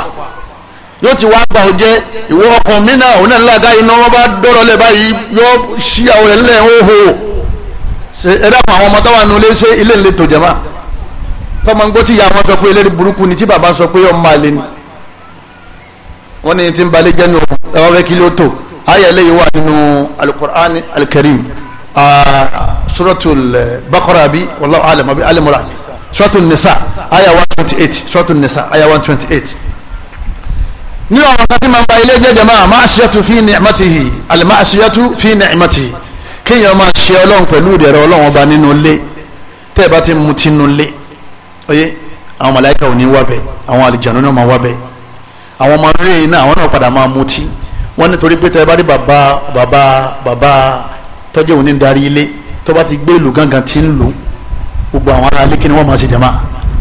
yóò ti wá gbà ó jẹ́ ìwé ọkàn mi náà òun náà ńlá dá iná wọn bá dọ́rọ̀ lẹ̀ báyìí yóò ṣíyàwó rẹ̀ ńlẹ̀ ń hó hó ẹ dákun àwọn ọmọ táwọn ilé ṣe ilé ńlẹ̀ tó jẹ́ máa tọ́mọ ń gbọ́ tí ìyá wọn sọ pé eléyìí burúkú ni tí bàbá sọ pé ọmọ àlè ni wọ́n ní ti ń balẹ̀ jẹ́nu ẹ̀wọ́n fẹ́ kí ló tó ayé eléyìí wà nínú alukur'an alkarim suratul bakara bi wallahu alam abi alimura suratul nisa aya one twenty eight suratul nisa aya one twenty eight ní ọ̀rọ̀ kan tí ma ń ba ilé jẹ́ jẹ́mọ́ àmáṣíyàtú fi ni'matihi àlìmáṣíyàtú fi ni'matihi kéèyàn máa ṣe ọlọ́run pẹ̀lú ìdẹ̀rẹ̀ ọlọ́run ọba nínú ilé tẹ́ẹ̀ bá ti mutí nínú ilé oye àwọn màláíkà ò ní wábẹ̀ àwọn àlìjànú náà máa wábẹ̀ àwọn ọmọ rẹ̀ yìí náà àwọn náà padà máa mutí wọ́n nítorí pé tẹ́ bá rí bàbá bàbá bàbá tọ́jú òní darí ilé tó bá ti gbé ìlú gángan tí ń lù gbogbo àwọn ará alékin wọ́n máa ṣe jẹ̀má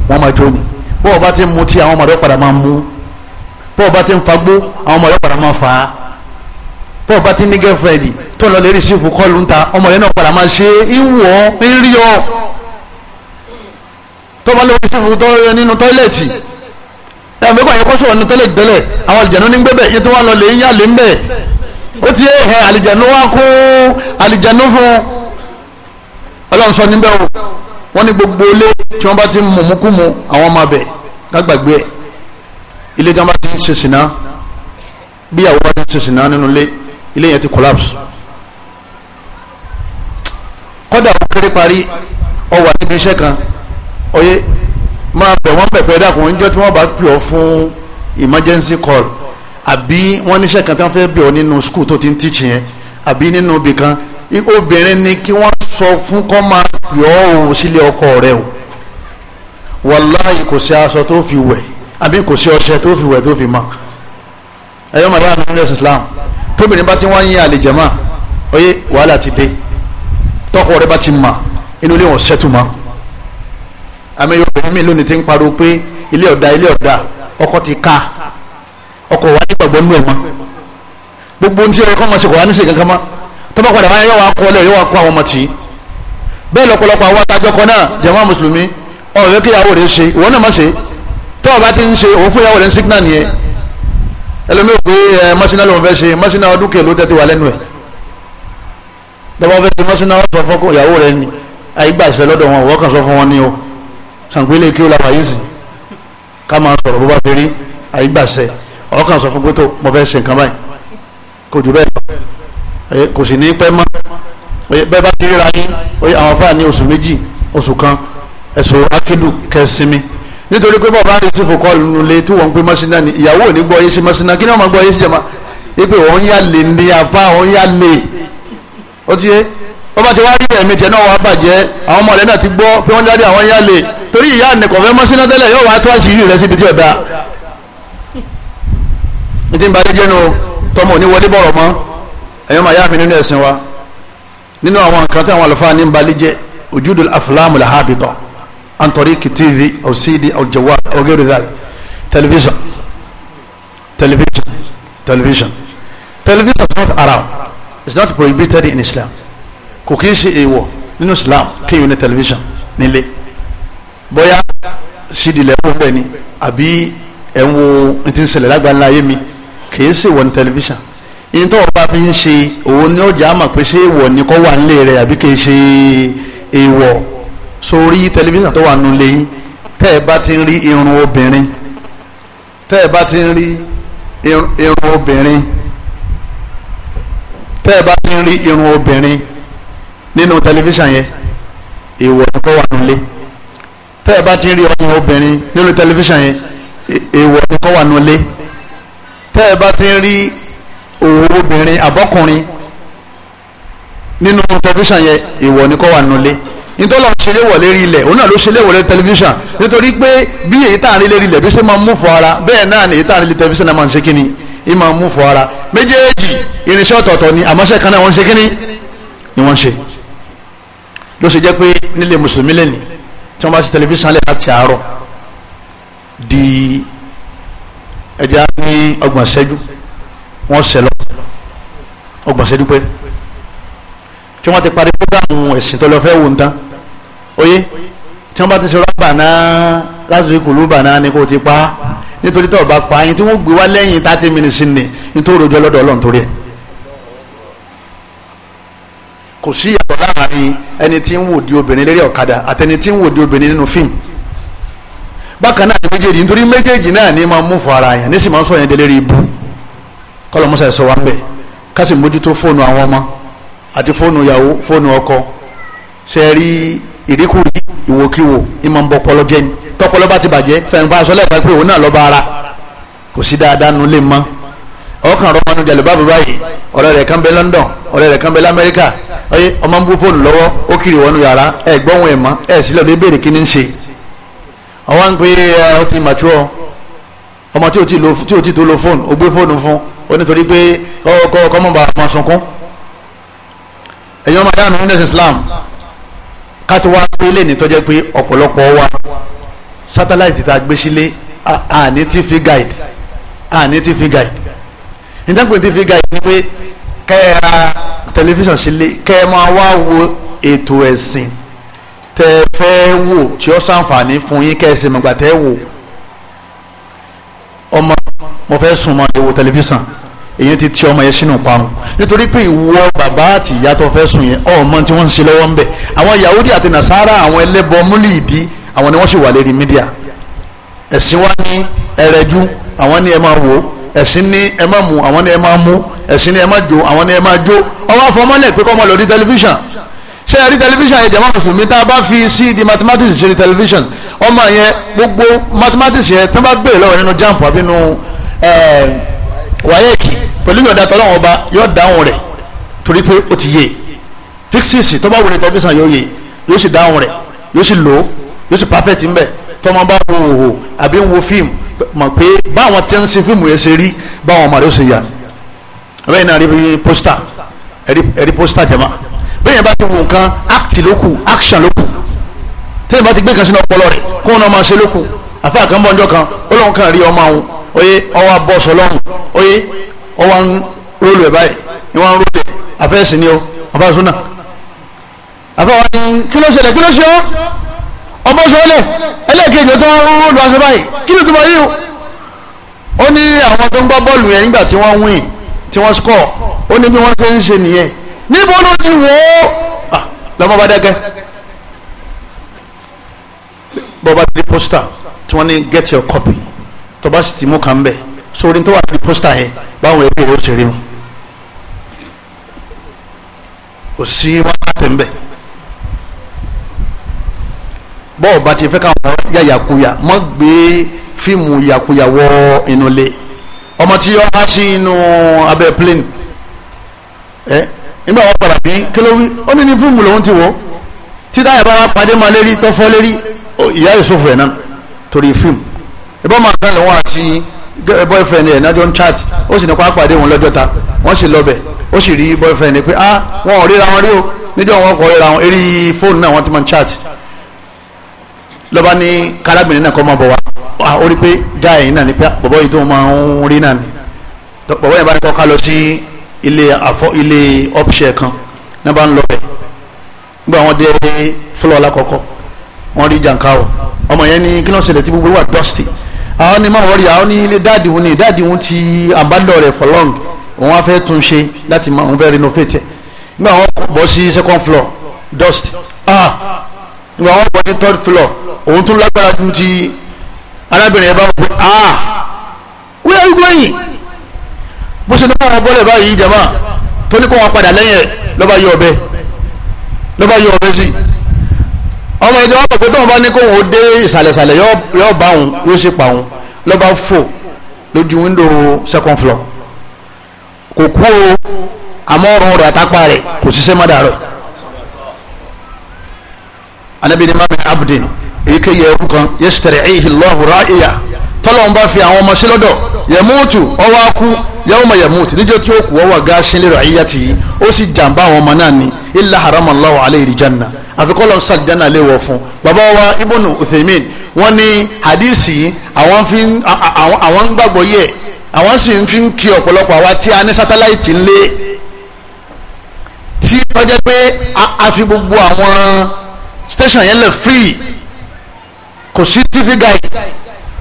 wọ́n máa jóni bó o bá ti mutí àwọn ọmọ padà máa mú bó o bá ti fagbó àwọn ọmọ padà máa fà á bó o bá ti ní gẹ́fẹ̀ẹ́dì tó lọ lè rí sífù kọ́ọ̀lù ń ta ọmọ náà padà máa ṣe é ń wọ̀ ń rí ọ́ tó bá lórí sífù tó yẹ nínú tọ́ílẹ̀tì ẹ̀ mẹ́kọ̀ yẹ kó sọ̀rọ̀ nínú tọ́ílẹ̀tì tẹ́lẹ̀ àwọn àlìjẹ̀nu ní gbẹ́bẹ̀ yẹ tó wà lọ lè ń yà lè ń bẹ̀ ó ti yẹ ẹ̀ àlìjẹ̀nu wá kó àlìjẹ̀nu fún ọlọ́run sọ níbẹ̀ o wọ́n ní gbogbo ilé tí wọ́n bá ti mú mú kú mu àwọn ọmọ abẹ kágbàgbé ẹ̀ ilé tí wọ́n bá ti ṣe sìná bí àwọn bá ti ṣe sìná nínú ilé ilé yẹn ti collapse kọ́dà ó kéré parí ó wà níbi iṣẹ́ kan oye máa bẹ̀ wọ́n bẹ̀ pé dákun níjọ́ tí wọ́n bá pè ọ́ fún emergency call àbí wọ́n níṣẹ́ kan tí wọ́n fẹ́ bẹ̀ ọ́ nínú school tó ti ń teach yẹn àbí nínú ibì kan obìnrin ni kí wọ́n sọ fún kọ́ máa pè ọ́ òun sílé ọkọ rẹ o wàláhì kò sí aṣọ tó fi wẹ̀ àbí kò sí ọṣẹ tó fi wẹ̀ tó fi mọ́ ẹ̀yọ́ màdá àná ilé Islam tóbìnrin bá ti wá yín àlejò mọ́ oye wàhálà ti dé tọkọ rẹ bá ti mọ̀ inú ilé wọn ṣẹ́tù mọ́ àmì yorùbá mi lónìí ti ń pariwo pé ilé ọ̀dà ilé ọ̀dà ọkọ ti ká ọkọ wa nígbàgbọ́ nù ẹ̀ mọ́ gbogbo ohun tí ọkọ ọmọ ṣe kò wá ní ṣe kankan mọ́ tọ́ba padà wáyé yóò wá kọ́ lẹ̀ yóò wá kọ́ àwọn ọmọ tì í bẹ́ẹ̀ lọ́pọ̀lọpọ̀ àwọn atajọ́ kan náà jàmá mùsùlùmí ọ̀rẹ́ kíyàwó rẹ̀ ṣe ìwọ náà má ṣe tọ́wọ́ bá ti ń ṣe òun fún ìyàwó rẹ̀ ń sígínà nìyẹn ẹlòmíì ò pé ẹ mọ́síná ló ń fẹ́ ṣe mọ́síná ọdún kèló tẹ́tí wà lẹ́nu ẹ̀ tọ́wọ́ fẹ́ ṣe mọ́síná ọ̀sọ̀ fọ́kùn ìyàwó rẹ̀ ni àyígbàṣẹ́ lọ́dọ̀ wọn wọ́n kàn sọ fún wọn ní o sàǹpélé kí ó la wáyé sìn ká máa sọ̀rọ̀ bó bá fi rí àyígbàsẹ̀ ọkàn sọ fún pé tó mo fẹ́ ṣe nǹkan báyìí kò jù bẹ́ẹ̀ kò sì ní pẹ́ mọ́ bẹ́ẹ̀ bá ti ríra yín àwọn afáà ní oṣù méjì oṣù kan ẹ̀sùn akédù kẹsìnmi nítorí pé bàbá rẹ̀ ti fò kọ́ nulẹ̀ tí wọ́n pe mọ́sínà ni ìyàwó ò ní gbọ́ yé sí mọ́sínà kí ni wọ́n máa gbọ́ yé sí jama ipe wọ́n yà lè ní apá wọ́n yà lè ó ti yé bàbá ti wá rí ẹ̀mí tiẹ̀ náà wá bàjẹ́ àwọn ọmọ rẹ̀ náà ti gbọ́ pé wọ́n dárí àwọn yálè torí ìyá nìkan fẹ́ mọ́sí náà tẹ́lẹ̀ yóò wá tó àṣírí rẹ̀ síbi tí ò ní ti ń balẹ̀ jẹ́nu tọmọ òní bọ̀rọ̀ mọ́ ẹ̀yọ́ máa yáàfin nínú ẹ̀sìn wa nínú àwọn nǹkan tí àwọn àlùfáà ní ń balẹ̀ jẹ́ ojúdò afúlámù làhábìtọ̀ antori kìtìvì ọ̀sídìí ọ̀jọ̀wà ọ̀gẹ́rẹ́dà is not prohibited in Islam kò kí ń ṣe èèwọ̀ nínú Islam kéèyàn ní tẹlifíṣàn nílé bóyá sídìlẹ̀ ń bẹ̀ ni àbí ẹ̀ ń wo ní ti ń ṣẹlẹ̀ lágbàlá ayé mi kì í ṣèwọ̀ ní tẹlifíṣàn yìí tó ọba fi ń ṣe òun ní ọjà àmà pé ṣé èèwọ̀ ni kò wà nílé rẹ̀ àbí kì í ṣe èèwọ̀ sórí tẹlifíṣàn tó wà nù lẹ́yìn tẹ́ ẹ bá ti ń rí irun obìnrin tẹ́ ẹ bá ti rí irun obìnrin tẹ́ ẹ bá ti rí irun obìnrin nínú tẹlifíṣàn yẹn èèwọ̀ tó wà nílé tẹ́ ẹ bá ti rí ọmọ obìnrin nínú tẹlifíṣàn yẹn èèwọ̀ tó wà nílé tẹ́ ẹ bá ti rí òwò obìnrin àbọ́kùnrin nínú tẹlifíṣàn yẹn èèwọ̀ ni kó wà nílé nítọ́lọ́ ṣe léwọ̀ lérí ilẹ̀ òun náà ló ṣe léwọ̀ lérí tẹlifíṣàn nítorí pé bí èyí tá à ń rí lérí ilẹ̀ bí ṣe máa ń mú fọ ara bẹ́ẹ̀ náà ni èyí tá à ń rí tẹlifíṣàn náà máa ń ṣe kíni ì máa mú fọ ara méjèèjì irinṣẹ́ ọ̀tọ̀ọ̀tọ̀ ni àmọ́ṣẹ́ kan náà wọ́n ń ṣe kíni ni wọ́n ń ṣe ló ṣe jẹ́ pé nílé mùsùlùmí lẹ́ni tí wọ́n bá ṣe tẹlifíṣàn lẹ́ láti àárọ̀ di ẹja ní ọgbọ̀n ṣẹ́jú wọ́n ṣẹ lọ ọgbọ̀n ṣẹ́jú pé tí wọ́n ti parí púpọ̀ ẹ̀sìn tọ́lọ fẹ́ wò ń tán oyé tí wọ́n bá ti ṣe rọ́bà náà láti ṣe kùlú náà ni kò ti pa nítorí tó bá pa yín tí wọ́n gbé wá lẹ́yìn 30 minutes ni nítorí ojú ọlọ́dọ̀ ọlọ́run torí ẹ̀ kò sí ìyàtọ̀ láàrin ẹni tí ń wò di obìnrin lérí ọ̀kadà àtẹni tí ń wò di obìnrin nínú fíìmù bákan náà ni méjèèjì nítorí méjèèjì náà ni máa mú fún ara yẹn ní sì máa ń sọ yẹn délé rí ibu kọlọ musa ẹ sọ wa ń bẹ ká sì mójútó fóònù àwọn ọmọ àti fóònù ìyàwó fóònù ọkọ ṣe rí ìríkùrí ìwòkiwò ìmọ̀ ń bọ pọlọ jẹ ni tọpọlọ bá ti bàjẹ́ sẹ́yìn bá aṣọ lẹ́ẹ̀kan pé ọ̀rẹ́ rẹ̀ kan bẹ lamẹ́ríkà ọyẹ ọmọ ń bú fóònù lọ́wọ́ ó kiri wọnú yàrá ẹ gbọ́hùn ẹ̀ mọ́ ẹ sílẹ̀ ní béèrè kí ni ń ṣe ọwọ́ ń pè é ọ ti mature ọmọ tí o ti tó lo fóònù o gbé fóònù fún o nítorí pé ọkọ ọkọ mọba ọmọ sunkún ẹ̀yin ọmọ adáàmì nílẹ̀ Islam káti wá pé lè ní tọ́jẹ́ pé ọ̀pọ̀lọpọ̀ wa sátáláìtì tá gbé sílé àní tí fi guide àní tí fi guide ìdáǹpẹ̀ tí fi guide ni pé kẹ́ẹ̀ra tẹlifíṣàn sílé kẹ́ẹ̀ máa wá wo ètò ẹ̀sìn tẹ́ fẹ́ wò tí ó ṣàǹfààní fún yín kẹ́ẹ̀sì mọ̀gbà tẹ́ wò ọmọ mo fẹ́ sùn mọ́ ewo tẹlifíṣàn èyí tí tí ọmọ yẹn sínú parun nítorí pé ìwọ bàbá àti ìyá tó fẹ́ sùn yẹn ọmọ tí wọ́n ń ṣe lọ́wọ́ ń bẹ̀ àwọn Yahudi àti Nasara àwọn ẹlẹ́bọ múlì ìdí àwọn ni wọ́n sì wà lérí mídíà ẹ̀sìn wa ní ẹrẹ́jú àwọn ni ẹ máa wò ó ẹ̀sìn ní ẹ má mu àwọn ní ẹ má mu ẹ̀sìn ní ẹ má jó àwọn ní ẹ má jó ọwọ́ àfọmọ́lẹ̀ pé kọ́ ọmọ lọ rí tẹlifíṣàn ṣé ẹ rí tẹlifíṣàn yẹn jẹ̀mọ́ mùsùlùmí tá a bá fi sí di mathematics ṣe rí tẹlifíṣàn ọmọ yẹn gbogbo mathematics yẹn tó bá béèrè lọ́wọ́ nínú jamp àbí nínú wáyẹ̀kì pẹ̀lú yọ̀ọ̀dà tọ́lọ́wọ́n ọba yóò dáhùn rẹ̀ torí pé ó ti yé fixis tó bá wọlé tẹlifíṣàn yóò yé yóò sì dáhùn rẹ̀ yóò sì lò yóò sì perfect ń bẹ̀ tọ́mọ bá wo òhò àbí ń mọ̀ pé báwọn tí wọ́n ń ṣe fíìmù yẹn ṣe rí báwọn ọmọ rẹ̀ ó ṣe yà bẹ́ẹ̀ náà rí pósítà ẹ̀rí pósítà jẹ̀má bẹ́ẹ̀ yẹn bá ti wù nǹkan act ló kù action ló kù tẹ́lẹ̀ bá ti gbé kan sínú ọpọlọ rẹ̀ kó wọn máa ṣe ló kù àfa kan bọ́ ọjọ́ kan ó lóun kàn rí ọmọ àwọn oyè ọwọ́ abọ́sọ lọ́hùn oyè ọwọ́ ń rólù ẹ̀ báyìí ìwọ́n ń rólù ẹ̀ àfẹ́ sìn ni ó àfẹ́ sún ni kí ló ṣẹlẹ̀ kí ló ṣe ọ́ ọbọ̀ sọ́lẹ̀ ẹlẹ́ẹ̀kejì tó wọ́n rúrú lọ sí báyìí kí ló ti bọ̀ yìí ó ní àwọn tó ń gbá bọ́ọ̀lù yẹn nígbà tí wọ́n win tí wọ́n score ó ní bí wọ́n ṣe ń ṣe nìyẹn níbo ló ti wò ó ah, lọ́mọ bá dẹ́gẹ́ bọ́ba ti di pósítà tí wọ́n ní get your copy tọ́ba sì ti mú kàn bẹ́ẹ̀ sórí tó wà ní pósítà yẹn báwọn ẹgbẹ́ yóò ṣe rí wọn kò sí wákàtí ń bẹ́ẹ̀ bọ́ọ̀ bá ti fẹ́ káwọn yá yakuya mọ́ gbé fíìmù yakuya wọ inú ilé ọmọ tí yọ wá sí inú abẹ́ plane ẹ nígbà wọn padà bí kílówí ó ní ní fíìmù lòun ti wọ títà yàrá wa pàdé máa lérí tọ́fọ́ lérí ìyá ìṣòfò ẹ̀ náà torí fíìmù ìbọn máa gbọ́n lòun àti boyfriend ẹ̀ nájọ́ ń chat ó sì ní kó apàdé wọn lọ́jọ́ta wọ́n sì lọ́bẹ̀ ó sì rí boyfriend pé ah wọn ò ríra wọn rí o níjọ́ wọn kò ríra wọn eré fóònù náà wọ́n ti máa ń chat lọ́ba ní kárábìnrin náà kọ́ máa bọ̀ wá ó rí pé gáà yìí náà ní pé ah, bọ̀bọ̀ yìí tó máa ń rí náà ni bọ̀bọ̀ yẹn bá ní kọ́ ká lọ sí ilé àfọ ilé ọ́pṣẹ̀ kan náà bá ń lọ bẹ̀ nígbà wọn dé fúlọ̀ lákọ̀ọ́kọ́ wọn rí jàǹkáwọ̀ ọmọ yẹn ní kí ló ń ṣẹlẹ̀ tí gbogbo wà dọ́sítì àwọn ni máa wọrí àwọn ní ilé dáàdì wọn ni dáàdì wọn ti àbádọ́ rẹ̀ for long òun á fẹ́ tún ṣe láti máa òun fẹ́ renovate ẹ̀ ah nígbà wọn wọ ní third floor òun tún lágbára ju ti arábìnrin yẹn bá wọ pé ah wíyà gbẹ̀yìn bó ṣe ní wọn bọ́lẹ̀ báyìí jama tó ní kó wọn padà lẹ́yìn ẹ̀ lọ́ba yọ ọbẹ̀ lọ́ba yọ ọbẹ̀ sí ọmọ ìjọba pọ̀ pé tóun bá ní kóun ó dé ìsàlẹ̀sàlẹ̀ yọ bá òun yóò ṣe pa òun lọ́ba fò lójú wíńdò second floor kò kú o àmọ́ ọ̀run rẹ̀ àtàpá rẹ̀ kò ṣiṣẹ́ má dàrọ̀ anabi ni mami abdin èyíkéyìí ẹrú kan yastar'ihi Allahu ra'iya tọ́lọ́wọ́n bá fi àwọn ọmọ sí lọ́dọ̀ yẹmúùtù ọwọ́ akú yawma yẹmúùtù níjẹ́ tí ó kù ọwọ́ ga sílẹ̀ ràyíyá tì í ó sì jàǹbá àwọn ọmọ náà ni illa harama Allahu alayhi janna àfikọ́ lọ́n sàdánà lè wọ̀ fún bàbá wa ibnu Uthaymin wọ́n ní hadisi àwọn fi àwọn ń gbàgbọ́ àwọn sì fi kí ọ̀pọ̀lọpọ̀ àwa tí a ní sátáláìtì ńlé tí ó pé a gbogbo àwọn station yẹn lè free kò sí tv guide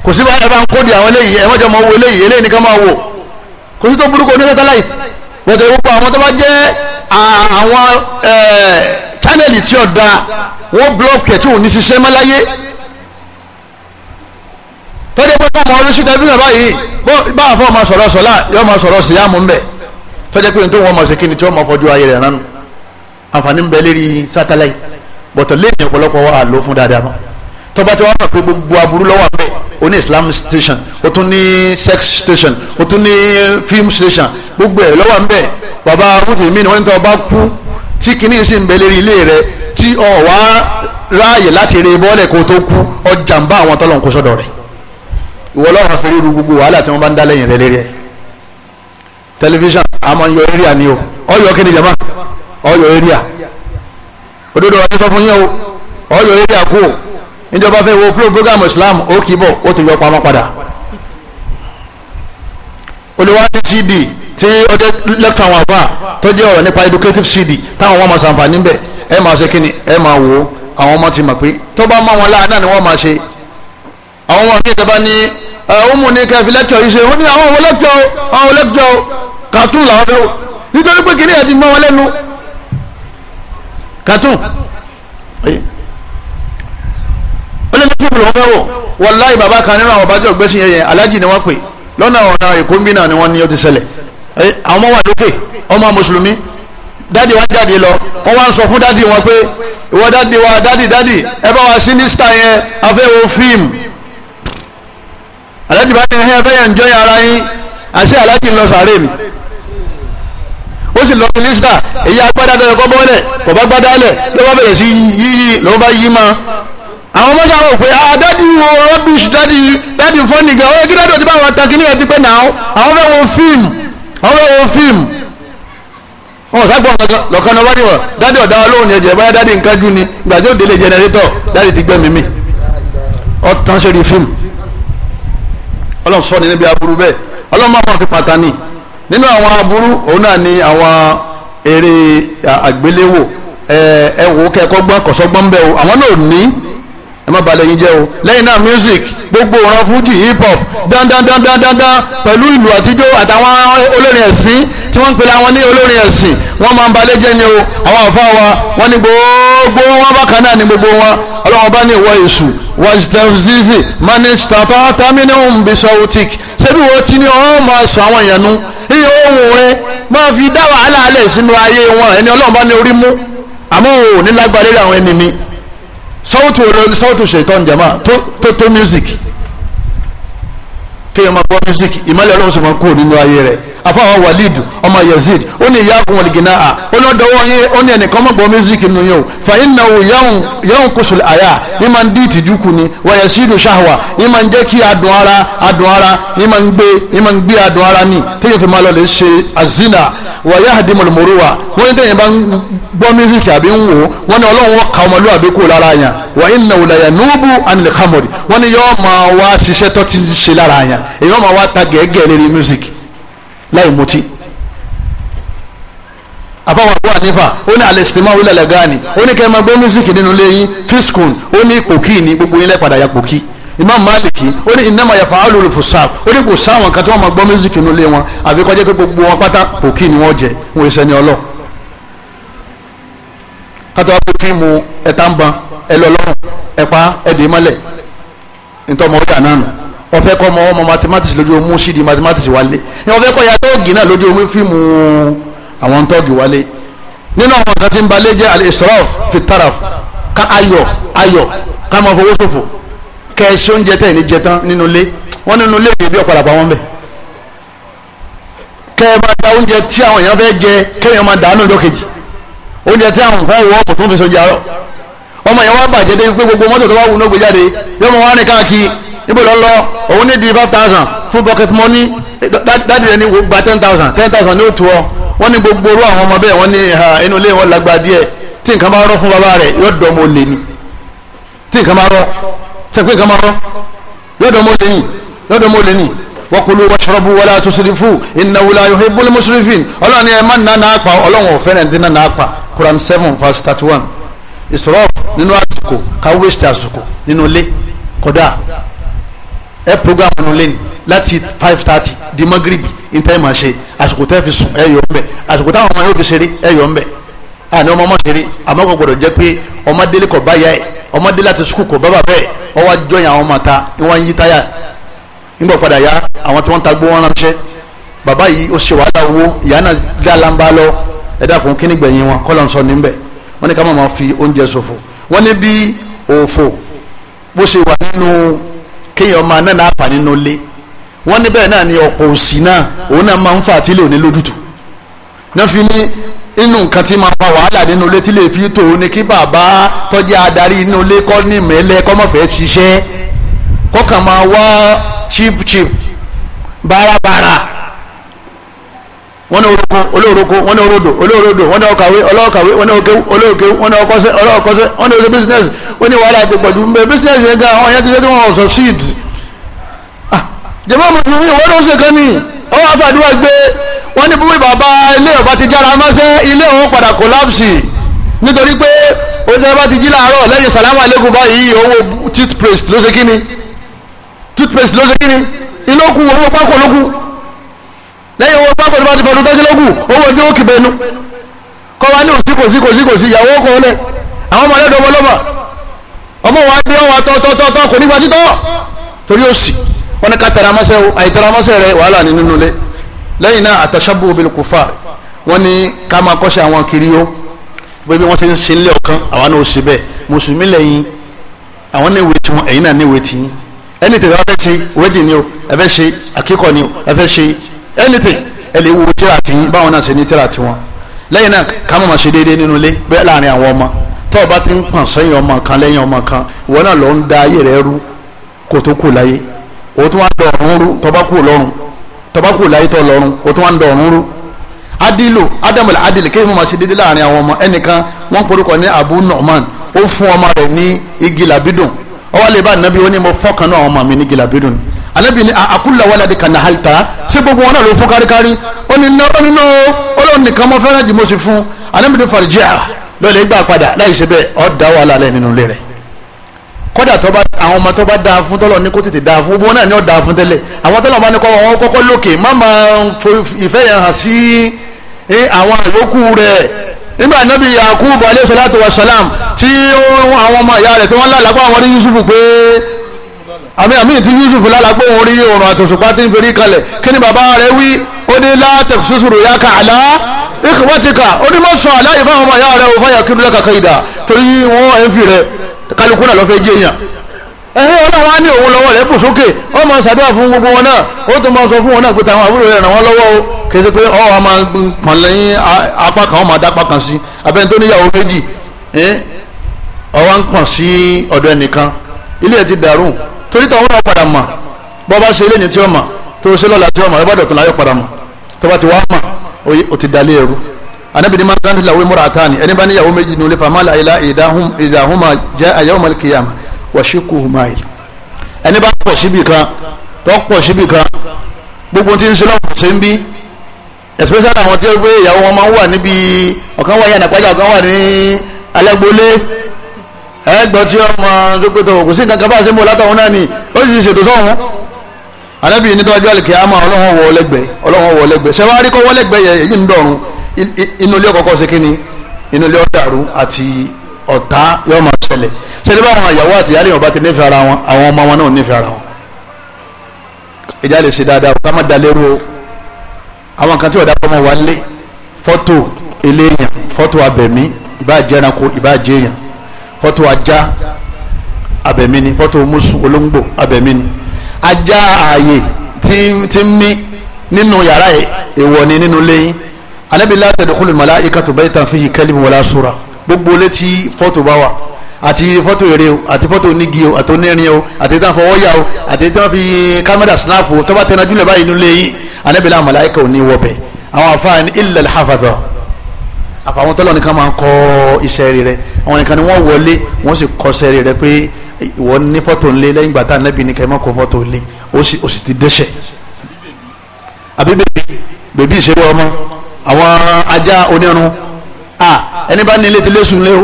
kò sí báyìí ẹ bá ń kóde àwọn eléyìí ẹ mọ́jọ́ máa wo eléyìí eléyìí nìkan máa wò kò sí tó burúkú oní satellite wẹ̀tẹ̀ gbogbo àwọn tó bá jẹ́ àwọn channel tí ò da wọ́n block ẹ̀ tí ò ní ṣiṣẹ́ mọ́ láyé tọ́jú pé kọ́ ọmọ ọdún sí tẹlifíṣàn báyìí bá a fọ́ ọmọ sọ̀rọ̀ sọ̀lá yọ ọmọ sọ̀rọ̀ sí yá mú tọ́jú pé nítorí wọn mọ̀ sí kí ni tí wọ́n mọ̀ fọ́jú ayé rẹ̀ ránu àǹfààní ń lérí satellite bọ̀tọ̀ lẹ́yìn ọ̀pọ̀lọpọ̀ wa lò fún dáadáa mọ́ tọ́ba tí wọ́n mọ̀ pé gbogbo aburú lọ́wọ́ àbẹ́ o ní islam station o tún ní sex station o tún ní film station gbogbo ẹ̀ lọ́wọ́ àbẹ́ bàbá mùsùlùmí ni wọ́n ń tọ́ ọba kú tí kìíní sì ń bẹ lérí ilé rẹ tí ọ wá ráàyè láti re bọ́ọ̀lẹ̀ kó tó kú ọjà ń bá àwọn tọ́lọ̀ ń kó sọ́dọ̀ rẹ̀ ìwọ lọ́wọ́ àfẹ́rí ru gbogbo wàhálà tí wọ́n bá ń dá lẹ́yìn rẹ lérí ẹ̀ tẹlifíṣàn àmọ́ yọ eré àníyó ọ yọ kí ni jama ọ yọ eré à òdodo ọ̀rẹ́ sọ fún yín o ọ̀yọ̀ eré àkó níjọba fẹ́ wo program islam ó kì í bọ̀ ó ti yọ pamọ́ padà olùwádìí cd tí ọdẹ lẹ́kọ̀ọ́ àwọn àbá tó jẹ́ ọ̀rọ̀ nípa educative cd táwọn wọn máa ṣàǹfààní bẹ̀ ẹ máa ṣe kíni ẹ máa wò ó àwọn ọmọ ti mọ̀ pé tó bá mọ wọn láàdá ni wọ́n máa ṣe àwọn ọmọ mi ìjọba ní ọmọ ní kẹfì lẹ́kọ̀ọ́ yìí ṣe wọ́n ní àwọn ọmọ lẹ́kọ̀ọ́ àwọn lẹ́kọ̀ọ́ kàtún làwọn fẹ́ nítorí pé kíní ẹ̀ ti mọ wọn lẹ́nu cartoon ó lé ní fíìmù lọ́wọ́ fẹ́ wò wàláhì bàbá kan nínú àwọn bàjọ́ gbẹ́sìn yẹn yẹn alájì ni wọ́n pè lọ́nà ọ̀nà èkó ń bí náà ni wọ́n ní ó ti ṣẹlẹ̀ àwọn ọmọ wà lókè ọmọ mùsùlùmí dádì wa jáde lọ wọ́n wá ń sọ fún dádì wọn pé ìwọ dádì wa dádì dádì ẹ bá wa sí yẹn a fẹ́ wo fíìmù alájì bá ní ẹ fẹ́ yẹn ń jọ́ yàrá yín àṣẹ alájì ń lọ sàárè mi ó sì lọ mínísítà èyí agbádá tó yẹ kọ́ bọ́lẹ̀ kò bá gbádá lẹ̀ ló bá bẹ̀rẹ̀ sí yíyí ló bá yí ma. àwọn ọmọ sábà wò pé ah dádì wo rubbish dádì dádì fọ́nì gan ó yẹ kí dádì ò ti bá àwọn takiní ẹ̀ ti pẹ́ nà ó àwọn fẹ́ wo fíìmù àwọn fẹ́ wo fíìmù. wọn ò sábà lọ́kàn náà wáyé wọn dádì ọ̀dà olóhùn yẹn jẹ báyà dádì nǹkan jù ni gbàjọ́ òdele jẹnẹrétọ̀ dádì ti gbẹ́mí mi ọ̀tán ṣe rí fíìmù ọlọ́run sọ ni níbi aburú bẹ́ẹ̀ ọlọ́run máa mọ̀ fi pàtàkì nínú àwọn aburú òun náà ni àwọn eré àgbéléwò ẹ wò ó kẹ́kọ̀ọ́ gbọ́n kọ̀sọ́gbọ́n bẹ́ẹ̀ o àwọn náà ní ẹ má balẹ̀ yín jẹ́ o lẹ́yìn náà music gbogbo ọ̀ràn fújì hip hop dandandandandandan pẹ̀lú ìlú àtijọ́ àtàwọn olórin ẹ̀sìn tí wọ́n ń pèlè àwọn ní olórin ẹ̀sìn wọ́n máa ń balẹ̀ jẹ́ ni o àwọn àfa wa wọ́n ní gbogbo wọn bákan náà ní gbogbo wọn ọlọ́wọ́n bá ní ìwọ èṣù wàjìtẹ̀rùsíìsì manistatọ́ tamínú bisautik ṣebí wo ti ní ọ́n máa sọ àwọn èèyàn nu iye ohun rẹ máa fi dá wàhálà alẹ̀ sínú ayé wọn ẹni ọlọ́run bá ní orí mú àmọ́ ò ní lágbára àwọn ẹni ni sọ́wọ́tò sọ́wọ́tò ṣètọ́n jama tó tó music kéèyàn máa gbọ́ music ìmọ̀lẹ̀ ọlọ́run sì máa kú nínú ayé rẹ̀ àfọwọ́ Walid, ọmọ yazid ó ní ìyá kun wọ̀lìgínà à ó ní ọ̀dọ́wọ́ yín ó ní ẹnìkan mọ̀ gbọ́ mísíkì nù yín o fa iná wo yẹ́hùn kùsùlù àyà ní máa ń dí ìtìjú kù ni wà yasidu ṣahwa ní máa ń jẹ́ kí adùn ara adùn ara ní máa ń gbé ní máa ń gbé adùn ara ní téyìn fi máa lọ lè ṣe azina wà yahdi mọ̀lùmọ́rùwà wọ́n ní téyìn bá ń gbọ́ mísíkì àbí ń wò wọ́n ní ọlọ́run ka ọmọlúwàbí kú lára yẹn wà iná wò láyà núbù anil khamri wọ́n ní yọ́ọ́ máa láì mutí àbáwọn àbúrò ànífà ó ní alẹ́ sinimá orílẹ̀ lẹ́gàánì ó ní kẹ́ẹ́ máa gbé mísíkì nínú lẹ́yìn fiskun ó ní pòkì ní gbogbo yín lẹ́pàdà ya pòkì imam maliki ó ní innama yafa'alu al-fusaq ó ní kò sáwọn kan tí wọ́n máa gbọ́ mísíkì nínú lé wọn àbí kọjá pé gbogbo wọn pátá pòkì ni wọ́n jẹ wọn ìṣẹ́ ni ọlọ́ kátó wá pé fíìmù ẹ̀tàǹbọn ẹ̀lọ́lọ́rùn ẹ̀pá ẹ̀dèmọ́lẹ̀ ntọ́mọ̀ ọ̀dà náà nù wọ́n fẹ́ kọ́ ọmọ ọmọ mathematics lójú omu ṣídìí mathematics wálé ni wọ́n fẹ́ kọ́ ya tóògì náà lójú omu fíìmù àwọn tóògì wálé nínú àwọn kan tí ń balẹ̀ jẹ́ al-israf fi taraf ká ayọ̀ ayọ̀ ká máa fowó ṣòfò kẹ́ ẹ ṣe oúnjẹ tẹ̀ ní jẹ tán nínú ilé wọ́n nínú ilé ìbí ọ̀pọ̀lọpọ̀ àwọn bẹ̀ kẹ́ máa da oúnjẹ tí àwọn èèyàn fẹ́ jẹ kéèyàn máa dàánù ìjọ kejì oúnjẹ tí àwọn fẹ́ wọ́ tó ń fi so jàrọ̀ ọmọ yẹn wá bàjẹ́ dé pé gbogbo mọ́tò tó bá wù ní ògbéjáde yóò máa wá ní káàkiri níbo lọ lọ òun ní di five thousand fún pocket money dáàdi rẹ ní gba ten thousand ten thousand ní o tu ọ wọ́n ní gbogbo orú àwọn ọmọ bẹ́ẹ̀ wọ́n ní inú ilé wọn lágbá díẹ̀ tí nǹkan bá rọ fún bàbá rẹ̀ yóò dọ̀ ọmọ olè ni tí nǹkan bá rọ sẹ́pẹ́ nǹkan bá rọ yóò dọ̀ ọmọ olè ni yóò dọ̀ ọmọ olè ni wa kulu washrabu wala tusrifu innahu la yuhibbul musrifin ọlọ́run ni ẹ má nà nà pa ọlọ́run ò fẹ́ràn dín nà nà pa Quran seven verse thirty one israf nínú àsìkò ká waste àsìkò nínú ilé kódà ẹ program nù lẹ́nu láti five thirty di magribi n tẹ́ ma ṣe àsìkò tẹ́ fi sùn ẹ yọ ọ́ bẹ̀ àsìkò táwọn ọmọ yóò fi ṣeré ẹ yọ ọ́ bẹ̀ àní ọmọ ọmọ ṣeré àmọ́ kò gbọdọ̀ jẹ́ pé ọmọdélé kò bá yá ẹ̀ ọmọdé láti sukù kò bá bàbá ẹ̀ ọwọ́ àjọyìn àwọn ọmọ ta ìwọ́n yí táyà nígbà padà yá àwọn tí wọ́n ta gbó wọn ránṣẹ́ bàbá yìí ó ṣe wàhálà owó ìyá náà dá lánbá lọ ẹ̀dá kún kíní gbẹ̀yìn wọn kọ́lọ̀ ń sọ níbẹ̀ wọ́n ní ká má máa fi oúnjẹ ṣòfò wọ́n ní bí òfò bó ṣe wà nínú kéèyàn máa náà náà fà nínú ilé wọn níbẹ̀ náà ni ọ̀pọ̀ òsì náà òun náà máa ń fà tílé òní lójútù náà fi ní inú nǹkan tí máa fa wàhálà nínú ilé lè fi tò ni kí bàbá tọ́jú adarí nínú ilé kọ́ ní mẹ́lẹ́ kọ́mọ̀fẹ́ ṣiṣẹ́ kọ́kàn wá chip chip bárabàrà wọ́n ní oroko olóoroko wọ́n ní orodo olóorodo wọ́n ní ọkàwé ọlọ́ọ̀kàwé wọ́n ní okewu olóokewu wọ́n ní ọkọ́sẹ́ ọlọ́ọ̀kọ́sẹ́ wọ́n ní oṣù bísínẹ́sì wọ́n ní wàhálà àti pọ̀jù mbẹ́ bísínẹ́sì yẹn gan àwọn yẹn ti ṣe tí wọ́n sọ seed. Ah, jẹ́mọ́ mùsùlùmí wọ́n ló ṣe kan ní ọwọ́ àfàdúrà gbé wọ́n ní bíbí bàbá ilé ọba ti jára mọ́sẹ́ ilé òun padà collapse nítorí pé oṣù bá ti jí láàárọ̀ lẹ́yìn sàlámù alẹ́kùn báyìí owó toothpaste ló ṣe kíni toothpaste ló ṣe kíni ilé òkú owó pákó lókù lẹ́yìn owó pápẹ́ nípa ti fọdún tọ́júlógù owó ojú òkè bẹnu kọ́ wa ní òsì kò sí kò sí kò sí ìyàwó kọ́ lẹ̀ àwọn mọ̀lẹ́dọ̀ ọmọ ọmọ wa dé ọwọ́ tọ́tọ́tọ́ kò nígbà títọ́ torí òsì wọn ni ká tẹramọ́sẹ́ o àìtẹramọ́sẹ́ rẹ wàhálà ní nínú ilé lẹ́yìn náà àtàṣàbù obìnrin kò fà wọ́n ní ká máa kọ́ṣẹ́ àwọn kiri o bẹ́ẹ̀ bí wọ́n ti ń sin ilé ọ̀kan àwọn náà ó sì bẹ́ẹ̀ mùsùlùmí lẹ́yìn àwọn ní ìwé tiwọn ẹ̀yin náà ní ìwé tiyín ẹni tẹ̀lé wọ́n fẹ́ ṣe wedding ni o ẹ fẹ́ ṣe akíkọ̀ ni o ẹ fẹ́ ṣe anything ẹ lè wo tíra tí báwọn náà ṣe ní tíra tí wọn lẹ́yìn náà ká má máa ṣe déédéé nínú ilé bẹ́ẹ̀ láàrin àwọn ọmọ tó o bá ti ń pọ̀n sẹ́yìn ọmọ kan lẹ́yìn ọmọ kan ìwọ náà lọ ń da ayé rẹ rú kó tó kù láyé o tún wá ń dọ̀ rú tọ́ba kù lọ́run tọ́ba kù láyé tọ́ lọ́run o tún wá ń dọ̀ rú adilu adamu adili kéwòn máa ṣe déédéé láàrin àwọn ọmọ ẹnìkan wọ́n porúkọ ní abu norman ó fún ọmọ rẹ̀ ní igi làbídùn ọwọ́ lè bá nàbí ó ní mo fọ́kànnà ọmọ mi ní igi làbídùn alẹ́bi ni àkúlẹ̀ wà ládìí kan náà ta ṣé gbogbo wọn náà ló fún káríkárí ó ní náírà nínú olóhùn nìkan mọ́ fẹ́ràn jù mo sì fún alẹ́bi ni farijia ah, lọ́ọ̀lẹ́ gbà padà láì ṣe bẹ́ẹ̀ ọ́ da wàhálà lẹ́ nínú ilé rẹ̀ kódà tọ́ba àwọn ọmọ tọ́ba dáa fún tọ́lọ̀ ní kó tètè dáa fún gbogbo náà ni ó dáa fún tẹ́lẹ̀ àwọn tọ́lọ̀ bá ní kọ́ wọn kọ́kọ́ lókè má máa ìfẹ́ yẹn hàn sí eh, àwọn àyókù rẹ̀ nígbà nábì Yakubu alayhi salatu wa salam tí àwọn ọmọ ìyá rẹ̀ tí wọ́n lálàpá àwọn rí Yusufu pé àmì àmì tí Yusuf lálàgbó òun rí òrùn àtòṣùpá tí ń ferí kalẹ̀ kí ni bàbá rẹ̀ wí ó ní látẹ̀kùsùsùrù ya ká àlá ìkọ̀wọ́tìkà ó ní mọ́sán àlá ìfáwọn ọmọ ìyá rẹ̀ ò fàyà kí lóla kàkà ìdá torí wọn ẹ̀ ń fi rẹ̀ kálukú náà lọ́fẹ́ jẹ́ èèyàn. ẹ̀hìn ọ̀la wa ní òun lọ́wọ́ rẹ̀ bù sókè ó máa ṣàdúrà fún gbogbo wọn náà ó tún ilé ẹ̀ ti dàrú torí tàwọn náà padà mọ̀ bọ́ bá ṣe ilé ní tí ó mọ̀ tó ṣe lọ́la tí ó mọ̀ ẹgbẹ́ láyọ̀ padà mọ̀ tó bá ti wá mọ̀ oye ò ti dalé ẹrú anabi ni máa ń dáná ìlàwé múra àtàní ẹni bá níyàwó méjì ní olè famala ilá ìdáhùnmá jẹ́ àyẹ̀wòmọ̀ kìyàmà wàṣíkù máìlì ẹni bá pọ̀ síbi kan tó pọ̀ síbi kan gbogbo tí ń ṣe lọ́wọ́ ṣe ń bí especially àwọn tí ó gbé ìyàwó wọn máa ń wà níbi ọ̀kan wà yànnàpájà ọ̀kan wà ní alágbólé ẹgbọ́n tí ọmọ dókítà òkú sí nǹkan kan bá ṣe mú látọ̀hún náà ni ó sì ṣètò sọ́hún anábìyí ní tọ́jú àlèkè àmọ́ ọlọ́wọ́n wọ ọlẹ́gbẹ̀ẹ́ ọlọ́wọ́n wọ ọlẹ́gbẹ̀ẹ́ ṣé wàá rí kọ́ wọlẹ́gbẹ̀ẹ́ yẹ èyí ń dọ̀run inú ilé ọkọ̀ọ̀kọ̀ ṣe kíni inú ilé ọ̀dàrú àti ọ̀tá yóò máa ṣẹlẹ̀ ṣẹlẹ̀ bá àwọn àyàwó àti ìyáàlè ọba ti nífẹ̀ẹ́ ara wọn àwọn ọmọ wọn náà nífẹ̀ẹ́ ara wọn. ìjà lè ṣe dáadáa ká má dalérú o àwọn kan tí ọ̀dà fọ́tò ajá abẹ̀mí ni fọ́tò mùsù olóńgbò abẹ̀mí ni ajá ààyè tí ń mí nínú yàrá ìwọ ni nínú lẹ́yìn anábìlá tẹ̀dọ̀kúlù malaikatu baytan fihi kalbun wala sura gbogbo létí fọ́tò bá wà àti fọ́tò eré o àti fọ́tò onígi o àti onírin o àti tán fọwọ́ yà o àti tán fi kámẹ́rà snap o tọ́ba tẹnajú lẹ̀ báyìí nínú lẹ́yìn anábìlá malaika ò ní wọ àfàwọn tọ́lọ̀ nìkan máa ń kọ iṣẹ́ rere àwọn nìkan ni wọ́n wọlé wọ́n sì kọ́ iṣẹ́ rere pé ìwọ ní fọ́tò ńlé lẹ́yìn gbàtà nẹ́bí ni kẹ́mọ́ kó fọ́tò ńlé ó sì ti dẹ́ṣẹ̀. àbí bèbí ìṣeré ọmọ àwọn ajá onírun à ẹni bá nílé ti léṣu ńlé o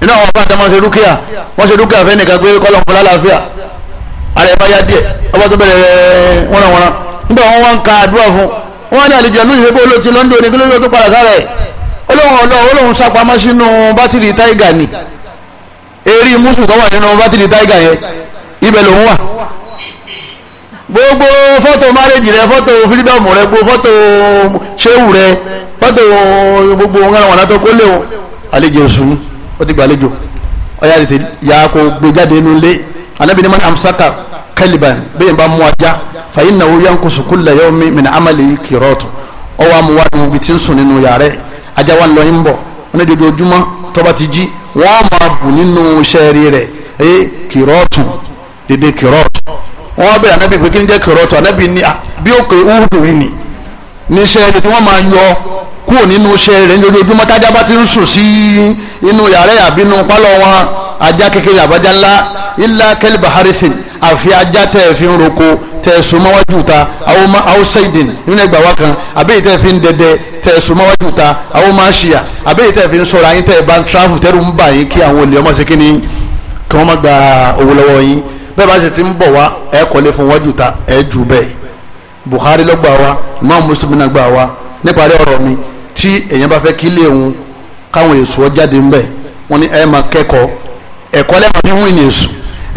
nínú àwọn ọba àtàwọn ṣe dúkìá wọ́n ṣe dúkìá fẹ́ nìkan pé kọ́lọ̀ ńkọ́ lálàáfíà àrẹ bá yá díẹ̀ ọba tó bẹ̀rẹ̀ wọ́nà wọ́nà nígbà wọn wá ń ka àdúrà fún wọ́n ní àlìjẹ̀lú ìfẹ́pẹ́ olóòtí london ní kílódé tó padà sáré olóhùn ọlọ́ olóhùn sápamọ́ sínú bátìrì táìgà ni eré mùsù tó wà nínú bátìrì táìgà yẹn ibẹ̀ lòún wà gbogbo fọ́tò márèjì rẹ fọ́tò fírídọ̀mù rẹ gbogbo fọ́tò ṣéwù rẹ fọ́tò gbogbo ńlá wọn látọ́ kó léwu àlejò sùn ó ti gbàlejò ọ̀yà tètè ya kó gbé jáde nílé anábìnrin mọ́ni amsaka kẹlìbà bẹ́ẹ̀ bá mú ajá fàyín náà yá ń kó sùkúlẹ̀ yóò mi mìíràn amálẹ̀ kìrọ́ọ̀tù ọwọ́ amúwá ni ibi tí ń sùn nínú yàrá ajá wa ń lọ yín bọ̀ wọn ní dodo ojúmọ́ tọ́ba ti jí wọ́n máa bù nínú sẹ́ẹ̀rì rẹ̀ ẹ kìrọ́ọ̀tù dèdè kìrọ́ọ̀tù wọ́n bẹ̀rẹ̀ anábì pé kí ni jẹ́ kìrọ́ọ̀tù anábì ní bí ó kè úrùdù yìí ni ní sẹ́ẹ̀rì tí wọ́n máa yọ kúrò nínú sẹ́ẹ̀rì rẹ̀ dodo ojúmọ́ tájá bá ti ń sùn sí inú yàrá àbí inú pálọ̀ wọn ajá kékeré tẹ sọmọwájú ta àwọn ma àwọn sẹyìn nínú ẹgbàá wa kan àbẹ́yìí tẹ fi ń dẹdẹ tẹ sọmọwájú ta àwọn máa ṣìyà àbẹ́yìí tẹ fi ń sọ̀rọ̀ àyín tẹ bá ń tráfù tẹ́rù ń bà yín kí àwọn olè ọmọ ṣe kí ni kí wọ́n má gba owó lọ́wọ́ yín bẹ́ẹ̀ bá ṣe ti ń bọ̀ wá ẹ kọ́lé fún wájú ta ẹ jù bẹ́ẹ̀ Bukhari lọ́gbà wa Imam Muslim náà wa níparí ọ̀rọ̀ mi tí èèyàn bá fẹ́ kí ilé òun káwọn èso jáde ń bẹ̀ wọ́n ní ẹ máa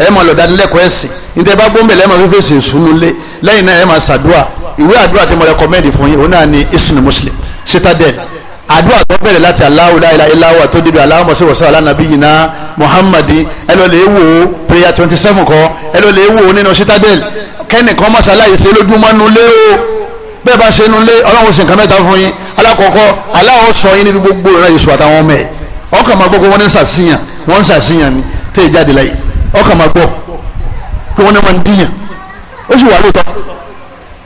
ẹ máa lọ dánilẹ́kọ̀ọ́ ẹ̀sìn níta ẹ bá gbóhùn bẹ̀lẹ́ ẹ máa fi fèsì ìsúnulé lẹ́yìn náà ẹ máa ṣàdúrà ìwé àdúrà tí mo rẹkọmẹ́ndì fún yín òun náà ni isnu muslim citadel àdúrà tó bẹ̀rẹ̀ láti Allahu la ilaha illa huwa tó débi Allahumma salli wa sallim ala nabiyyina muhammadi ẹ lọ lè wò ó prayer twenty seven kọ ẹ lọ lè wò ó nínú citadel kẹ́nìkan mọ́ṣáláyé ṣe lójúmọ́ nulẹ̀ o bẹ́ẹ̀ bá ṣe nulẹ̀ ọlọ́run ṣe nǹkan mẹ́ta fún yín alákọ̀ọ́kọ́ aláwọ̀ sọ yín níbi gbogbo ìran yìí sùn àtàwọn ọmọ ẹ̀ ọkàn máa gbogbo wọn ní sàṣìyàn wọn sàṣìyàn ni tẹ́ ì jáde láyìí ọkàn máa gbọ́ pé wọ́n náà máa ń dìyàn ó sì wà lóòótọ́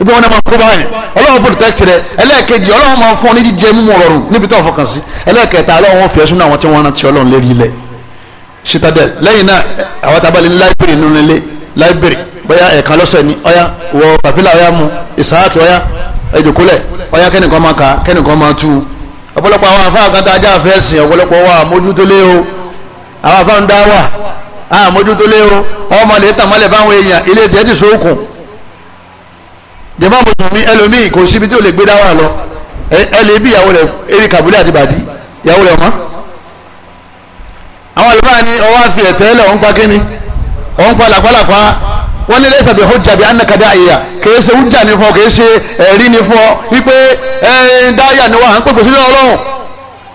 ibi wọn náà máa kó báyìí ọlọ́run protect rẹ ẹlẹ́ẹ̀kejì ọlọ́run máa fún ọ ní jíjẹ mímu ọ̀rọ̀rùn níbi tó ń fọkàn sí ẹlẹ́ẹ̀kẹta ọlọ́run fi ẹ̀sùn àwọn tí wọ́n rántí ọlọ́run lérí ilẹ̀ citadel lẹ́yìn náà àwọn tábàlẹ̀ ní láìbírì nínú ilé láìbírì bóyá ẹ̀ẹ̀kan lọ́sẹ̀ ni ọ̀yá wọ kàfílà ọ̀yá mu ìsáàkì ọ̀yá ẹ̀jọ̀kúlẹ̀ ọ̀yá kẹ́nìkan máa ka kẹ́nìkan máa tu ọ̀pọ̀lọpọ̀ àwọn afáàkàtà ajá àfẹ́ sìn ọ̀pọ̀lọpọ̀ wà mójútólé o àwọn afáàǹdá wà àmójútó lé o ọmọ lè tàn mọ́lẹ̀ fáwọn èèyàn ilé tiẹ̀ ti sókun jẹ̀mọ́ mùsùlùmí ẹlòmíì kò síbi tí ò lè gbé dáwà lọ ẹ bí ìyàwó rẹ̀ eré kàbúlẹ̀ àti bàdí ìyàwó rẹ̀ mọ́ àwọn àlùfáà ni ọwọ́ àfi ẹ̀tẹ́ lẹ̀ ọ̀hún pa kíni ọ̀hún pa làpálàpá wọ́n ní lẹ́sẹ̀ bí hujja bí anakada àyà kìí ṣe hujja ní fún ọ kìí ṣe ẹ̀rí ní fún ọ wípé ẹ̀ dáyà ni wọ́n à ń pè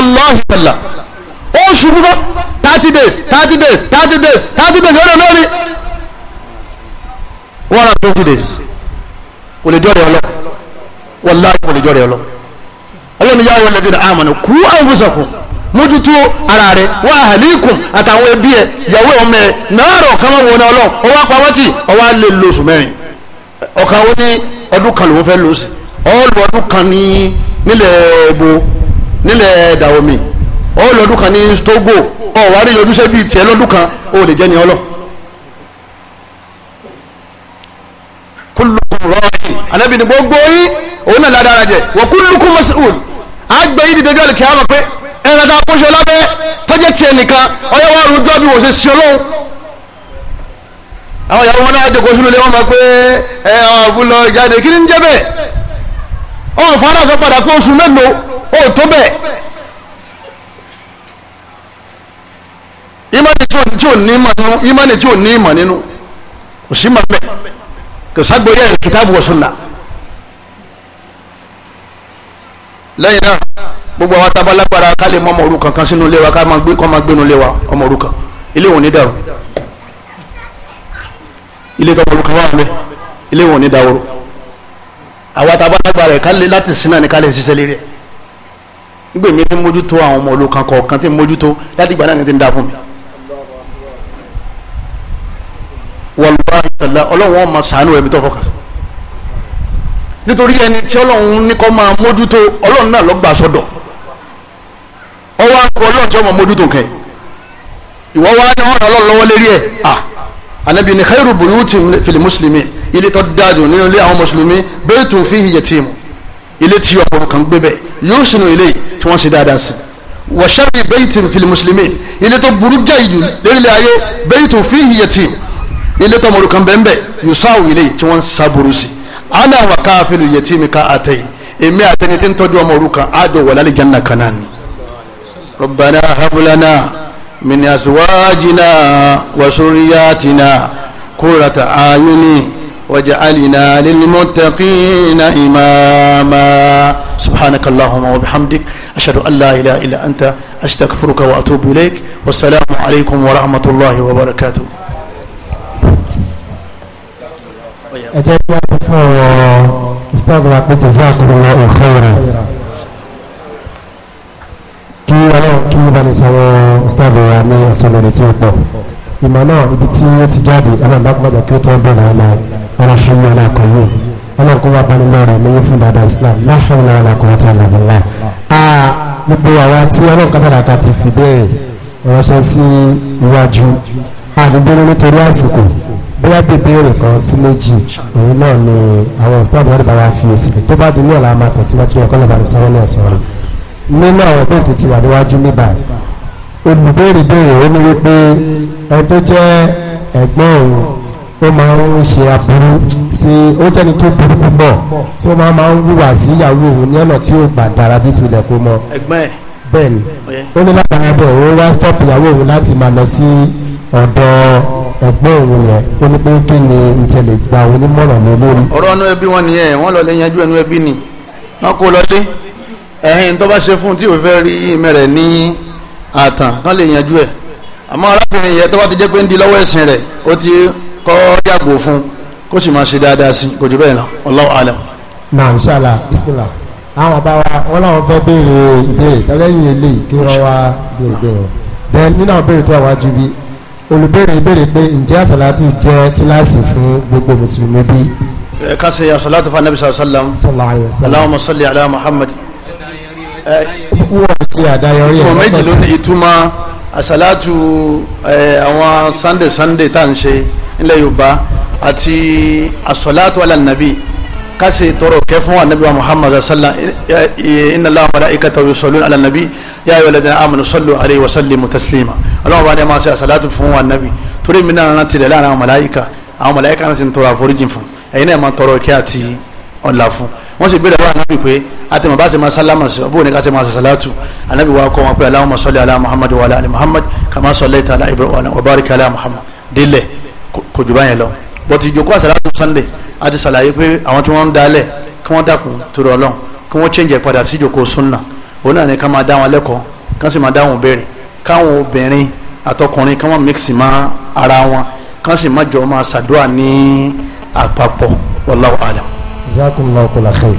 wallahi tàlà ó ṣubú fún thirty days thirty days thirty days thirty days lọ́dọ̀ lórí one hundred days kò lè jọ́ rẹ̀ ọlọ́ wallahi kò lè jọ́ rẹ̀ ọlọ́ ọlọ́ni yáwó lẹ́dí àmàna kú àwùsàkùn mójútó ara rẹ̀ wá àhàlíkùn àtàwọn ẹbí ẹ̀ yàwó ọmọ ẹ̀ náàrọ̀ kama wọn náà lọ ọwọ́ apáwọ́tì ọwọ́ alẹ́ lóṣù mẹ́rin ọ̀kan ó ní ọdún kan lòún fẹ́ lóṣù ọ̀ọ́lù ọdún kan ní nílẹ̀ ẹ̀bùn nílẹ̀ dàwọ̀mì ó lọ́dún kan ní stogo ó wá rí ojúṣe bíi tiẹ̀ lọ́dún kan ó lè jẹ́ ní ọlọ́ kullukum ra'in anabi ni gbogbo yín òun náà ládàá jẹ wa kullukum mas'ul àgbẹ̀ yìí dìde gẹ́lì kíá mọ̀ pé ẹ̀rọ ta kóṣe lábẹ́ tọ́jẹ́ tiẹ̀ nìkan ọ̀yẹ́ wa rújọ́ bí wọ́n ṣe ṣe ọlọ́run àwọn ìyàwó wọn náà jòkó sínú lé wọn mọ̀ pé ẹ̀ ọ̀ àbúlọ̀ ìjáde kí ni ń jẹ́ bẹ́ẹ̀ ọ̀ fara fẹ́ padà kó oṣù mẹ́lòó ó tó bẹ́ẹ̀ ìmánì tí ò ní tí ò ní ìmọ̀ nínú ìmánì tí ò ní ìmọ̀ nínú kò sí mọ̀ bẹ́ẹ̀ kò ságbóyè kìtàbù wa sunna lẹ́yìn náà gbogbo àwọn tabalagbara ká lè mọ ọmọ òrukàn kan sínú ilé wa ká máa gbé kọ́ máa gbénu ilé wa ọmọ òrukàn ilé wọn ò ní dàrú ilé tọmọ òrukàn wà mí ilé wọn ò ní dàrú àwọn tabalagbara ká lè láti sinna ni ká lè ṣiṣẹ́ lérí nígbè mi ti mójútó àwọn ọmọ olókan kọ̀ọ̀kan tí mójútó láti ìgbà náà ni ti ń da fún mi. wàlúwà ìtàlá ọlọ́run ọmọ sàánú ẹ̀mí tó fọkàn sí. nítorí ẹni tí ọlọ́run ní kọ́ máa mójútó ọlọ́run náà ló gbà sọ́dọ̀ ọwọ́ àgọ́ ọlọ́run tí ọmọ mójútó kẹ́ ìwọ wa ni wọn ràn ọlọ́run lọ́wọ́ lérí ẹ̀ à ànábì ní khairu buyuti fil muslimin ilé tó dáa nínú ilé àwọn mùsùlùmí baytun fihi yatimu ilé tí ọ̀pọ̀ kan gbé bẹ̀ yóò sínú ilé tí wọ́n ṣe dáadáa sí wa sharri baytin fil muslimin ilé tó burú jáì jù lérílẹ̀ ayé baytun fihi yatim ilé tó mọ̀rù kan bẹ́ẹ̀ yusawu ilé tí wọ́n sá burú sí ana wa kafilu yatimi ká àtẹ̀yìn èmi àtẹni tí ń tọ́jú ọmọ òrukàn àjọ wà lálẹ́ janna kan náà ni rabbana habulana min azwajina wa ayuni واجعلنا للمتقين إماما سبحانك اللهم وبحمدك أشهد أن لا إله إلا أنت أستغفرك وأتوب إليك والسلام عليكم ورحمة الله وبركاته أجل أستاذ عبد جزاكم الله خيرا kí ọlọ́run kí bá ní sọ̀rọ̀ ọ̀sítàbí wa ní ọ̀sán lórí tí ó pọ̀ ìmọ̀ náà ibi tí ó ti jáde ọlọ́run bá pọ̀ kí ó tó ń bẹ̀rẹ̀ ọlọ́run ọlọ́ṣẹ́mi ọlọ́kọ̀ọ́yìn ọlọ́kọ̀ wà bani lọ́rọ̀ ẹ̀mẹ́yìn fún dada islam láhùn náà alákọ̀ọ́tà làbílà gbogbo àwa tí ọlọ́kọ̀ọ́tà ti fi béèrè ránṣẹ́ sí iwájú àdúgbò nítorí àsìkò bóyá bèbèrè kan sí méjì òun náà ni àwọn stars wọn bá wa fi èsì tó bá di ní ọ̀la máa tẹ̀síwájú ẹ̀kọ́ lọ́ba ní sọ́wọ́ náà sọ̀rọ̀ nínú àwọn ìbéèrè tó ti wà níwájú níbà olùbéèrè béèrè ó ní wípé ẹni tó jẹ́ ẹ̀gbọ́n òun ó máa ń ṣe aburú sí ó jẹ́ni tó burú púpọ̀ tí ó máa ń wùwà sí ìyàwó òun ní ọ̀nà tí ó gbà dára bí tilẹ̀ kó mọ. bẹ́ẹ̀ ni ó ní láti ara bẹ̀ ó wá stop ìyàwó òun láti máa lọ sí ọ̀dọ̀ ẹ̀gbọ́n òun yẹn ó ní pé kí ni n tẹ̀lé gba onímọ̀ràn mi lórí. ọ̀rọ̀ inú ẹbí wọn nìyẹn wọ́n lọ lè yanjú ẹnu ẹbí ni wọ́n kó lọ dé ẹ̀hìn tó bá ṣe fún tí òun fẹ́ rí ìmẹ̀rẹ̀ ní àtàn kán lè yanjú ẹ̀ àmọ́ arábìnrin yẹn tó bá ti jẹ́ pé ń di lọ́wọ́ ẹ̀sìn rẹ̀ ó ti kọ́ yàgò fún kó sì máa ṣe dáadáa sí kò jù bẹ́ẹ̀ lọ Allahu alam. naam sala bisimilah àwọn bàbá wa wọn làwọn fẹ́ béèrè ìbéèrè tọ́lẹ́yìn eléyìí kí wọ́n wá béèrè béèrè then nínú àwọn béèrè tó wà wájú bíi olùbéèrè ìbéèrè pé ǹjẹ́ àsàlátù jẹ́ kíláàsì fún gbogbo mùsùlùmí bí. ẹ ká ṣe àsàlátù fún anabisa sallam aláwọ̀mọ̀ sọ́lẹ̀ aláwọ̀ muhammad. wọ́n ti àdáyọrí ẹ̀ lọ́pọ̀ méjì ló ní ìtumọ̀ àsàlátù àwọn sunday sunday tá à ń ṣe nílẹ̀ yorùbá àti asọ̀láàtò alànàbí kásì tọrọ kẹ fún anabi wa muhammad sallam inna allah malaikatahu yusalluna ala nabi ya ayyuhal ladina amanu sallu alayhi wa sallimu taslima ọlọ́run bá dẹ́ máa ṣe àṣàlátù fún anabi torí mi náà rántí rẹ̀ láàrin àwọn màláìka àwọn màláìka náà ti ń tọrọ àforíjì fún ẹ̀yin náà máa tọrọ kí àti ọ̀la fún wọ́n sì béèrè wá anabi pé àti màbá ti máa sálámà sí ọbọ̀ ní ká ti máa ṣe àṣàlátù anabi wa kọ́ wọn pé allahumma salli ala wa ala ali muhammad kama wa barika ala muhammad délẹ̀ kò jù báyẹn lọ bọ́tí ìjókòó àsàlátù sunday a ti ṣàlàyé pé àwọn tí wọ́n ń dalẹ̀ kí wọ́n dákun torí ọlọ́run kí wọ́n change padà sí ìjókòó sunna òun náà ni ká máa dá wọn lẹ́kọ̀ọ́ ká sì máa dá wọn béèrè káwọn obìnrin àtọkùnrin ká wọn mix mọ́ ara wọn ká sì má jọ máa ṣàdúrà ní àpapọ̀ wallahu alam. zakumullahu kulli khair.